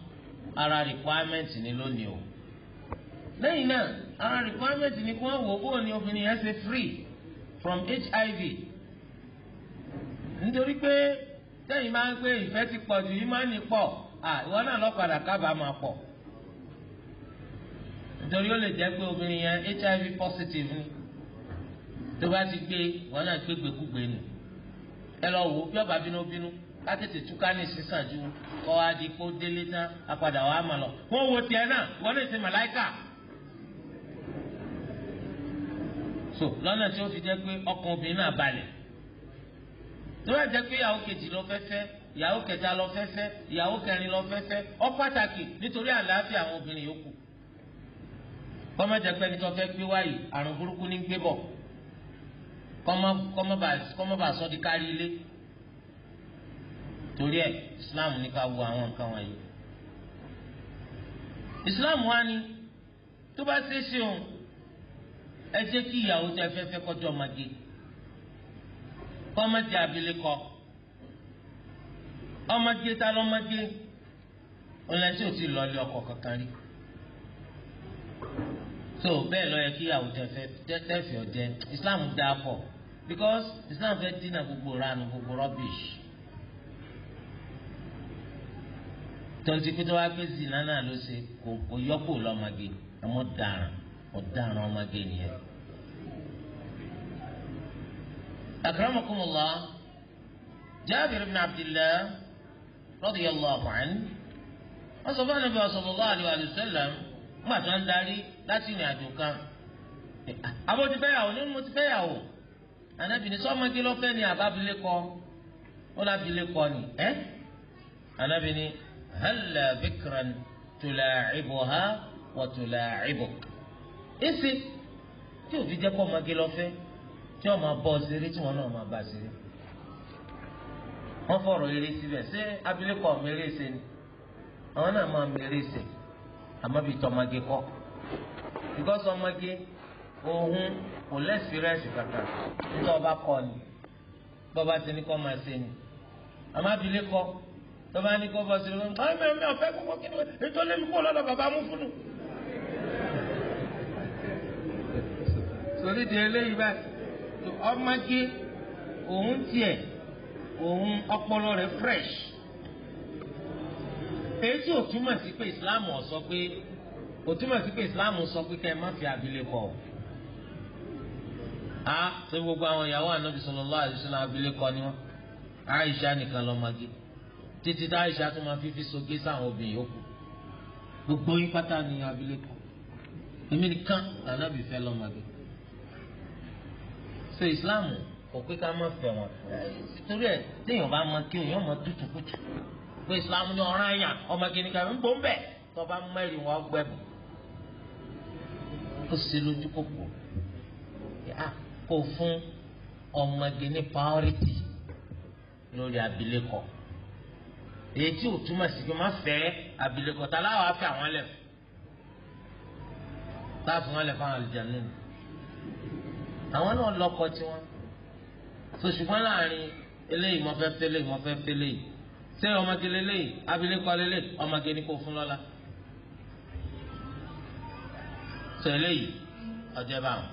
ara requirement ni lónìí o lẹ́yìn náà ara requirement ni kí wọ́n wò ni obìnrin yẹn ṣe from HIV nítorí pé sẹ́yìn máa ń pé ìfẹ́ ti pọ̀ jù ìmánì pọ̀ ìwọ náà lọ padà pọ̀ nítorí ó lè jẹ́ pé HIV positive ni tó bá ti gbé ìwọ náà gbégbé kúgbé nù ẹ lọ wò ó bí ọba ká tètè túká ní sísàn ju di adìpó délé tán apàdà wàá mà lọ. wọ́n wo tiẹ̀ náà wọ́n lè ṣe màláìkà. so lọ́nà tí ó fi jẹ́ pé ọkàn obìnrin náà balẹ̀. tó bá jẹ́ pé ìyàwó kejì lọ fẹ́fẹ́ ìyàwó kẹta lọ fẹ́fẹ́ ìyàwó kẹrin lọ fẹ́fẹ́ ọ pàtàkì nítorí àlàáfíà àwọn obìnrin yòókù. kọ́mọ jẹ́ pé ẹni tó fẹ́ gbé wáyé àrùn burúkú ní gbé bọ̀ kọ́mọ bá sọ́ di kárí ilé torí ẹ islam ní ká wo àwọn nǹkan wọ̀nyí islam wa ni tó bá ṣe é ṣe òun ẹ jẹ́ kí ìyàwó tẹ fẹ́ fẹ́ kọjọ́ ọmọge kọ́mọdé abilékọ ọmọdé ta lọ́mọdé ọlọ́ni tí ò ti lọ ilé ọkọ kankan rí so bẹ́ẹ̀ lọ yẹ kí ìyàwó tẹ fẹ́ tẹ́fẹ́ ọ̀jẹ́ islam dáa pọ̀ because islam fẹ́ dínà gbogbo ranu gbogbo rubbish. tonti pé tó wá pé zina náà ló ṣe kò kò yọkù lọ́mọge àmọ́ dàrán ọ̀daràn ọmọge nìyẹn. akramakumullah jaabir ibn abdillah radiyallahu anhu wọ́n sọ fún anabi sallallahu alayhi wa sallam ńgbà tó ń darí láti ìrìn àjò kan àbò ti fẹ́yàwó nínú mo ti fẹ́yàwó anabi ní sọ́mọge lọ́fẹ́ ni àbábilé kọ́ ó lábilé kọ́ ni ẹ́ anabi ní halla bikran tulacibuha wa tulacibuk. èsì tí òbí ما kó ọmọge lọ fẹ́ tí wọ́n máa bọ́ ṣeré tí wọ́n náà máa bá ṣeré. wọ́n fọ̀rọ̀ eré síbẹ̀ ṣé abilékọ mèrè ṣe ni àwọn náà máa mèrè ṣe àmọ́ tọmọge kọ́ bíkọ́sì ọmọge òun kò lẹ́sìrẹ́sì kankan nígbà ọba kọ́ ni bọ́ba ti ní kọ́ máa ṣe ni àmọ́ abilékọ tọ́ba ní kó bọ́ sí ló ń bá mi mi ọ̀fẹ́ kókó kí ni ètò lé mi kó lọ́dọ̀ bàbá mú fún un. sori di eléyìí báyìí ọmọge òun tiẹ̀ òun ọpọlọ rẹ̀ fresh èyí ò túmọ̀ sí pé Islam ò sọ pé ò túmọ̀ sí pé Islam sọ pé kẹ́ ẹ má fi abilékọ o a ṣe gbogbo àwọn ìyàwó Ànábì sallallahu alaihi wasallam abilékọ ni wọn Aisha nìkan lọ́mọge títí tá àìsà tó máa fífi soge sáwọn obìnrin yòókù gbogbo yín pátá ni abilékọ èmi nìkan lànàbì fẹ́ lọ́mọdé so Islam kò pé ká má fẹ́ wọn torí ẹ̀ téèyàn bá mọ kí èèyàn mọ tútùkùtù pé Islam ní ọ̀ràn àyàn ọmọ kìíní kan ń bò ń bẹ̀ tó bá mẹ́rin wọn gbẹ̀bùn ó sì lójú kòkò kò fún ọmọge ní priority lórí abilékọ. No èyí tí ò túmọ̀ sí pé má fẹ́ abilékọ tá láwọn á fẹ́ àwọn lẹ̀ láàfin wọn lẹ̀ fún àwọn àlùjáde nù àwọn náà lọ́kọ tiwọn so ṣùgbọ́n láàrin eléyìí mọ́ fẹ́ fẹ́lẹ́ mọ́ fẹ́ fẹ́lẹ́ ṣé ọmọge lélẹ́yìí abilékọ lélẹ́yìí ọmọge ní kò fún lọ́la sọ eléyìí ọjọ́ bá wọn.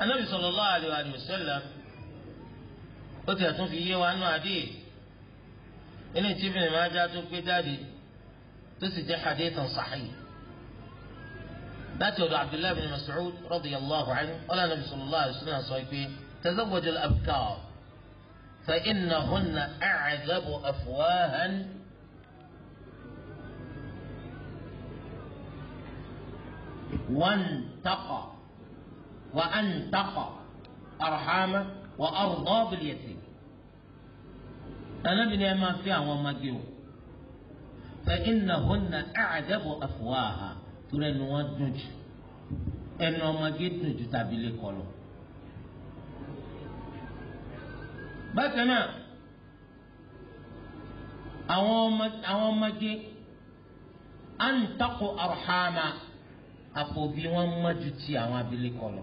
anabi sallallahu alaihi wa sallam. ó ti àtúnfi yé wa nù adé ilé tí bìnrin máa Majah tó gbé jáde tó sì jẹ́ xadé hadithan sahih láti ọ̀dọ̀ Abdullahi bin Mas'ud radiyallahu anhu ọ̀là nàbì sallallahu alaihi wasallam sọ pé tazawwajul abkar fa innahunna a'zabu afwahan. وانتقى وانتقى أرحامه wà á rò bọ́ bìlìyẹ̀tì anábìnrin ẹ máa fi àwọn ọmọge o fẹ iná hónà àdẹ́bò àfọwáhà torí ẹnu wọn dùn jù ẹnu ọmọge dùn jù tàbí lè kọlọ. bákan náà àwọn ọmọge à ń takò àrùhámà àpòbí wọn mọ́jú ti àwọn abilékọ lọ.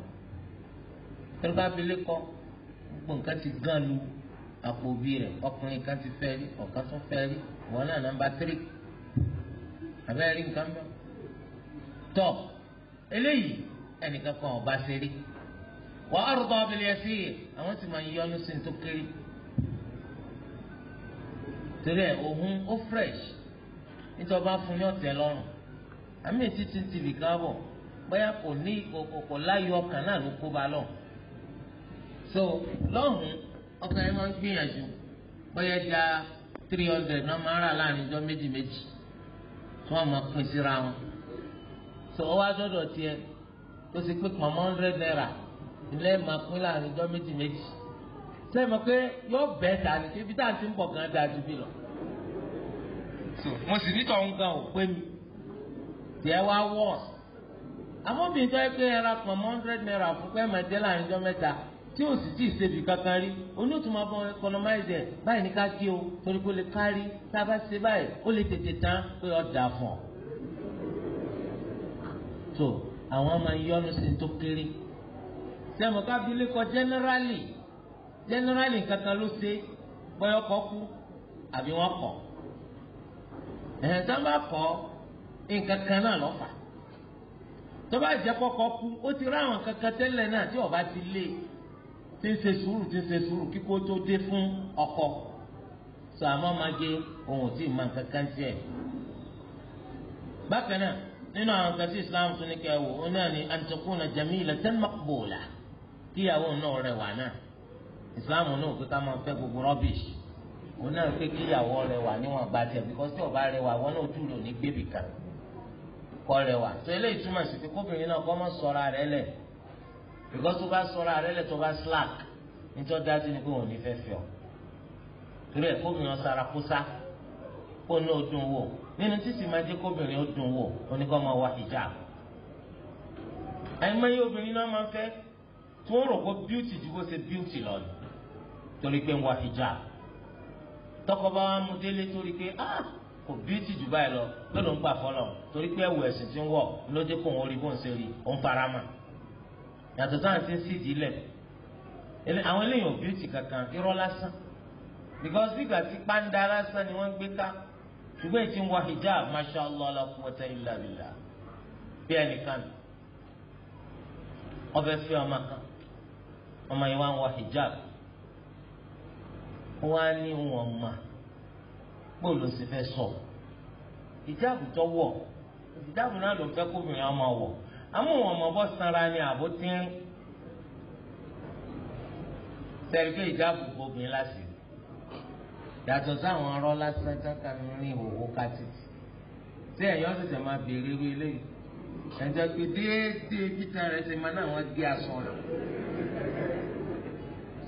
ẹ̀rọ abilékọ gbogbo nǹkan ti gán lu àpò òbí rẹ̀ ọkùnrin kan ti fẹ́ rí ọ̀kan tún fẹ́ rí wọn náà nọ́mbà tírì abẹ́rẹ́ rí nǹkan bọ́ tọ́ eléyìí ẹnìkan kan ọba ṣe rí wà á rúbọ ọbẹ̀lẹ̀ sí i àwọn sì máa ń yọnu sí i tó kéré torí ẹ òun ó fresh nítorí ọba fún yóò tẹ́ lọ́rùn àmì ètí tuntun tv kan bọ̀ bóyá kò ní kò láyọ̀ ọkàn náà ló kó ba lọ́rùn so lọ́hùn ọkàn yẹn máa ń gbìyànjú bóyá já three hundred náà máa ń rà láàrin ọjọ́ méjì méjì tí wọ́n máa pín síra wọn so ó wá dọ́dọ̀ tiẹ̀ tó ti pé pọ̀ mọ́ hundred naira ilé máa pín láàrin ọjọ́ méjì méjì sẹ́yìn mọ̀ pé yóò bẹ́ẹ̀ ta ni ibi tá à ń ti ń bọ̀ gan dájú bí lọ so mo sì ní tọ̀ ń gan ò pé mi tiẹ̀ wá wọ́ọ̀sì àmọ́ bí n tọ́ ẹ pé ẹ ra pọ̀ mọ́ hundred naira fún pé màá jẹ́ láàrin ọjọ́ mẹ́ta tí o sì tíì ṣebí kankan rí oní òtún máa bọ economize ẹ báyìí ní ká kí o torí pé lè kárí tá a bá ṣe báyìí o lè tètè tán pé ọ fún ọ. so àwọn máa ń yọnu sí tó kéré sẹ́mu kábílẹ̀kọ generally generally kankan ló ṣe bọ́yọ̀ kọ́ kú àbí wọ́n kọ̀ ẹ̀hẹ́n tó bá kọ́ nǹkan kan náà lọ́fà tó bá jẹ́ kọ́kọ́ kú ó ti rá àwọn kankan tẹ́lẹ̀ náà tí ọba ti lé e tí ń ṣe sùúrù tí ń ṣe sùúrù kíkó tó dé fún ọkọ sọ àmọ́ máa gé ohun tí ìmọ̀ nǹkan kan tiẹ̀. bákan náà nínú àwọn kan sí Islam tún ní kẹ́ wò ó náà ní an takuna jamilatan maqbula kíyàwó náà rẹwà náà Islam náà pé ká máa fẹ́ gbogbo rubbish òun náà pé kíyàwó rẹwà níwọ̀n bá tiẹ̀ because tí ọba rẹwà wọn náà dúró ní gbébì kan kọ́ rẹwà tó eléyìí túmọ̀ sí pé kóbìnrin náà kọ́ because tó bá sọra rẹ lẹ tó bá slack nítorí dájú ni pé òun ní fẹ́ fi ọ torí ẹ kóbìnrin ọ̀sára kúsá kó ní o dùn wò nínú títì máa jẹ́ kóbìnrin ó dùn wò oníkọ́ máa wá hijab àìmọye obìnrin náà máa ń fẹ́ tí wọ́n rò pé beauty ju kó ṣe beauty lọ ni torí pé ń wá hijab tọkọ bá wá mú délé torí pé ah kò beauty ju báyìí lọ lọ́dọ̀ ń gbà fọlọ́ torí pé ẹ̀wù ẹ̀sìn ti ń wọ̀ lóde kò ń orí bó ń ṣe rí ó ń faramọ́. yàtọ̀ sáà ti ń sídìí lẹ̀ àwọn eléyìí ò bíútì kankan irọ́ lásán because nígbà tí pàǹdà lásán ni wọ́n gbé ká ṣùgbọ́n èyí ń hijab masha allah la quwwata illa billah bí ẹnìkan ọbẹ̀ fi ọmọ kan ọmọ yìí wá ń hijab wọ́n ní wọn mà bóòlù sì fẹ́ sọ hijab tó wọ̀ hijab náà ló fẹ́ kóbìnrin ọmọ wọ̀ àmọ́ wọn mọ̀ bọ́ sanra ni àbó ti ń sẹ́ríkì ìjáàbù obìnrin láti rí yàtọ̀ sáwọn ọ̀rọ̀ lásán káka ní ìhòòhò kátìtì tí ẹ̀yọ́ tètè máa béèrè irú eléyìí ẹ̀jẹ̀ pé déédéé peter rẹ̀ ti máa náà wọ́n gé aṣọ rẹ̀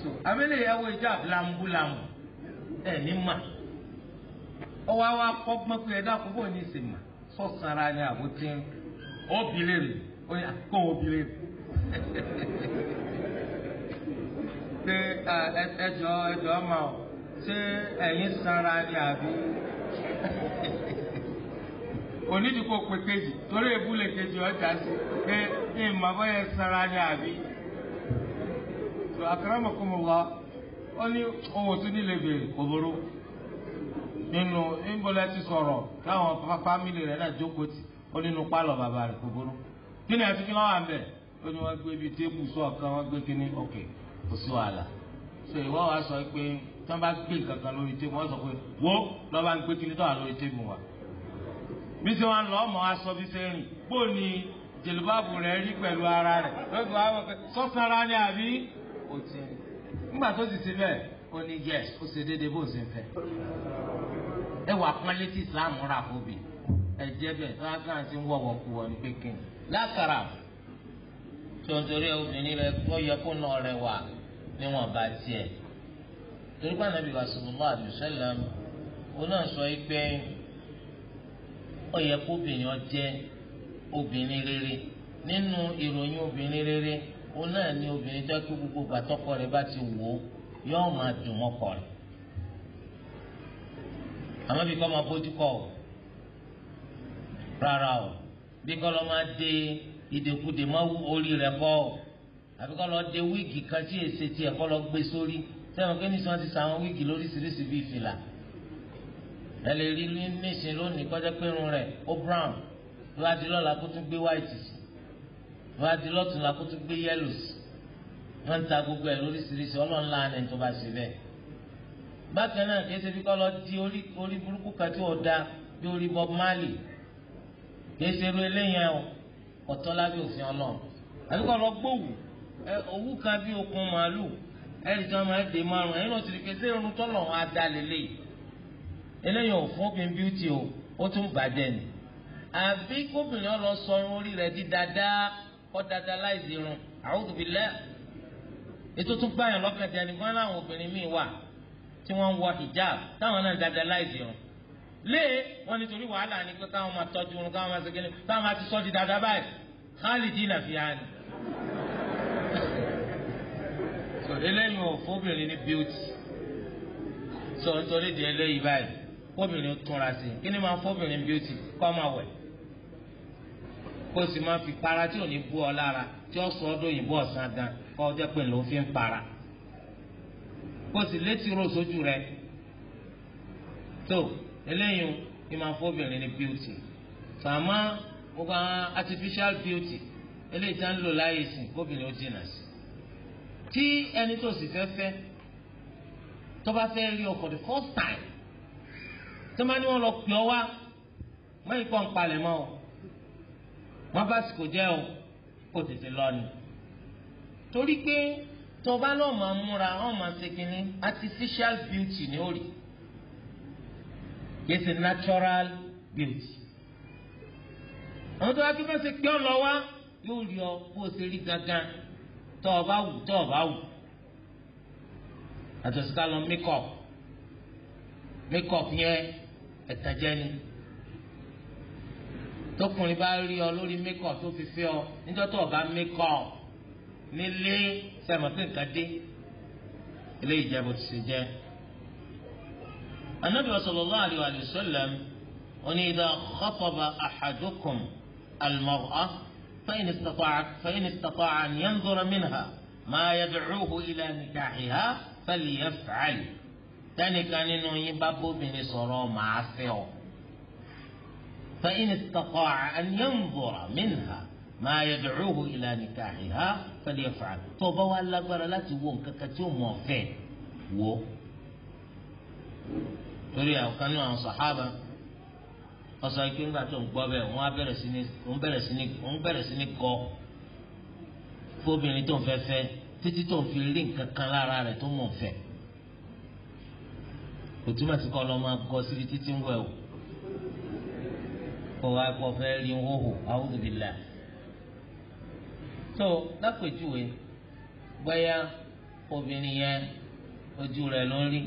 so amílẹ̀ ìyàwó ìjáàbù làǹbùlàǹbù ẹ̀ ní mà ọwọ́ àwa kọ́gbọ́n pé ẹ̀dá àkókò ní ìsìn mà sọ̀sánra ni àbótín ó bi léèrè ó yà kàn obìnrin pé ẹjọ́ ẹjọ́ ọmọ ọ ṣé ẹ̀yin sanra ni àbí onídìkọ pé kejì torí èbú lè kejì ọjà sí pé ní ìmọ̀bọ́ yẹn sanra ni àbí tó akramakumullah ó ní ohun tó nílé bèrè kò burú nínú níbo lẹ ti sọ̀rọ̀ káwọn fámìlì rẹ̀ náà jókòó tì ó nínú pálọ̀ bàbá rẹ̀ kò burú nínú ẹ̀sìn kí wọ́n wà bẹ̀ ó ní wọ́n gbé bíi téèpù sọ̀kan wọ́n gbé kínní ọ̀kẹ́ kò sí wàhálà so ìwọ wa sọ pé tí wọ́n bá gbé nǹkan kan lórí téèpù wọ́n sọ pé wo lọ́ bá ń gbé kínní tó wà lórí téèpù wa bí ṣe wọn lọ ọmọ aṣọ bí ṣe rìn bó ni jèlúbàbù rẹ rí pẹ̀lú ara rẹ̀ lọ́sùn wa wọ̀ pé sọ́sara ni àbí ó ti rìn nígbà tó ti ṣe bẹ́ẹ̀ ó ní yes ó ṣe déédéé bó ṣe fẹ́ ẹ wà pọ́nlé tí Islam rà fóbi ẹ jẹ́ bẹ́ẹ̀ tí wọ́n á kàn sí wọ̀wọ̀ kú wọn ní pékin. lákàrà tontori obìnrin rẹ kọ yẹ kó nà rẹ wà níwọn bá tiẹ torí pé anabi wa sallallahu alaihi wasallam sọ yẹ kó obìnrin obìnrin rere nínú ìròyìn obìnrin rere obìnrin tó kí gbogbo gbàtọkọ rẹ bá ti wò ó yóò máa dùn bí kọ́lọ́ máa de ìdèkudè máa wú orí rẹ̀ kọ́ àbí kọ́lọ́ de wíìgì kan tí èsè tiẹ̀ kọ́lọ́ gbé sórí sẹ́wọ̀n pé nísìnyí wọ́n ti sa àwọn wíìgì lóríṣiríṣi bíi fìlà ẹ lè rí nísìnyí lónìí kọjá pérun rẹ̀ ó brown ló wá di lọ́la kó tún gbé white sí ló wá la kó tún gbé yellow sí wọ́n ń ta gbogbo ẹ̀ lóríṣiríṣi ọlọ́run láàánú tó bá ṣe bẹ́ẹ̀ bákan náà kí ẹ ṣe fi kọ́lọ́ di orí burúkú kan tí ò da bí orí Bob Marley kìí ṣe irú eléyẹn o ọ̀tọ̀ lábẹ́ òfin ọlọ́run àbí kọ́ lọ gbówù ẹ òwú kan bí okun màálù ẹ̀rì tí wọ́n máa dè márùn ẹ̀yìn lọ́ọ́ ti rí kéṣe irun tọ́lọ̀ wọn adá lélẹ̀ eléyìí ò fún obìnrin bíútì o ó tún bàjẹ́ ni àbí kóbìnrin ọlọ sọ irun orí rẹ̀ di dáadáa kọ́ dáadáa láì sí irun a'udhu billah ètò tún gbàyàn lọ́kàn jẹ́ ni wọ́n láwọn obìnrin míì wà tí wọ́n ń wọ hijab táwọn náà dáadáa láì sí irun lé wọn nítorí wàhálà ni pé káwọn máa tọ́jú oorun káwọn máa segin káwọn máa ti sọ di dáadáa báyìí khalidina fiha ni. eléyìí ò fóbìnrin ní beauty so nítorí di eléyìí báyìí fóbìnrin túnra sí kí ni máa fóbìnrin beauty kọ́ máa wẹ̀ kó sì máa fi para tí ò ní bú ọ lára tí ó sọ ọdún òyìnbó ọ̀sán gan kọ́ ọ jẹ́ pé ló fi ń para kó sì létí rò sójú rẹ tó. So, eléyìí ni máa fún obìnrin ní beauty sàmá gbogbo àwọn artificial beauty eléyìí tá ń lò láyé sìn kóbìnrin ó dènà sí tí ẹni tó sì fẹ́ fẹ́ tó fẹ́ rí ọ for the first time tó máa ní wọn lọ pè ọ wá má yìí pọ̀ ń palẹ̀ mọ́ o má bá sì kò jẹ́ o kò tètè lọ ni torí pé tó bá máa múra ọ́n máa ṣe kínní artificial beauty ni ó rí i kìí ṣe natural beauty. àwọn tó wá kí wọ́n ṣe pé ọ̀nà wa yóò rí ọ bó ṣe rí gangan tó o bá wù tó o bá wù. àtọ̀sí lọ makeup makeup yẹn ẹ̀tàjẹ́ ni tókùnrin bá rí ọ lórí makeup tó fi fẹ́ ọ níjọ́ tó o bá makeup nílé sẹ́mọ̀tì nǹkan dé eléyìí jẹ́ bó ti ṣe jẹ́ anabi sallallahu alayhi wa sallam oní idha khataba ahadukum al-mar'ah فإن استطاع فإن استطاع أن ينظر منها ما يدعوه إلى نكاحها فليفعل tẹnìkan nínú yín bá bóbìnrin sọ̀rọ̀ màá fẹ́ ọ. فإن استطاع أن ينظر منها ما يدعوه إلى نكاحها فليفعل. tó bá wà lágbára láti wo nǹkan kan tí ó mọ̀ fẹ́ wò torí àwọn kan náà àwọn sàhábà wọ́n sọ ńgbà tó ń gbọ́ bẹ́ẹ̀ wọ́n bẹ̀rẹ̀ sí ní wọ́n bẹ̀rẹ̀ sí ní wọ́n bẹ̀rẹ̀ sí ní kọ́ fóbìnrin tó ń fẹ́ fẹ́ títí tó ń fi rí nǹkan kan lára rẹ̀ tó mọ̀ fẹ́ kò túmọ̀ sí kọ́ lọ́ gọ́ síbi títí ń wẹ̀ o kọ́ wa kọ́ fẹ́ rí wóhò àwùjọbìlà tó lápèjúwe bóyá obìnrin yẹn ojú rẹ̀ ló ń rí.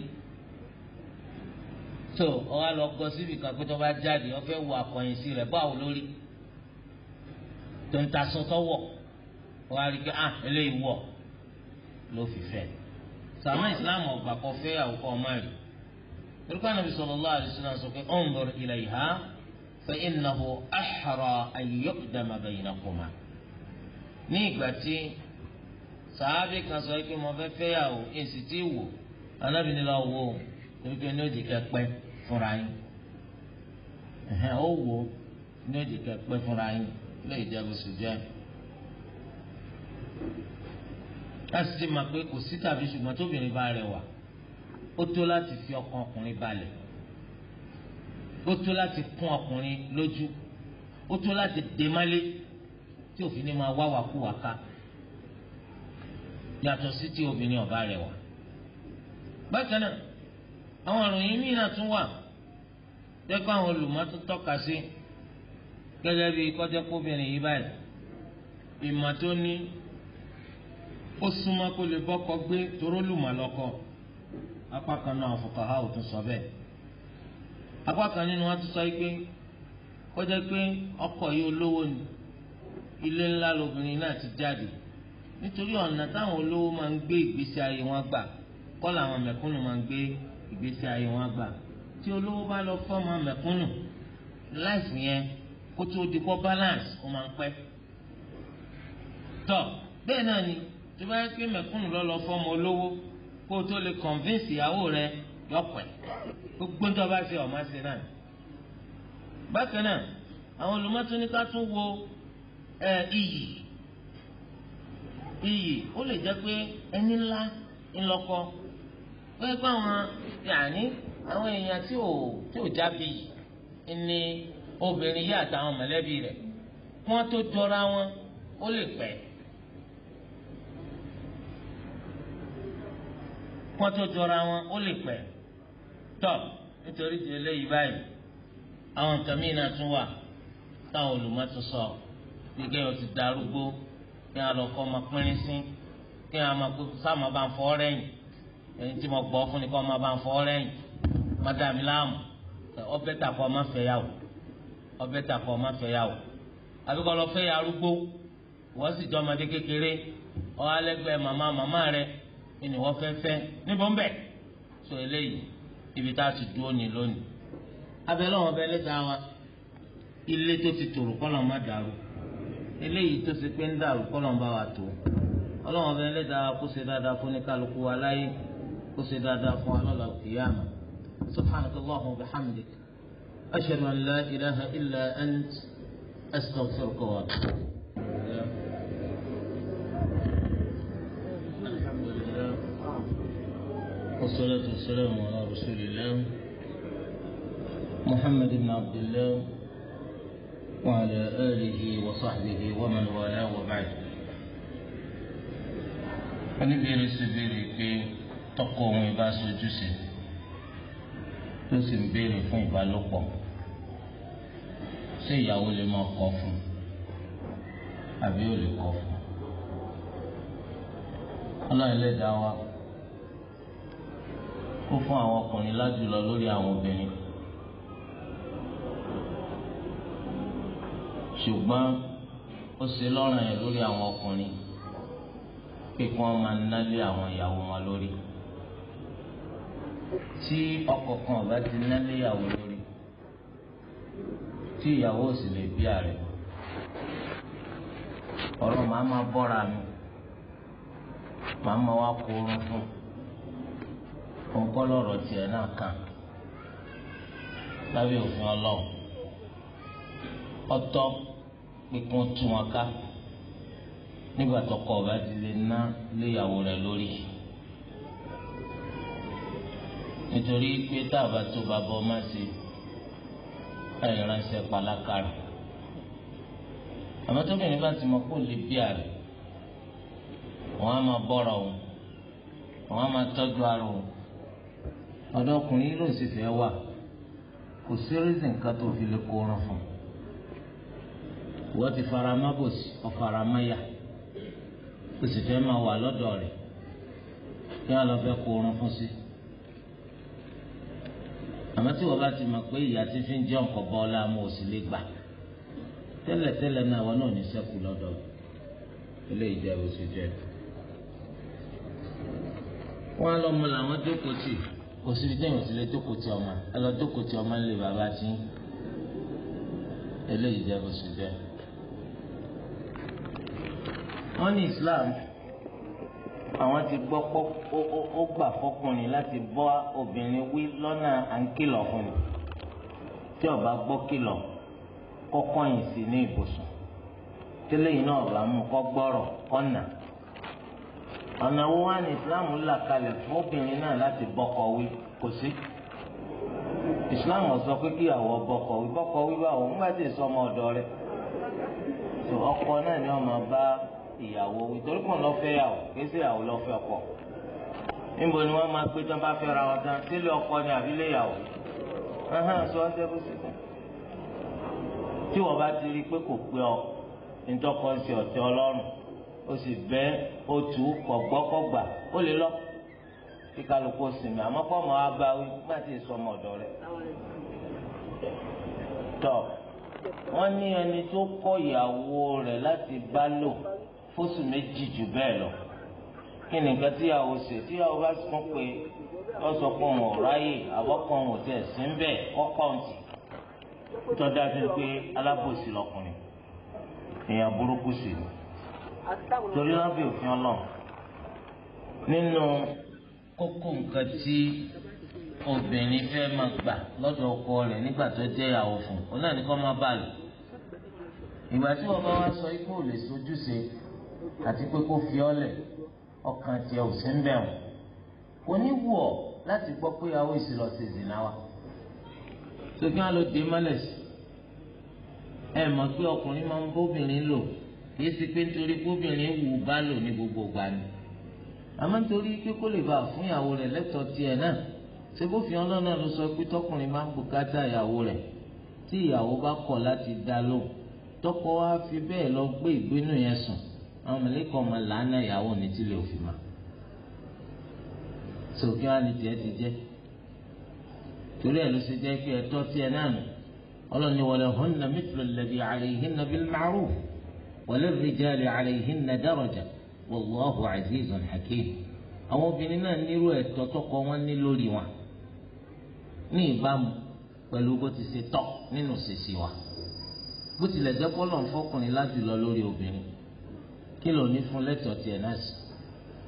so ọwọ́ lọ gbọ́ síbi kan pé tó bá jáde wọ́n fẹ́ wọ àkọyìn sí rẹ̀ báwo lórí tó ń ta rí i pé ah eléyìí wọ̀ ló fi fẹ́ sàmú ìsìláàmù ọgbà kan fẹ́ àwòkọ́ ọmọ rẹ̀ torípa Ànábì sallallahu alaihi wasallam sọ pé unzur ilayha fa innahu ahra an yuqdama baynakuma ní ìgbà tí sàábì kan sọ pé mo fẹ́ fẹ́ torí pé ní òjì kẹpẹ fúnra yín ẹ̀hẹ́n ó wò ní òjì kẹpẹ fúnra yín lóye jẹ́ bó sì jẹ́ láti ti mọ̀ pé kò sí tàbí ṣùgbọ́n tóbìnrin bá rẹwà ó tó láti fi ọkàn ọkùnrin balẹ̀ ó tó láti kún ọkùnrin lójú ó tó láti dè mọ́lé tí òfin ni máa wá wàkúwà ká yàtọ̀ sí ti obìnrin ọ̀bá rẹwà bákan náà. àwọn ìròyìn míì náà tún wà jẹ́kọ́ àwọn olùmọ́tò tọ́ka sí gẹ́gẹ́ bí kọ́jọ́ kóbìnrin yìí báyìí ìmọ̀ tó ní ó súnmọ́ kó lè bọ́kọ gbé toró lùmọ̀ lọ́kọ apá kan náà fuqaha ò tún sọ bẹ́ẹ̀ apá kan nínú wọn tún sọ pé pé ọkọ yìí olówó ni ilé ńlá lobìnrin náà ti jáde nítorí ọ̀nà táwọn olówó máa ń gbé ìgbésí ayé wọn gbà kọ́ làwọn mẹ̀kúnnù máa ń gbé ìgbésí ayé wọn gbà tí olówó bá lọ fọ́ọ̀mù mẹ̀kúnnù láìsí yẹn kó tó di kó balance ó máa ń pẹ́ tọ́ bẹ́ẹ̀ náà ni tó bá yẹ pé mẹ̀kúnnù lọ lọ fọ́ọ̀mù olówó kó tó lè convince ìyàwó rẹ yọpẹ̀ gbogbo tó bá ṣe ọ̀ma ṣe náà bákan náà àwọn olùmọ́tò ní ká tún wo ẹ iyì iyì ó lè jẹ́ pé ẹni ńlá ńlọkọ ó yẹ pé àwọn yàní àwọn èèyàn tí ò tí ò jábì ni obìnrin yìí àtàwọn mọ̀lẹ́bí rẹ̀ wọ́n tó jọra wọn ó lè pẹ́ wọ́n tó jọra wọn ó lè pẹ́ tọ́ nítorí ti eléyìí báyìí àwọn nǹkan mìíràn tún wà táwọn olùmọ̀ tún sọ ti darúgbó kí wọn lọ kọ́ ọmọ pínrín sí kí wọn máa kó bá ń fọ́ rẹ́yìn ẹni tí mo gbọ́ fún ni kọ́ ọ máa bá ń fọ́ lẹ́yìn má dá mi láàmú ọbẹ̀ tà kọ́ ọ má fẹ́ yà wò ọbẹ̀ tà kọ́ ọ má fẹ́ yà wò àbíkọ́ lọ fẹ́ yà arúgbó wọ́n sì jọ ọmọdé kékeré ọ alẹ́gbẹ́ màmá màmá rẹ ni wọ́n fẹ́ fẹ́ níbo ń bẹ̀ so eléyìí ibi tá a ti dúró ní lónìí abẹ́lẹ́ wọn bẹ́ẹ̀ lẹ́ta wa ilé tó ti tòrò kọ́ lọ́n má dàrú eléyìí tó ti pé ń dàrú kọ́ lọ́n bá wa tó ọlọ́wọ́n bẹ́ẹ̀ lẹ́ta wa kó ṣe dáadáa fún ní kálukú wa وصدا دافوان الله القيامة سبحانك الله وبحمدك أشهد أن لا إله إلا أنت أستغفرك وأتوب والصلاة والسلام على رسول الله محمد بن عبد الله وعلى آله وصحبه ومن والاه وبعد أن يبين السبيل كي tọkọ òun ìbá sojúṣe tó sì ń béèrè fún ìbálòpọ̀ ṣé ìyàwó lè máa kọ̀ fún àbí ò lè kọ̀ fún ọlọ́run ẹlẹ́dàá wa kó fún àwọn ọkùnrin lájùlọ lórí àwọn obìnrin ṣùgbọ́n ó ṣe lọ́ràn yẹn lórí àwọn ọkùnrin pé kí wọ́n máa nálé àwọn ìyàwó wọn lórí. tí ọkọ kan ọba ti ná léyàwó lórí tí ìyàwó sì lè bí ààrẹ ọ̀rọ̀ màá ma bọ́ra mi màá ma wá kó fún òun kọ́ lọ́rọ̀ tiẹ̀ náà lábẹ́ òfin ọlọ́run ọtọ́ pípọ́n tú wọn ká nígbà léyàwó lórí nítorí pé tá a bá tó bàbá ọmọ sí àìránṣẹ́ pàlákàrà àmọ́ tóbìnrin bá ti mọ kó lè bí àrè wọ́n á máa bọ́ra òun wọ́n á máa tọ́jú ara òun ọ̀dọ̀ ọkùnrin ló sì fẹ́ wà kò sí rízì nǹkan tó fi lè kóran fún wọ́n ti fara má bòsí ọ̀fara má yà kò sì fẹ́ máa wà lọ́dọ̀ rẹ̀ kí wọ́n lọ fẹ́ kóran fún sí. Si àmọ́ tí wọ́n bá ti mọ̀ pé ìyá tí fi ń jẹ́ ọ̀kọ̀ bọ́ ọ́lá mú òsì lè gbà tẹ́lẹ̀tẹ́lẹ̀ náà wọn náà ní sẹ́kù lọ́dọ̀ ilé ìjẹ́ oṣù jẹ́ wọn á lọ mọ làwọn jókòó tì kò síbi tẹ́yìn òsì lè jókòó tì ọmọ ẹ lọ jókòó tì ọmọ nílé bàbá tí ilé ìjẹ́ oṣù jẹ́ wọn ní Islam àwọn ti gbọ́ pọ́ ó gbà fọkùnrin láti bọ́ obìnrin wí lọ́nà à ń kìlọ̀ fún ni tí ó bá gbọ́ kìlọ̀ kọ́kọ́ yìí sí ní ibùsùn tẹ́lẹ̀ yìí náà bá mú kọ́ gbọ́rọ̀ ọ̀nà ọ̀nà wo wá ní Islam là kalẹ̀ fún obìnrin náà láti bọ́kọ wí kò sí Islam sọ pé kí àwọ̀ bọ́kọ wí bọ́kọ wí báwo ń gbàdé sọmọ ọ̀dọ́ rẹ̀ ọkọ náà ni ọmọ bá ìyàwó wí torí pọ̀ lọ́fẹ́ yàwó kìí ṣe ìyàwó lọ́fẹ́ ọkọ níbo ni wọ́n máa gbé tán bá fẹ́ ra ọ̀dán sílé ọkọ ni àbílẹ̀ ìyàwó sọ ọ́ sẹ́kù síta tí wọ́n bá ti rí i pé kò pé ọ nítọ́kọ sí ọ̀tẹ́ ọlọ́run ó sì bẹ́ ó tù ú ó lè lọ kí kálukú sinmi àmọ́ kọ́ ọmọ abawí má ti sọ ọmọ ọ̀dọ́ rẹ̀ tọ́ wọ́n ní ẹni tó kọ́ ìyàwó rẹ̀ láti bá lò fóṣù méjì jù bẹ́ẹ̀ lọ kí ni nǹkan tíyàwó ṣe tíyàwó bá sún pé lọ́sọ̀ pé òun ò ráyè àbọ̀kọ̀ òun ò tẹ̀ sí ń bẹ̀ kọ́kọ́ǹtì tó dájú pé alábòsí lọkùnrin èèyàn burúkú sí ni torí wọn fi òfin Ọlọ́run nínú kókó nǹkan tí obìnrin fẹ́ máa gbà lọ́dọ̀ ọkọ rẹ̀ nígbà tó jẹ́ ìyàwó fún un òun náà ní máa bá lò ìgbà tí wọn bá wá sọ ikú ò lè sojúṣe àti pé kó fi ọ́ lẹ̀ ọkàn tiẹ̀ ò sí ń bẹ̀ wọ́n kò ní wù ọ́ láti gbọ́ pé àwọn èsì lọ sí ìzìnà wa tó kí wọ́n dé mọ́lẹ̀ sí ẹ mọ̀ pé ọkùnrin máa ń bóbìnrin lò kì í sì pé nítorí bóbìnrin wù ú bá lò ní gbogbo ìgbà ni àmọ́ nítorí pé kó lè bá fún ìyàwó rẹ̀ lẹ́tọ̀ọ́ tiẹ̀ náà ṣé bófin ọlọ́nà ló sọ pé tọkùnrin máa ń bùkátà ìyàwó rẹ̀ tí ìyàwó bá kọ̀ láti dá lóhùn tọkọ wa fi bẹ́ẹ̀ lọ gbé ìgbénu yẹn sùn àwọn mẹlẹkọ ọmọ làánà ìyàwó ní tílé òfin ma sòkè wá ní tiẹ̀ ti jẹ torí ẹ̀ ló ṣe jẹ́ kí ẹ̀tọ́ tiẹ̀ náà nù ọlọ́ni wọlé hunna mithlu alladhi alayhinna bil ma'ruf wọlé rijali alayhinna daraja wallahu azizun hakim àwọn obìnrin náà nírú ẹ̀tọ́ tọkọ wọn ní lórí wọn ní ìbámu pẹ̀lú bó ti ṣe tọ́ nínú ṣèṣì wa bó tilẹ̀ jẹ́ pọ́lọ̀ ń fọkùnrin láti lọ lórí obìnrin kí ló ní fún lẹ́tọ̀ọ́ tiẹ̀ náà sí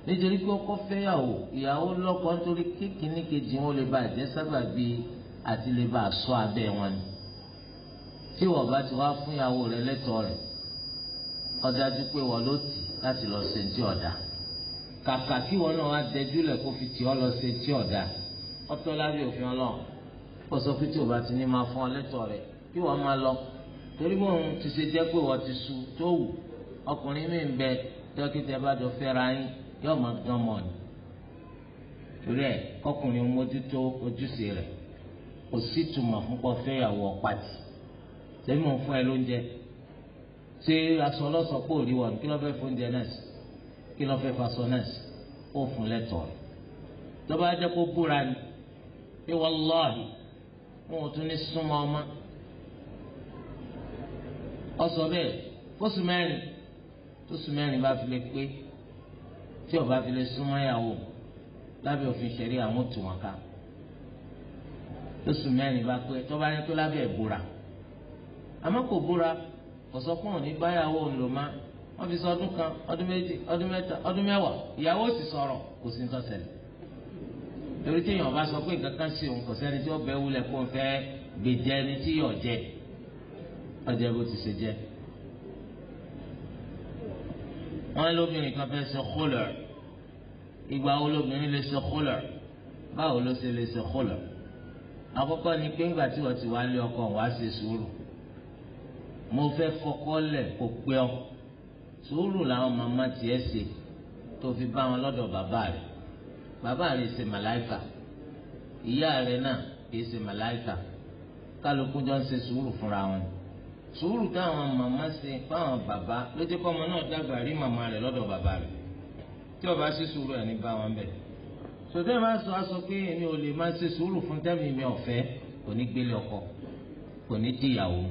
nítorí pé ọkọ fẹ́yàwó ìyàwó lọ́kọ nítorí kékeré kejì wọn lè ba àjẹ́ sábà bíi àti lè ba àṣọ abẹ́ wọn ni tí wọ́n bá ti wá fún ìyàwó rẹ lẹ́tọ̀ọ́ rẹ̀ ọ̀dájú pé wọ́n ló tì láti lọ ṣe ti ọ̀dà kàkà kí wọn náà wá dẹjú lẹ̀ kó fi tì ọ́ lọ ṣe ti ọ̀dà ọtọ́ lábẹ́ òfin ọlọ́run ó sọ pé tí o bá ti ní máa fún ọ lẹ́tọ̀ọ́ rẹ̀ kí wọ́n máa lọ torí bóun ti ṣe jẹ́ pé wọ́n ti su tó wù ọkùnrin mi ń bẹ dókítà bá jọ fẹ́ra yín yóò máa gán mọ́ ni torí ẹ kọkùnrin mójútó ojúṣe fúnpọ̀ fẹ́yàwó ọ̀pàtì tẹ́lẹ̀ mọ̀ fún ẹ lóúnjẹ ṣé aṣọ ọlọ́sọ pò rí kí fẹ́ fún oúnjẹ náà sí kí fẹ́ náà fún lẹ́tọ̀ tọ́ba jẹ́ kó búra ni pé wọn ní súnmọ́ ọmọ tó sùn mẹ́rin bá fi lè pé tí ó bá fi lè súnmọ́ ìyàwó lábẹ́ òfin ṣẹ̀rí àwọn tù wọn ká tó sùn mẹ́rin bá pé tó bá yẹ tó lábẹ́ ìbúra àmọ́ kò búra kò sọ pé òun ní báyàwó òun lò má wọ́n fi sọ ọdún kan ọdún méjì ọdún mẹ́ta ọdún mẹ́wàá ìyàwó sì sọ̀rọ̀ kò sí nǹkan ṣẹlẹ̀ torí téèyàn bá sọ pé nǹkan kan sí òun kò sẹ́ni tí ó bẹ́ wúlẹ̀ kó fẹ́ gbèjẹ ẹni tí yọ̀ jẹ ọjẹ́ bó ti ṣe jẹ́ wọ́n lóbìnrin kan fẹ́ ṣe khul'u ìgbà wo lóbìnrin lè ṣe khul'u báwo ló ṣe lè ṣe khul'u àkọ́kọ́ ni pé ńgbà tí wọ́n ti wá lé ọkọ wá ṣe sùúrù mo fẹ́ fọkọ́ lẹ̀ kó pé ọ sùúrù làwọn màmá tiẹ̀ ṣe tó fi bá wọn lọ́dọ̀ bàbá rẹ̀ bàbá rẹ̀ ṣe màláìkà ìyá rẹ̀ náà kì í ṣe màláìkà kálukú jọ ń ṣe sùúrù fúnra wọn sùúrù táwọn màmá ṣe fáwọn bàbá ló jẹ́ kọ́ ọmọ náà dàgbà rí màmá rẹ̀ lọ́dọ̀ bàbá rẹ̀ tí ọba ṣe sùúrù ẹ̀ ní bá wọn bẹ̀. sọtẹ́ máa sọ aṣọ pé èmi ò lè máa ṣe sùúrù fún tẹ́mi mi ọ̀fẹ́ kò ní gbélé ọkọ kò ní dìyàwó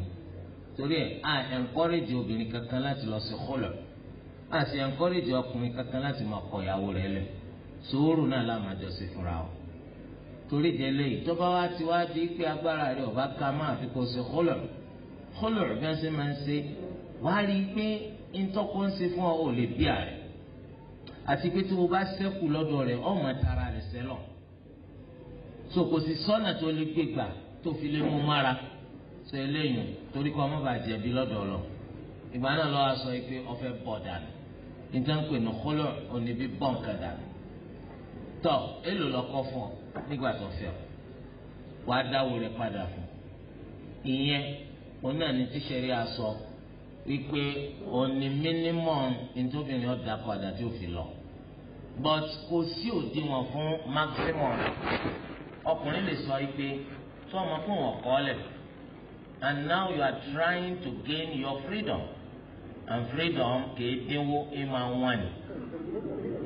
torí ẹ̀ à ẹ̀ńkọ́rẹ́jì obìnrin kankan láti lọ sí kọ́lọ̀ à sì ẹ̀ńkọ́rẹ́jì ọkùnrin kankan láti máa kọ ìyàwó rẹ̀ lẹ̀ sùúrù náà la máa jọ ṣe fúnra o torí ìdẹ́lẹ́yìí tọ́ba wa ti wá di pé agbára rẹ̀ ọba ká máa fi kó ṣe kọ́lọ̀ kọ́lọ̀ bí wọ́n ṣe máa ń ṣe wàá rí i pé ntọ́kọ́ ń ṣe fún ọ ò lè bí ààrẹ àti pé tí o bá ṣẹ́kù lọ́dọ̀ rẹ̀ ọ̀ máa tara rẹ̀ sẹ́lọ̀ so kò sí sọ́nà tó lè gbé gbà tó fi lè mú mára sọ eléyìí torí kọ́ ọmọ bàá jẹ̀bi lọ́dọ̀ lọ ìgbà náà lọ́wọ́ sọ pé ọfẹ́ bọ̀ dànù níta ń pè ní kọ́lọ̀ oníbi bọ́ǹkà dànù tọ́ èlò lọ́kọ́ fún ọ nígbà tó fẹ́ wàá dáwọ́ rẹ̀ padà fún ìyẹn òun náà ní tíṣẹ̀rí aṣọ wípé òun ni mínímọ̀m nítòbìnrin ọ̀dà padà tí ó fi lọ but kò sí òdiwọ̀n fún maximum ọkùnrin lè sọ wípé tí ọmọ fún wọn kọ́ lẹ̀ and now you are trying to gain your freedom and freedom kìí dínwó ẹ máa wọ́n ni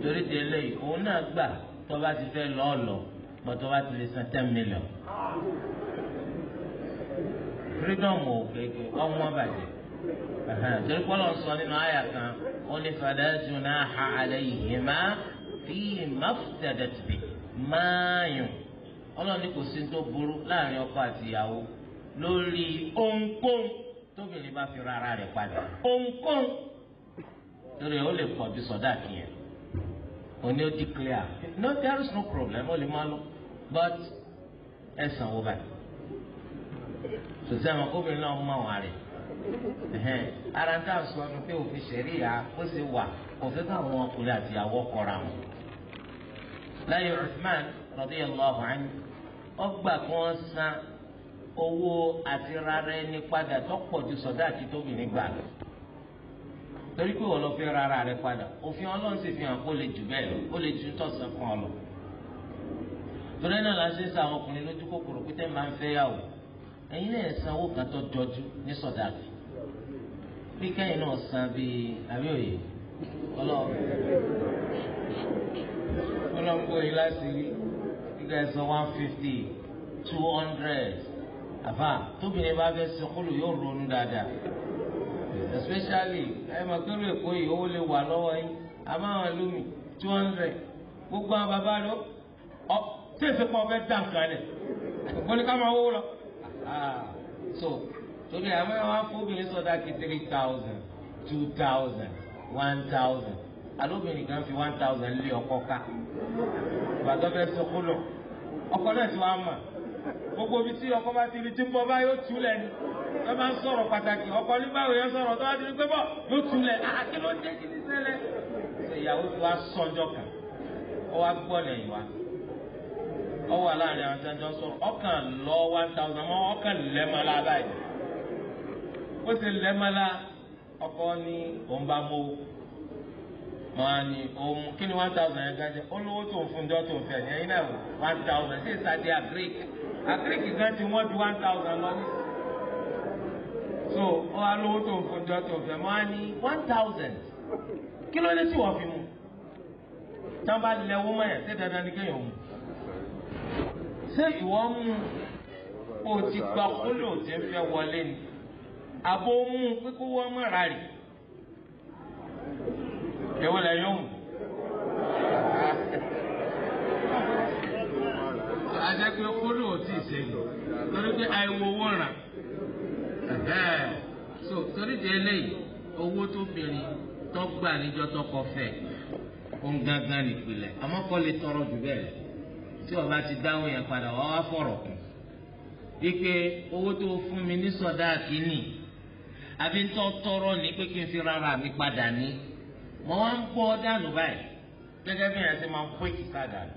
torí délé òun náà gbà tó bá ti fẹ́ lọ́ọ̀lọ́ but tó bá ti lè san ten million freedom ò pé ọmọ bàjẹ́ torí pọ́lọ́ sọ nínú àyà kan ó ní fàdá jùlọ ha àlẹ́ yìí má fi máfùtàdàtìbì máàyùn ọlọ́ni kò sí tó burú láàrin ọkọ àti ìyàwó lórí ohunkóhun tóbìnrin bá fi rárá rẹ̀ padà ohunkóhun torí ó lè pọ̀ ju sọ́dà kìíyàn òní ó di clear no there is no problem ó lè má lọ but ẹ sanwó báyìí sòtẹ́ àwọn obìnrin náà mọ̀ wọn rẹ̀ ara ń tà sọ ọdún pé òfin ṣẹ̀rí ya ó sì wà kò fẹ́ káwọn ọkùnrin àti ìyàwó kọra wọn. láyé Uthman radiyallahu anhu ọgbà kí wọ́n san owó àti rárá ẹni padà tó pọ̀ ju sọ̀dá àti tóbìnrin gbà lọ. torí pé wọ́n lọ fi rárá rẹ padà òfin ọlọ́run sì fi hàn kó lè jù bẹ́ẹ̀ lọ ó lè ju tọ̀sán kan lọ. torí náà la ṣe ọkùnrin lójú kòkòrò pé máa ń fẹ́ yàwó ẹ̀yin náà san owó kan tó jọjú ní sọ̀dáàkì bí kẹ́yìn náà san bíi àbí òye ọlọ́pọ̀ yìí láti rí gíga ẹ̀sán one fifty two hundred àfà tóbìnrin bá fẹ́ sọkúlù yóò ronú dáadáa especially ẹ mọ̀ pé èkó yìí owó lè wà lọ́wọ́ yìí àmọ́ àwọn lómi two hundred gbogbo àwọn bàbá rẹ ọ tí èsì kan fẹ́ dà nǹkan rẹ ká máa wó lọ. so torí àwọn àwọn afọbìnrin sọdá kí three thousand two thousand one thousand alóbìnrin kan fi one thousand lé ọkọ ká lọ ọkọ náà ti wá gbogbo tí ọkọ bá ti rí tí bá yóò tú lẹ ni ẹ máa ń sọ̀rọ̀ pàtàkì ọkọ nígbàwé yẹn sọ̀rọ̀ tó bá ti rí pé bọ yóò tú lẹ àkínú ah, kí ní ìyàwó ọ wà láàrin àwọn tí wọ́n sọ̀rọ̀ ọkàn lọ one thousand mọ́ ọkàn lẹ́mọ́lá báyìí ó ti lẹ́mọ́lá ọkọ ni òun bá mọ́ o máa ní òun kí ni one thousand yẹn gan jẹ olówó tó ń fún jọ tó fẹ ẹ̀yìn náà one thousand ṣé ìsàdé agric agric gan ti wọ́n ju one thousand lọ ní so ọ alówó tó ń fún jọ tó fẹ máa ní one thousand kí ló dé tí wọ́n fi mú tí wọ́n bá lẹ́wọ́ mọ́ yẹn ṣé dandan ni kéèyàn mú ṣé ìwọ mú o ti gba kólò tí ń fẹ́ wọlé ni àbò mú pé kó wọ́n mọ̀ra rè èwo lẹ yóò mú. ajẹ́ pé kólò tí ì ṣe lò torí pé àìwò wọ̀ràn so torí di eléyìí owó tó bìnrin tó gbà níjọ́ tó kọ fẹ́ òun gangan nìpìlẹ̀ àmọ́ kọ́ lè tọrọ jù bẹ́ẹ̀ lọ tí o bá ti dáhùn yẹn padà wá wá fọ̀rọ̀ kù wípé owó tó fún mi ní sọ̀dá àkínì àbí ń tọ́ tọrọ ní pé kí n fi rárá mi padà ní mo wá ń gbọ́ dànù báyìí gẹ́gẹ́ bí ẹ̀sìn máa ń pè kíkà dànù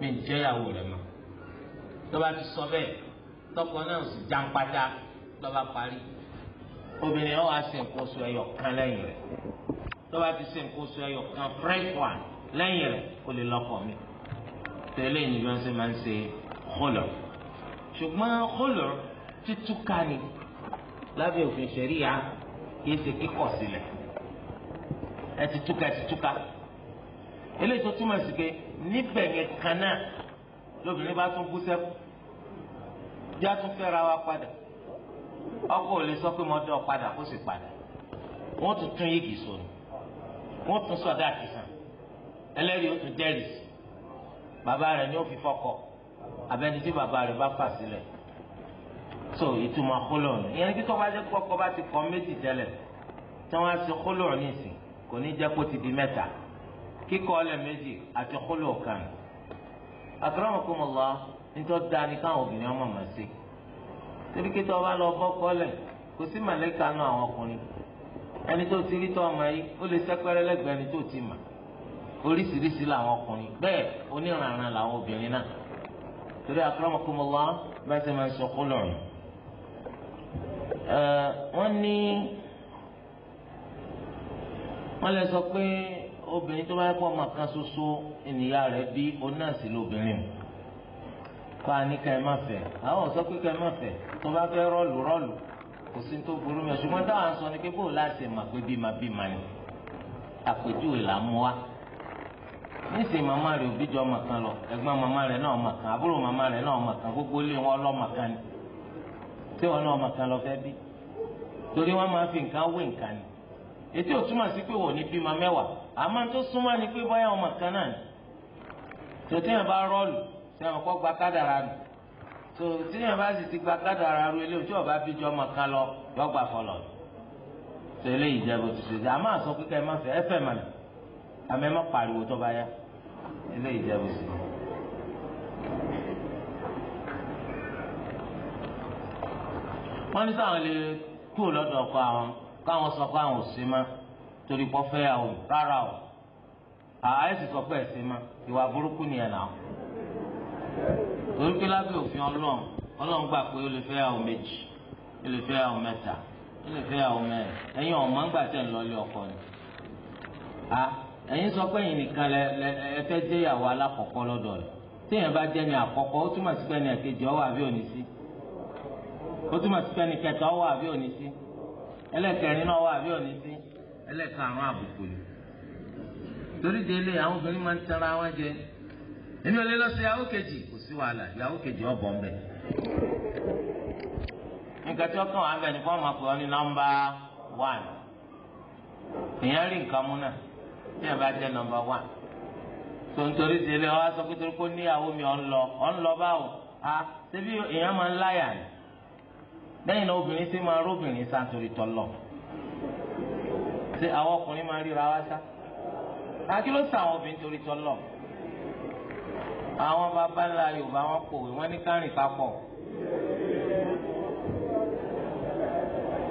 mi ń jẹ́yàwó rẹ̀ mọ́ tó bá ti sọ bẹ́ẹ̀ tọkọ náà sì jàǹpátá ló bá parí obìnrin ọ̀ wá ṣe nǹkan oṣù ẹyọ kan lẹ́yìn rẹ̀ tó bá ti ṣe nǹkan oṣù ẹyọ kan fresh one lẹ́yìn rẹ̀ kò lè lọ́kọ̀ mi tẹ́lẹ̀ ní bí wọ́n ṣe máa ń ṣe kọlọ̀ ṣùgbọ́n kọlọ̀ títúká ni lábẹ́ òfin ṣẹ̀ríya kìí ṣe kíkọ̀ sílẹ̀ ẹ ti túká ti túká eléyìí tó túmọ̀ sí pé níbẹ̀ yẹn kan náà lóbìnrin bá tún bú sẹ́kù já tún fẹ́ra wa padà ọkọ ò lè sọ pé mo dán padà kó sì padà wọ́n tún tún yìgì sọnù wọ́n tún sọdá àkìsàn ẹlẹ́rìí ó tún jẹ́rìí sí bàbá rẹ̀ ni ó fi fọkọ abẹ́ni tí bàbá rẹ̀ bá fà sílẹ̀ so ìtumọ̀ kólọ̀ ni ìyẹn kí tọ́ba jẹ́ kọ́kọ́ bá ti kọ́ méjì tẹ́lẹ̀ tí wọ́n á ti kólọ̀ ní ìsìn kò ní jẹ́ kó ti di mẹ́ta kíkọ́ ọlẹ̀ méjì àti kólọ̀ kan akramakumullah nítorí dání káwọn obìnrin ọmọ mọ̀ sí torí kí tọ́ba lọ bọ́ kọ́lẹ̀ kò sí màlẹ́kà àwọn ọkùnrin ẹni tó ti rí tọ́ ọmọ yìí ó lè sẹ́pẹ́rẹ́ lẹ́gbẹ̀ẹ́ ẹni tó ti mọ̀ oríṣiríṣi làwọn ọkùnrin bẹ́ẹ̀ oníranran làwọn obìnrin náà torí akramakumullah bá ṣe máa ń sọkó lọ́rùn. wọ́n ní wọ́n lè sọ pé obìnrin tó bá yẹ kó ọmọ kan ṣoṣo ènìyàn rẹ̀ bí onáàsì lóbìnrin kó a ní ká ẹ má fẹ́ àwọn ò sọ pé ká ẹ má fẹ́ tó bá fẹ́ rọ́ọ̀lù rọ́ọ̀lù kò sí tó burú mi ṣùgbọ́n táwọn sọ ni pé bóòlù àṣẹ màpé bímà bímà ni àpèjúwe là ń mú wa nísìnyí màmá rẹ̀ òbí jọ ọmọ kan lọ ẹ̀gbọ́n màmá rẹ̀ náà ọmọ kan àbúrò màmá rẹ̀ náà ọmọ kan gbogbo ilé wọn lọ́mọ kan ni tí wọn náà ọmọ kan lọ fẹ́ bí torí wọn máa fi nǹkan wé nǹkan ni ètí ò túmọ̀ sí pé wò ní bímọ mẹ́wàá àmọ́ tó súnmọ́ ni pé bọ́yá ọmọ kan náà ni tòtí yẹn bá rọ́ọ̀lù tí wọn kọ́ gba kádàrà nù tòtí yẹn bá sì ti gba kádàrà ru eléyìí tí ọba bí jọ ọmọ kan lọ lọ́gbà fọlọ́ tẹ̀lé ìjẹ́bù tuntun àmọ́ àsọ kíkẹ́ fẹ́ ẹ fẹ́ mọ̀lẹ́ amẹ́mọ́ pariwo tó bá yá eléyìí jẹ́ bó sí. wọ́n ní sáwọn lè kú lọ́dọ̀ ọkọ àwọn káwọn sọ pé àwọn ò sí mọ́ torí pọ́ fẹ́ àwọn rárá o àìsí sọ pé ẹ̀sìn mọ́ ìwà burúkú nìyẹn náà torí pé lábẹ́ òfin ọlọ́run ọlọ́run gbà pé ó lè fẹ́ àwọn méjì ó lè fẹ́ àwọn mẹ́ta ó lè fẹ́ àwọn mẹ́rin ẹ̀yin ọ̀mọ́ ń gbà tẹ̀ ń lọ ilé ọkọ ni ẹ̀yin sọ pé ẹ̀yin nìkan lẹ lẹ ẹ fẹ́ jẹ́ ìyàwó alákọ̀ọ́kọ́ lọ́dọ̀ rẹ̀ téèyàn bá jẹ́ ní àkọ́kọ́ ó túmọ̀ sí pé ní ẹ̀kejì ọwọ́ àbí òní sí ó túmọ̀ sí pé ní kẹta ọwọ́ àbí òní sí ẹlẹ́kẹrin náà ọwọ́ àbí òní sí ẹlẹ́karùn àbùkù ni torí délé àwọn obìnrin máa ń tẹ̀ra wọn jẹ èmi ò lè lọ sí ìyàwó kejì kò sí wàhálà ìyàwó kejì ọ̀bọ̀ ń nǹkan tí ọkàn wà ń bẹ̀ ní fọ́ọ̀mù àpò bí wọn bá jẹ nọ́mbà wán tó ń torí délé ọ wá sọ pé torí kó níyàwó mi ọ̀ ń lọ ọ̀ ń lọ báwo a ṣébí èèyàn máa ń láyà ni lẹ́yìn náà obìnrin ṣe máa róbìnrin sá torí tọ́lọ̀ ṣé àwọn ọkùnrin máa ríra wá sá àti ló sọ àwọn obìnrin torí tọ́lọ̀ àwọn baba ńlá Yorùbá wọn kòwé wọn ní kárìn papọ̀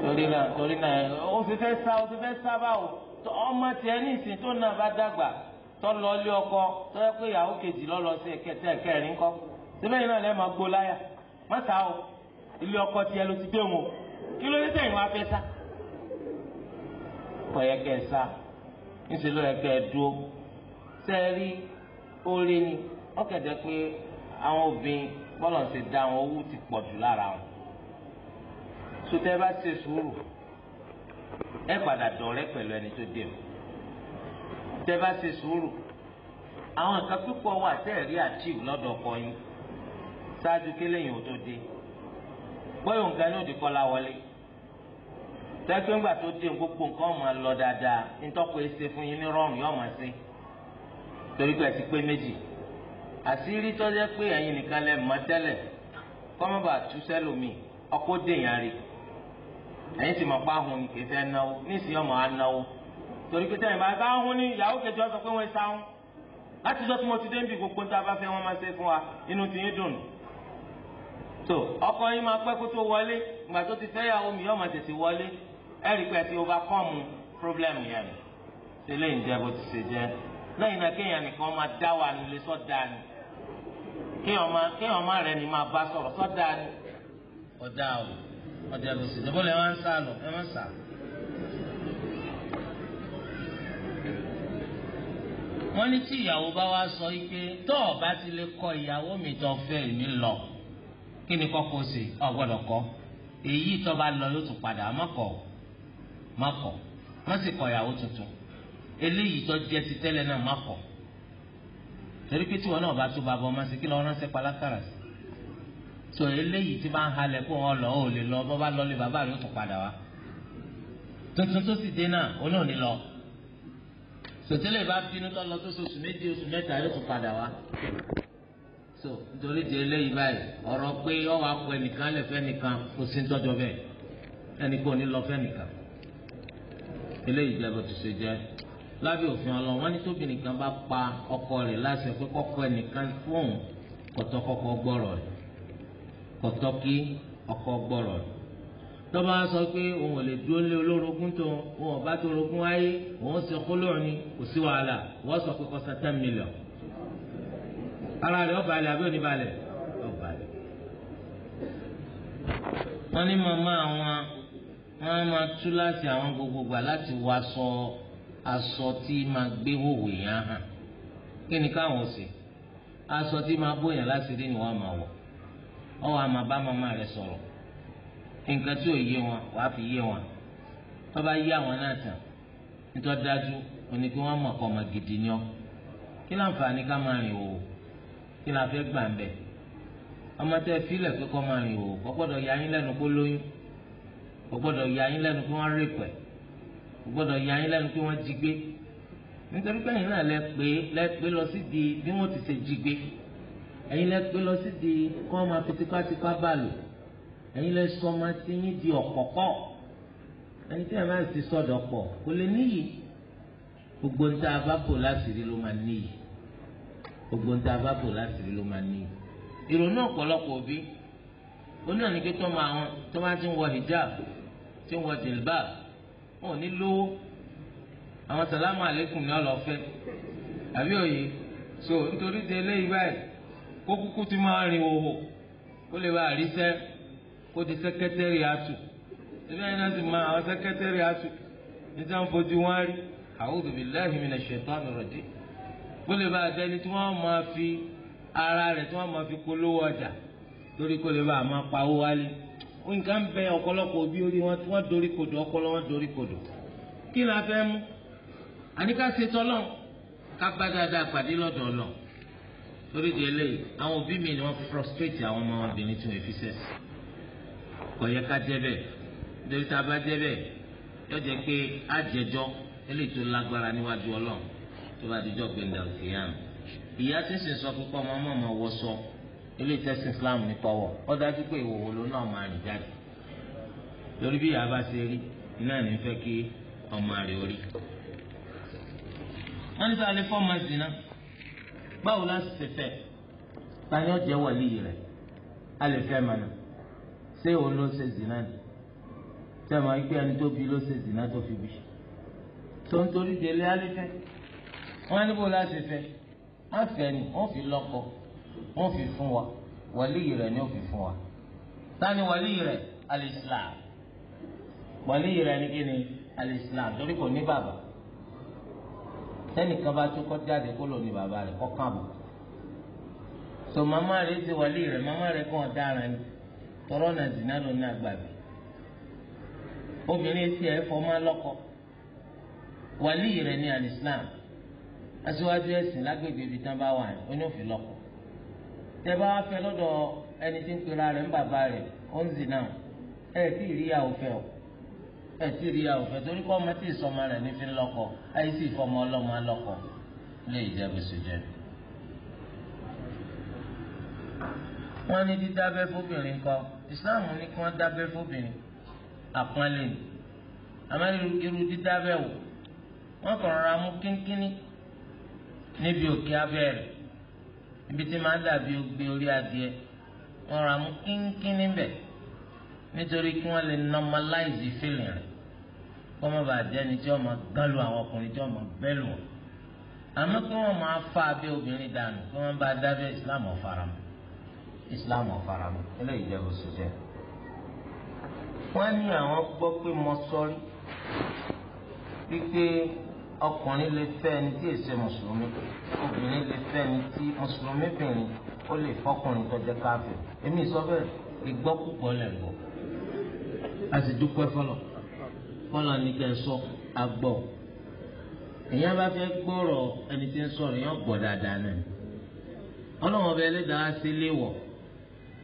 torí náà torí náà ó ti fẹ́ sá ó ti fẹ́ sá báwo ọmọ tiẹ̀ ní ìsìn tó náà bá dàgbà tó lọ ilé ọkọ tó yẹ pé ìyàwó kejì lọ lọ sí ẹkẹtẹ ẹkẹrin kọ síbẹ̀ yìí náà lẹ́ẹ̀ máa gbó láyà má sá o ilé ọkọ tiẹ̀ ló ti dé wọn kí ló dé tẹ̀yìn wá fẹ́ sá kọ̀ yẹ kẹ́ ẹ sá níṣẹ́ ló yẹ kẹ́ ẹ dúró sẹ́ẹ̀rí oore ni ọ̀kẹ́dẹ́ pé àwọn obìnrin bọ́lọ̀ ṣe dá àwọn owó ti pọ̀ jù lára wọn sotẹ́ bá ṣe sùúrù ẹ padà dọ̀rẹ́ pẹ̀lú ẹni tó dé o tẹ́ bá ṣe sùúrù àwọn nǹkan púpọ̀ wà tẹ́ ẹ̀ rí àtìwù lọ́dọ̀ ọkọ yín ṣáájú kéléyìn ò tó dé bọ́yọ̀ nǹkan ní òdìkọ́ la wọlé tẹ́tọ́ ńgbà tó dé gbogbo nǹkan ọmọ lọ dáadáa ntọ́kọ ẹsẹ̀ fún yín ní rọrùn yóò máa ṣe torí pé ẹ̀sìn pé méjì àṣírí tọ́jẹ́ pé ẹ̀yin nìkan lẹ́ mọ́ tẹ́lẹ̀ kọ́mọ́bà tú sẹ́lómi ọkọ̀ dèèyàn rí ẹ̀yin sì mọ̀ pé ahun ni kì í fẹ́ náwó nísìnyí ọmọ á náwó torí pé tẹ́lẹ̀ máa bá ahun ní ìyàwó kejì ọ pé wọ́n ń sáhun láti sọ tí mo ti dé níbi gbogbo tá bá fẹ́ wọ́n máa ṣe fún wa inú ti yín dùn. tó ọkọ yín máa pẹ́ kó tó wọlé ìgbà tó ti fẹ́yàwó mi yóò máa tètè wọlé ẹ̀rí pé ti overcome problem yẹn ṣe lè ń jẹ́ bó ti ṣe jẹ́ lẹ́yìn náà kéèyàn nìkan máa dá wà nílé sọ́dà ni kéèyàn máa rẹ̀ ni máa bá sọ̀rọ̀ sọ́dà ni ọ̀dà ọ̀hún ọjà ló sì níbo lè máa ń sá lọ ẹ máa ń sá. wọ́n ní tí ìyàwó bá wá sọ pé tó o bá ti lè kọ ìyàwó mi tó fẹ́ èmi lọ kí ni kọ́kọ́ sí ọ gbọ́dọ̀ kọ́ èyí tó bá lọ yóò tún padà má kọ̀ má kọ̀ má sì kọ ìyàwó tuntun eléyìí tó jẹ́ ti tẹ́lẹ̀ náà má kọ̀ torí pé tí wọn náà bá tó bá bọ́ má sí kí lọ́wọ́ ránṣẹ́ palákàrà sí so eléyìí ti bá ń halẹ̀ pé wọ́n lọ ò lè lọ bọ́ bá lọ́lé bàbá rẹ̀ ó tún padà wá tuntun tó sì dé náà ó náà ní lọ sòtẹ́lẹ̀ bá bínú lọ́lọ́ tó sọ̀sù méjì oṣù mẹ́ta yóò tún padà wá so nítorí di eléyìí báyìí ọ̀rọ̀ pé ọwọ́ akọ ẹnìkan lè fẹ́ nìkan kò sí ń tọ́jọ́ bẹ́ẹ̀ ẹnì kò ní lọ fẹ́ nìkan eléyìí jẹ́ bó ti ṣe jẹ́ lábẹ́ òfin ọlọ́run wọ́n ní tóbìnrin kan bá pa ọkọ rẹ̀ láṣẹ pé kọ́kọ́ ẹnìkan fóun kọ̀tọ́kọ́kọ́ gbọ́rọ̀ rẹ̀ kọtọkí ọkọ gbọrọ tọba sọ pé òun ò lè dúró lé olórogún tó òun ọba tó rogún ayé òun ṣe kóló ni kò sí wàhálà wọ́n sọ pé kọsán ten million ara rẹ̀ ọba alẹ àbí oníbalẹ̀ ọba alẹ. wọ́n ní màmá àwọn wọ́n máa tú láti àwọn gbogbogbà láti wọ aṣọ aṣọ tí máa gbé hòhò yẹn hàn kí ni káwọn ṣe aṣọ tí máa bóyá láti rí ni wọ́n máa wọ̀ ọwọ́ àmà bá màmá rẹ̀ sọ̀rọ̀ nǹkan tí ò yé wọn wàá fi yé wọn tó bá yé àwọn náà tàn nítorí dájú òní pé wọ́n mọ̀ kọ́ ọmọ gidi ni ọ́ kí láǹfààní ká máa rìn òwò kí la fẹ́ gbà ń bẹ̀ ọmọ tẹ́ filẹ̀ pé kọ́ máa rìn òwò kò gbọ́dọ̀ ya yín lẹ́nu kó lóyún kò gbọ́dọ̀ ya yín lẹ́nu pé wọ́n rèpẹ̀ kò gbọ́dọ̀ ya yín lẹ́nu pé wọ́n jí gbé nítorí pé ẹ̀yin náà lẹ pé lọ sí di bí wọ́n ti ṣe jí gbé ẹ̀yin lẹ gbé lọ sí di kọ́ máa fi tipátipá bá lò ẹ̀yin lẹ sọ ọmọ tí yín di ọ̀pọ̀pọ̀ ẹni tí ẹ̀ máa ti sọ̀dọ̀ pọ̀ kò lè níyì gbogbo nta abábò láṣìírí ló máa níyì gbogbo nta abábò láṣìírí ló máa níyì ìrònú ọ̀pọ̀lọpọ̀ òbí oní ọ̀nà kí tọ́ máa wọn tó máa ti ń wọ hijab ti ń wọ jilbab wọn ò ní lówó àwọn sàlámù àlékún ni ọlọ́fẹ́ àbí òye so nítorí ti eléyìí báyìí kó kúkú ti máa rìn òwò kó lè bá àríṣẹ́ kó di sẹ́kẹ́tẹ́rì àtù ẹgbẹ́ yẹn náà sì máa àwọn sẹ́kẹ́tẹ́rì àtù níta ń fojú wọn rí a'udhu billahi minash shaitani rajim kó lè bá àtẹni tí wọ́n máa fi ara rẹ̀ tí wọ́n máa fi polówó ọjà torí kó lè bá àmọ́ pawó wálé nǹkan bẹ ọ̀pọ̀lọpọ̀ bí orí wọn tí wọ́n dorí kodò ọpọlọ wọn dorí kodò kí la fẹ́ mú àníkàṣetọ́lọ́ ká gbá pàdé lọ́dọ̀ ọlọ́ọ̀ torí di eléyìí àwọn òbí mi ni wọ́n frustrate àwọn ọmọ wọn obìnrin tí wọ́n fi sẹ́sì kò yẹ ká jẹ́ bẹ́ẹ̀ nítorí tá a bá jẹ́ bẹ́ẹ̀ yóò jẹ́ pé á jẹjọ́ eléyìí tó lágbára níwájú ọlọ́run tó bá dijọ́ gbẹ̀ndà òkè yá ìyá tí sì ń sọ pípọ́ ọmọ ọmọ ọmọ wọ sọ eléyìí tẹ́sí Islam nípa wọ̀ ó dájú pé ìwòwò ló náà máa rìn jáde lórí bí ìyá bá ṣe rí náà ní fẹ́ kí ọmọ rẹ̀ orí wọ́n ní sọ alẹ́ fọ́ máa zina báwo la ṣe fẹ́ tani ó jẹ́ wàlí rẹ̀ a lè fẹ́ mọ̀nà ṣé òun ló ṣe zina ni ṣé màá gbé ẹni tó bí ló ṣe zina tó fi bí tó ń torí délé alẹ́ fẹ́ wọ́n á ní bó la ṣe fẹ́ má fẹ́ ni wọ́n fi lọ́kọ wọ́n fi fún wa wàlí rẹ̀ ni ó fi fún wa tani wàlí rẹ̀ alẹ́ islam wàlí rẹ̀ ni kí ni alẹ́ islam torí kò ní bàbá tẹnìkan bá tún kọ́ jáde kó lò ní bàbá rẹ̀ kọ́ kàn so mama rẹ̀ ti wàlí rẹ̀ màmá rẹ̀ kàn dára ni tọrọ náà zina ló ní agbàgbé obìnrin tí ẹ fọmọ lọ́kọ wàlí rẹ̀ ní alislam aṣíwájú ẹ̀sìn lágbègbè ibi tán bá wà ní oníòfin lọ́kọ tẹ bá wá fẹ́ lọ́dọ̀ ẹni tí ń pera rẹ̀ ń bàbá rẹ̀ ó ń zina ẹ kí ìríyàwó fẹ́ o ẹ ti rí àwòfẹ́ torí kọ́ ọmọ tí ìsọmọ rẹ̀ ní fi ń lọ́kọ ayé sì fọmọ ọlọ́mọ lọ́kọ lè jẹ́ bó ṣe jẹ́. wọ́n ní dídábẹ́ fóbìnrin kọ́ ìsìláàmù ní kí wọ́n dábẹ́ fóbìnrin àpọ́nlé ni àmọ́ irú dídábẹ́ wò wọ́n kàn rọra mú kínkínní níbi òkè abẹ́ ibi tí máa dàbí ogbe orí adìẹ wọ́n rọra mú kínkínní bẹ̀ nítorí kí wọ́n lè normalize feeling rẹ̀ kọ́mọ́ bá jẹ́ni tí wọ́n máa gánlu àwọn ọkùnrin tí wọ́n máa bẹ́lù wọn àmọ́ kí wọ́n máa fa abẹ́ obìnrin dànù kí wọ́n bá dábẹ́ islam ọ̀faramọ́ islam ọ̀faramọ́ eléyìí jẹ́ oṣù jẹ́ wọ́n ní àwọn gbọ́ pé mo sọ́rí wípé ọkùnrin lè fẹ́ ẹni tí èsè mùsùlùmí obìnrin lè fẹ́ ẹni tí mùsùlùmí bìnrin ó lè fọkùnrin tó jẹ́ káfíìn èmi ìsọ bẹ́ẹ̀ ìgbọ́kùgbọ́ lẹ̀ kọlọ ní kẹ sọ agbọ èyàn bá fẹ́ gbọ́rọ̀ ẹni tí ń sọ̀rọ̀ yẹn gbọ́ dáadáa náà Ọlọ́run ọbẹ Ẹlẹ́dàá sí léwọ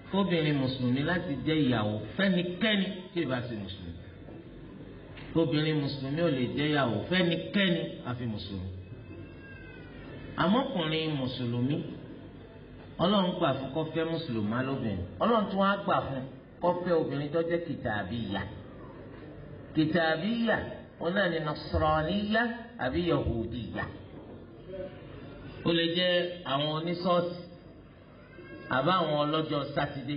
fóbìnrin mùsùlùmí láti jẹ ìyàwó fẹ́nikẹ́ni tí ì bá sí mùsùlùmí fóbìnrin mùsùlùmí ò lè jẹ ìyàwó fẹ́nikẹ́ni àfi mùsùlùmí àmọ́kùnrin mùsùlùmí Ọlọ́run gbà fún kọfẹ mùsùlùmá lóbìnrin Ọlọ́run tún á gbà fún kọfẹ obìnrin tó jẹ́ kìtà àbí ìyá kìtàbíyà wọn náà ní nasraniya àbí yahudiya ó lè jẹ àwọn oníṣọ́ọ̀sì àbá àwọn ọlọ́jọ́ sátidé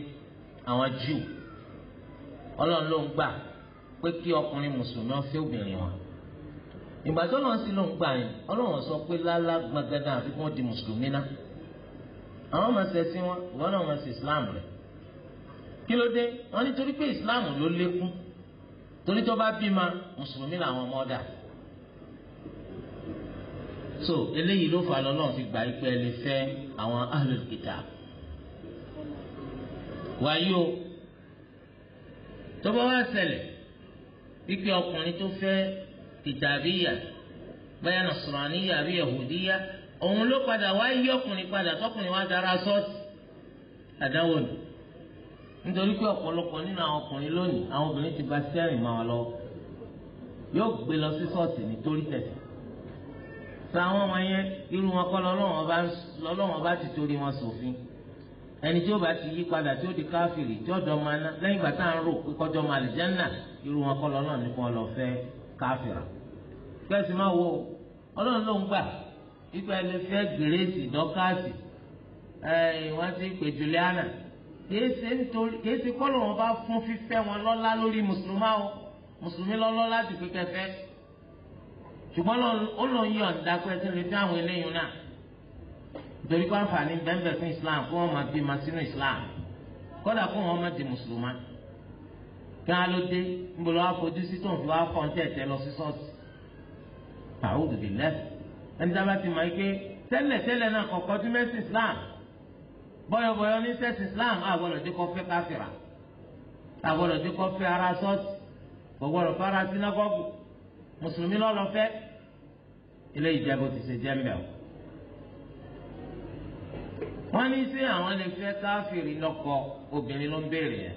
àwọn Júù ọlọ́run ló ń gbà pé kí ọkùnrin mùsùlùmí ọ̀fẹ́ obìnrin wọn ìgbà tó lọ́n sí ló ń gbà yìí ọlọ́run sọ pé lálá gbọ̀ngàn àfi kí wọ́n di mùsùlùmí náà àwọn ọmọ ṣe sí wọn ìwọ náà wọn ṣe Islam rẹ kí ló dé wọn nítorí pé Islam ló lékún torí tó bá bímọ mùsùlùmí làwọn ọmọ dà so eléyìí ló fà lọ́nà fi gbà pé ẹ lè fẹ́ àwọn ahlul kitab wáyé o tó bá wá ṣẹlẹ̀ wípé ọkùnrin tó fẹ́ kìtàbíyà báyà nasraniya àbí yahudiya òun ló padà wá yí ọkùnrin padà tọkùnrin wá dára sọ́ọ̀tì àdáwọ̀ nù nítorí pé ọ̀pọ̀lọpọ̀ nínú àwọn ọkùnrin lónìí àwọn obìnrin ti ba sẹ́rìn máa lọ yóò gbé lọ sí ṣọ́ọ̀ṣì nítorí tẹ̀sí sàwọn ọmọ yẹn irú wọn kọ́ lọ́lọ́wọ́n bá ti torí wọn sòfin ẹni tí ó bá ti yí padà tí ó di káfìrì tí ọ̀dọ́ máa ná lẹ́yìn ìgbà tá à ń rò pé kọjọ́ máa lè jẹ́ nà irú wọn kọ́ lọ́lọ́wọ́n ní kan lọ fẹ́ káfìrà kẹ́sì máa wo ọlọ́run ló ń gbà ipa ẹni fẹ́ gírèsì dọ́kàsì ẹ̀ wọ́n ti pè Juliana kìí ṣe nítorí kìí ṣe kọ́ lóun bá fún fífẹ́ wọn lọ́lá lórí mùsùlùmá o mùsùlùmí lọ́lọ́ láti pé kẹfẹ́ ṣùgbọ́n ó lóun yọ̀ǹda pé ẹsẹ̀ lè dá àwọn eléyìí náà nítorí pé àǹfààní bẹ́ẹ̀ fún Islam kó wọ́n máa bímọ sínú Islam kódà kó wọ́n máa di mùsùlùmá kí wọ́n á ló dé níbo lọ́wọ́ fojú sí tóun fi wá fọ́ńtẹ̀ẹ̀tẹ̀ lọ sí ṣọ́ọ̀ṣì àwòdùdì lẹ́sìn ẹni tí a bá ti mọ̀ bọ́yọ̀bọ́yọ̀ ní sẹ́sì islam àgbọ̀dọ̀ tí kò fẹ́ káfíra àgbọ̀dọ̀ tí kò fẹ́ ara sọ́ọ̀tì kò gbọ́dọ̀ fara sinagogu mùsùlùmí lọ́lọ́fẹ́ ilé ìjẹ́bù ti ṣe jẹ́mbẹ̀ o. wọ́n ní sí àwọn lè fẹ́ káfíìrì lọ́kọ obìnrin ló ń béèrè yẹn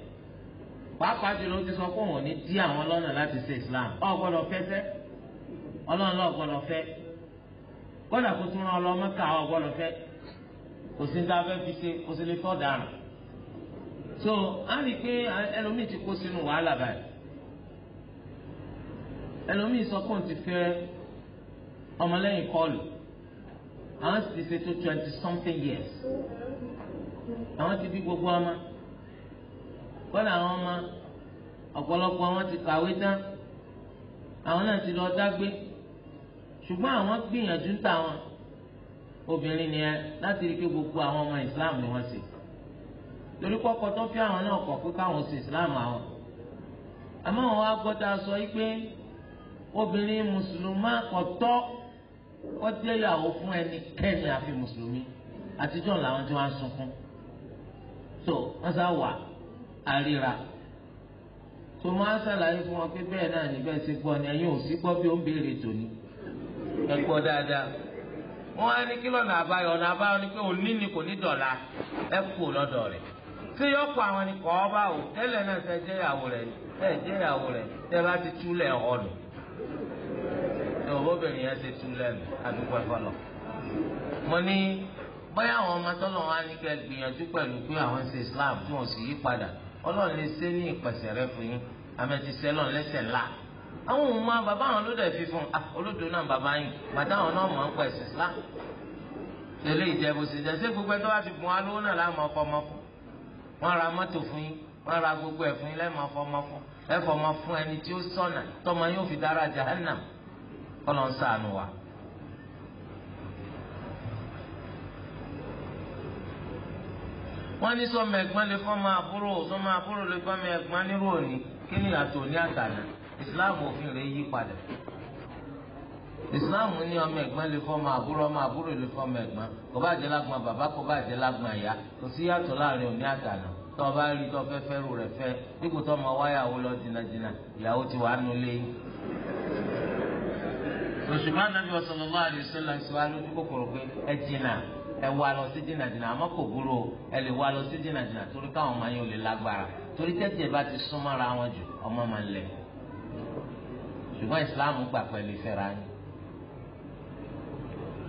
pàápàá jùlọ ó ti sọ pé òun ní dí àwọn lọ́nà láti ṣe islam ọ̀ gbọ́dọ̀ fẹ́ fẹ́ ọlọ́run lọ́ọ̀ gbọ́dọ̀ fẹ́ kódà kó tún rán ọlọ́mọ́ká ọ̀ gbọ́dọ̀ fẹ́ kò sí ní abẹ́ fi ṣe kò sí lè tọ́ dànù so á rí i pé ẹlòmíì ti kó sínú wàhálà báyìí ẹlòmíì sọ pé òun ti fẹ́ ọmọlẹ́yìn kọlù àwọn sì ti ṣe tó twenty something years àwọn ti bí gbogbo ọmọ kọ́lá àwọn ọmọ ọ̀pọ̀lọpọ̀ àwọn ti kàwé tán àwọn náà ti lọ dágbé ṣùgbọ́n àwọn gbìyànjú ń tà wọn obìnrin ni ẹ láti rí pé gbogbo àwọn ọmọ islam ni wọ́n ṣe torí kọ́kọ́ tó fi àwọn náà kọ̀ pé káwọn ṣe islam àwọn àmọ́ àwọn agbọ́dá sọ yìí pé obìnrin mùsùlùmá kò tọ́ kó jẹ́ ìyàwó fún ẹnikẹ́ni àfi mùsùlùmí àtijọ́ làwọn tí wọ́n á sunkún tó wọ́n sá wà àríra tó máa ń ṣàlàyé fún wọn pé bẹ́ẹ̀ náà níbẹ̀ ṣe gbọ́ ni ẹ̀yin ò sí gbọ́ bí ó ń béèrè tòní ẹ gbọ́ dáadáa. wọn á ní kí lọ́nà àbáyọ ọ̀nà àbáyọ ni pé òní ni kò ní dọ̀la ẹ kú lọ́dọ̀ rẹ̀ tí yóò kọ àwọn ni ọba o tẹ́lẹ̀ náà tẹ́ jẹ́ ìyàwó rẹ̀ jẹ́ ìyàwó rẹ̀ tẹ́ bá ti túlẹ̀ ọ̀nù ní ọ̀bọ̀bìnrin yẹn ti àdúgbò ẹ̀fọ́ lọ. mo ní bóyá àwọn ọmọ tọ́lọ̀ ní kẹ́ gbìyànjú pẹ̀lú pé àwọn ṣe Islam tí wọ́n sì yí padà Ọlọ́run lè ṣe ní ìpẹ̀sẹ̀ rẹ fún yín àmẹ́tíṣẹ́ àwọn òun máa bàbá àwọn ló dẹ̀ fi fún un ah, olódò náà bàbá yìí bàtà àwọn náà mọ̀ ń pẹ̀ sí islam tẹ̀lé ìjẹ́bù sí ìjẹ́ sí gbogbo ẹ̀ tó ti bùn alówó náà láàmú ọkọ̀ ọmọkùn wọ́n ra mọ́tò fún yín wọ́n ra gbogbo ẹ̀ fún yín fún ẹni tí ó sọ̀nà tọmọ yóò fi dára jahannam ń sànù wa. wọ́n ní sọ́mọ ẹ̀gbọ́n lè fọ́mọ àbúrò sọ́mọ àbúrò lè fọ́mọ ẹ̀gbọ́n kí ni islam òfin rẹ̀ yí padà islam ní ọmọ ẹ̀gbọ́n lè fọ́ ọmọ àbúrò ọmọ àbúrò lè fọ́ ọmọ ẹ̀gbọ́n kò bá jẹ́ lágbọ́n bàbá kò bá jẹ́ lágbọ́n ìyá kò sí yàtọ̀ láàrin òní àtàná tó o bá rí tó fẹ́ fẹ́rù rẹ̀ fẹ́ dípò tó ọmọ wáyàwó lọ jìnnàjìnnà ìyàwó ti wà á nulẹ̀ yìí. òṣùpá nàbí sallallahu alaihi wasallam ṣe wá lójú kòkòrò pé ẹ jìnnà ẹ wá lọ sí jìnnàjìnnà àmọ́ kò burú o ẹ lè wá lọ sí jìnnàjìnnà torí káwọn máa yín ò lè lágbára torí tẹ́tí ẹ bá ti súnmọ́ra wọn jù ọmọ máa ń lẹ̀ ṣùgbọ́n islam gbà pẹ̀lú ìfẹ́ra ni.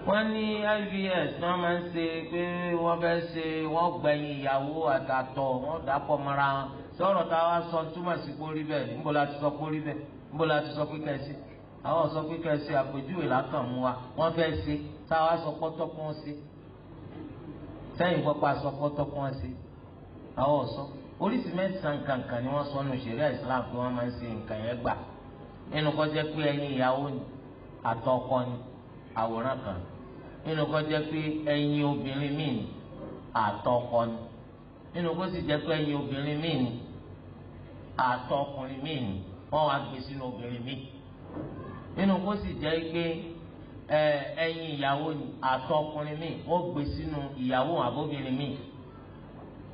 wọ́n ní ivs náà máa ń ṣe pé wọ́n fẹ́ ṣe wọ́n gbẹ̀yìn ìyàwó àtàtọ̀ wọ́n dàpọ̀ mọ́ra wọn sọ̀rọ̀ tá a wá sọ túmọ̀ sí kórí bẹ́ẹ̀ níbo la ti sọ kórí bẹ́ẹ̀ níbo la ti sọ pé kẹ́sì àwọn sọ pé kẹ́sì àpèjúwe látàn mú wa wọ́n fẹ́ ṣe tá a wá sọ pọ́tọ́ kún sí sẹ́yìn pọ́pá sọ pọ́tọ́ kún sí àwọn sọ oríṣi mẹ́sàn-án kankan ni wọ́n sọ nù ṣẹ̀ríà islam pé wọ́n máa ń ṣe nǹkan yẹn gbà nínú kó pé ẹyin ìyàwó ni àtọkọ ni àwòrán kan nínú kó jẹ́ pé ẹyin obìnrin míì ni àtọkọ ni nínú kó sì jẹ́ pé ẹyin obìnrin míì ni àtọkùnrin míì ni wọ́n wá gbé sínú obìnrin míì nínú kó sì jẹ́ pé ẹyin ìyàwó ni àtọkùnrin míì wọ́n gbé sínú ìyàwó àbóbìnrin míì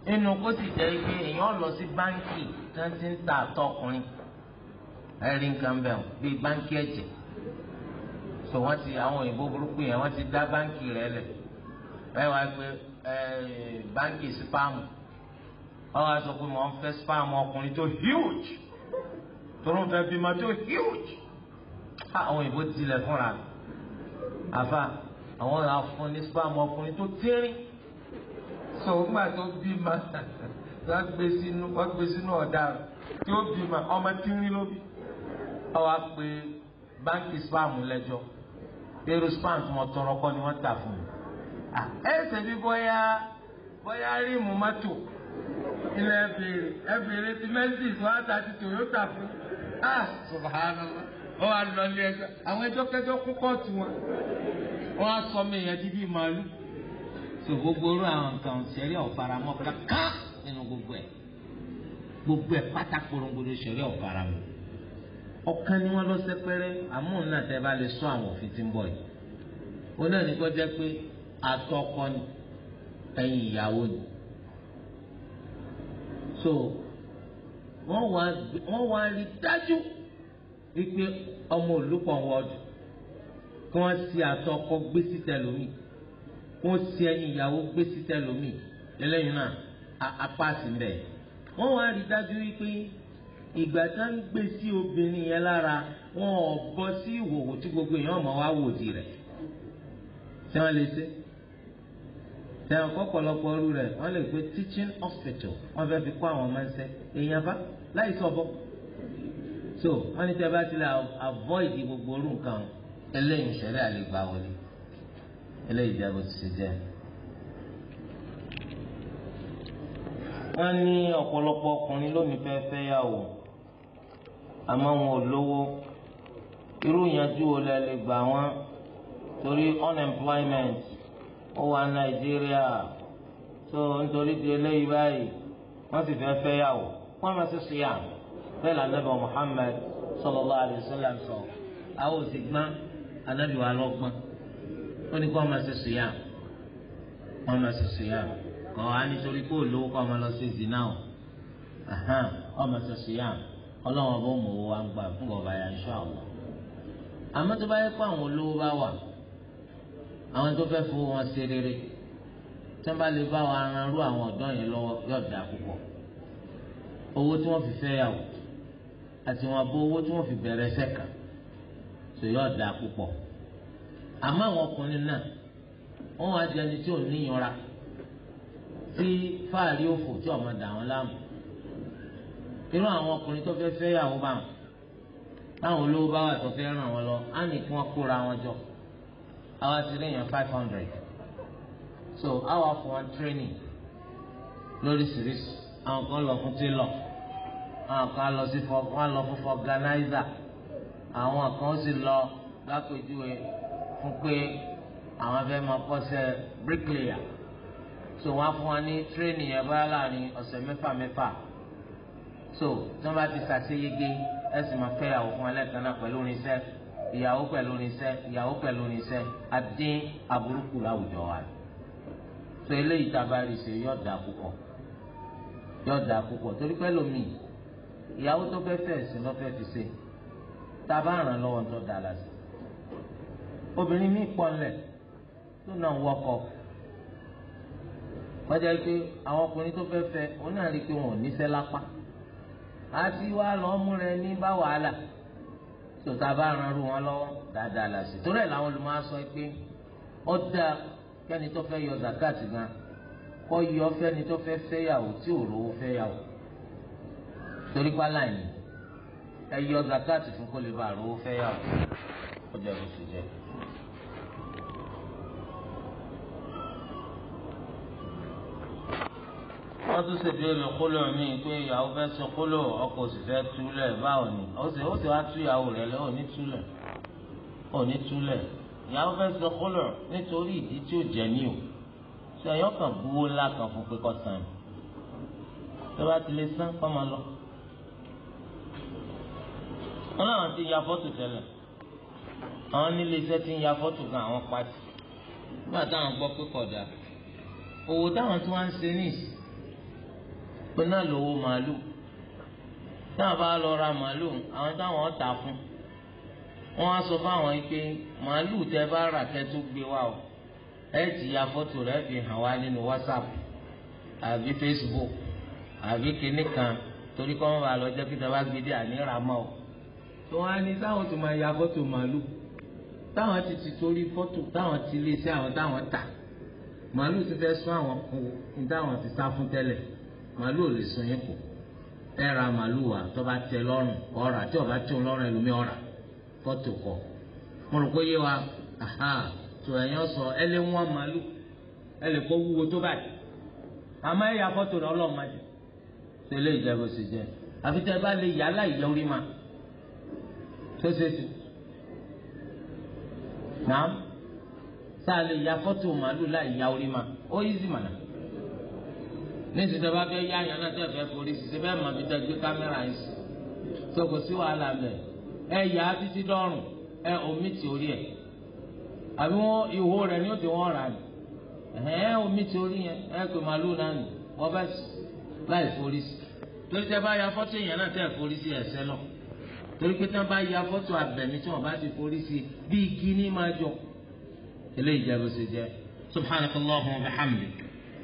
nínú kó sì jẹ́ pé èèyàn lọ sí báńkì tí wọ́n ti ń ta àtọkùnrin ẹ̀rí nǹkan bẹ́ẹ̀ bíi báńkì ẹ̀jẹ̀ so wọ́n ti àwọn òyìnbó burúkú yẹn wọ́n ti dá báńkì rẹ̀ lẹ̀ bẹ́ẹ̀ wá pé báńkì spam wọ́n wá sọ pé mo ń fẹ́ spam ọkùnrin tó huge tó ń fẹ́ bímọ tó huge àwọn òyìnbó tilẹ̀ fúnra àfa àwọn àwọn fún ní spam ọkùnrin tó tẹ́rìn. so ńgbà tó bí ma wọ́n gbé sínú wọ́n gbé sínú ọ̀daràn tí ó bí ma ọmọ tínrín ló bí ọ wá pé báńkì spam lẹ́jọ́ spam tí wọ́n tọrọ kọ́ ni wọ́n tà fún mi ẹ ṣe bí bóyá bóyá rímù mọ́tò ilẹ̀ ẹ̀bẹ̀rẹ̀ ẹ̀bẹ̀rẹ̀ ti Mercedes wọ́n ta ti fún ah ó wà lọ ilé ẹjọ́ àwọn ẹjọ́ kẹjọ́ kú kóòtù wọn wọ́n á sọ mi ìyẹn ti bí màálù. so gbogbo orú àwọn nǹkan ṣẹ̀rí ọ̀faramọ́ kankan nínú gbogbo ẹ̀ gbogbo ẹ̀ pátá korongodo ṣẹ̀rí ọ̀faramọ́ ọ̀kan ni wọ́n lọ sẹ́pẹ́rẹ́ àmúhùnà tẹ́ bá lè sọ àwọn òfin tí ń bọ̀ yìí ó náà ní kó jẹ́ pé atọ́kọ ni ẹ̀yìn ìyàwó ni so wọ́n wá rí dájú wípé ọmọ òlùpọ̀ wọ́ọ̀dù kí wọ́n sì atọ́kọ gbé sí tẹlómi. Si wọ́n si ẹyin ìyàwó gbé sí tẹlomi lẹ́lẹ́yìn náà apáàsì ń bẹ̀. wọ́n wá rí dájú wípé ìgbà tá ń gbé sí obìnrin yẹn lára wọn ò bọ́ sí ìwòwò tí gbogbo èèyàn mọ̀ wá wò di rẹ̀. tí wọ́n lè ṣe tẹ̀wọ̀n kọ́pọ̀lọpọ̀ ọrú rẹ̀ wọ́n lè pe teaching hospital wọ́n fẹ́ fi kọ́ àwọn ọmọ ẹsẹ̀ èèyàn bá láì sọ̀bọ̀. so wọ́n ní tẹ́ bá ti avoid gbogbo orú nǹkan ẹlẹ́yìn ìṣẹ̀lẹ̀ àlegbà wọlé eléyìí jẹ́ bó ti ṣe jẹ́. wọ́n ní ọ̀pọ̀lọpọ̀ ọkùnrin lónìí fẹ́ fẹ́ yà wò àmọ́ wọn ò lówó irú ìyànjú wo lẹ lè gbà wọ́n torí unemployment ó wà Nàìjíríà tó nítorí ti eléyìí báyìí wọ́n sì fẹ́ fẹ́ yà wò wọ́n máa ṣe ṣìyà bẹ́ẹ̀ lànàbà Muhammad sallallahu alaihi wasallam sọ àwọn òsì gbọ́n ànábìwá lọ́gbọ́n ó ní kó ọmọ ṣe sùyà ọmọ ṣe sùyà kọ́ á nítorí kó lówó kọ́ ọmọ lọ sí zina o ọmọ ṣe sùyà ọlọ́wọ́n bó mọ̀ wá ń gbà fún ọba yà ń ṣọ́ àwọn. àmọ́ tó bá yẹ kó àwọn olówó bá wà àwọn tó fẹ́ fowó wọn ṣe rere tí wọ́n bá lè bá wa ran rú àwọn ọ̀dọ́ yẹn lọ́wọ́ yóò dà púpọ̀ owó tí wọ́n fi fẹ́ yàwó àti wọn bó owó tí wọ́n fi bẹ̀rẹ̀ sẹ́kà tó yóò dà púpọ̀ àmọ́ àwọn ọkùnrin náà wọ́n wá di ẹni tí ò níyanra tí fáàrí òfò tí ọmọ dà wọn láàmú irú àwọn ọkùnrin tó fẹ́ fẹ́ yàwó bá wọn táwọn olówó bá wà tó fẹ́ ràn wọn lọ á ní kí wọ́n kóra wọn jọ àwa ti lè yan five hundred so àwa fún wọn training lóríṣiríṣi àwọn kan lọ fún tailor àwọn kan lọ sí fọ wọn lọ fún fọganáísà àwọn kan ó sì lọ lápèjúwe fún pé àwọn fẹ́ máa kọ́ṣẹ́ bricklayer so wọ́n á fún wa ní tírénì yẹn bá láàrin ọ̀sẹ̀ mẹ́fà mẹ́fà so tí wọ́n bá ti ṣàṣeyege ẹ sì máa fẹ́ ìyàwó fún ẹlẹ́kan náà pẹ̀lú irinṣẹ́ ìyàwó pẹ̀lú irinṣẹ́ ìyàwó pẹ̀lú irinṣẹ́ adín aburúkú láwùjọ wa so eléyìí tábàárì ṣe yóò dáa púpọ̀ yóò dáa púpọ̀ torí pẹ́ lómi ìyàwó tó fẹ́ fẹ́ sí lọ́fẹ́ fi ṣe tábàáràn lọ́wọ́ tó dáa lásìkò. obìnrin mi pọ̀ lẹ̀ tó náà wọkọ̀ kọjá pé àwọn ọkùnrin tó fẹ́ fẹ́ òun náà rí i pé wọn ò níṣẹ́ lápá àti wá lọ́ọ́ múra bá wàhálà tòtá bá ran ru wọn lọ́wọ́ dáadáa làṣẹ torí ẹ̀ làwọn olùmọ̀ sọ pé ó dáa kẹ́ni tó fẹ́ yọ zakat gan kọ́ yọ fẹ́ni tó fẹ́ fẹ́yàwó tí ò rówó fẹ́yàwó torí pálá yìí ẹ yọ zakat fún kó lè bá rówó fẹ́yàwó ó jẹ́ bó ṣe wọ́n tún ṣe béèrè kóló mi pé ìyàwó fẹ́ ṣe kóló ọkọ sì fẹ́ túlẹ̀ báwo ni ó sì ó sì wá tú ìyàwó rẹ̀ lẹ́ òní túlẹ̀ òní túlẹ̀ ìyàwó fẹ́ ṣe kóló nítorí ìdí tí ó jẹ ní o ṣe ẹ̀yọ́ kan gbowó ńlá kan fún pé kọ́ san tó bá ti lè san kọ́ máa lọ. wọ́n náà ti ya fọ́tò tẹ́lẹ̀ àwọn nílé iṣẹ́ ti ń ya fọ́tò kan àwọn pàtì nígbà táwọn gbọ́ pé kódà òwò táwọn tí wọ́n ń ṣe níìsì òun náà lówó màálù náà bá lọ ra màálù àwọn táwọn ta fún wọn á sọ fáwọn pé màálù tẹ bá rà kẹtù gbé wa o ẹ ti ya fọ́tò rẹ fi hàn wá nínú whatsapp àbí facebook àbí kinní kan torí kọ́ ń bá lọ jẹ́ kí tẹ bá gbé dé àníramọ́ o wọn á ní sáwọn tó máa ya fọ́tò màálù táwọn ti ti torí fọ́tò táwọn ti lé sí àwọn táwọn tà màálù ti fẹ́ sún àwọn kù ní táwọn ti sá fún tẹ́lẹ̀ màálù ò lè sun yín kù ẹ ra màálù wa tó bá tẹ lọ́rùn ọ̀rà tí ọba tún lọ́rùn ẹlòmí ọ̀rà fọ́tò kọ̀ mo rò pé yé wa tó ẹ̀yàn sọ ẹ lé wọn màálù ẹ lè kó wúwo tó báyìí àmọ́ ẹ̀yà fọ́tò rẹ ọlọ́run má jẹ ṣe lè jẹ bó ṣe jẹ àfi tẹ bá lè yà láì orí ma tó ṣe tù nàá sáà lè yà fọ́tò màálù láì orí ma ó yí sí màná níṣẹ́ tó bá fẹ́ yá àyàn náà tẹ̀ fẹ́ forí sí bẹ́ẹ̀ mọ̀ bí tẹ́gbẹ́ kámẹ́rà yìí sí tó kò sí wàhálà mẹ́ ẹ yà á títí dọ́rùn ẹ omi ti orí ẹ̀ àbí wọn ìhó rẹ̀ ni ó ti wọ́n rà ní ẹ omi ti orí yẹn ẹ pè màálù náà nì wọ́n bá sì láì forí sí torí tẹ́ bá ya fọ́tò èèyàn náà forí sí ẹ̀sẹ̀ náà torí pé tán bá ya fọ́tò abẹ̀mí tí wọ́n bá ti forí sí bí igi ní máa jọ eléyìí jẹ́ bó ṣe jẹ́ subhanahu wa ta'ala wa bihamdi.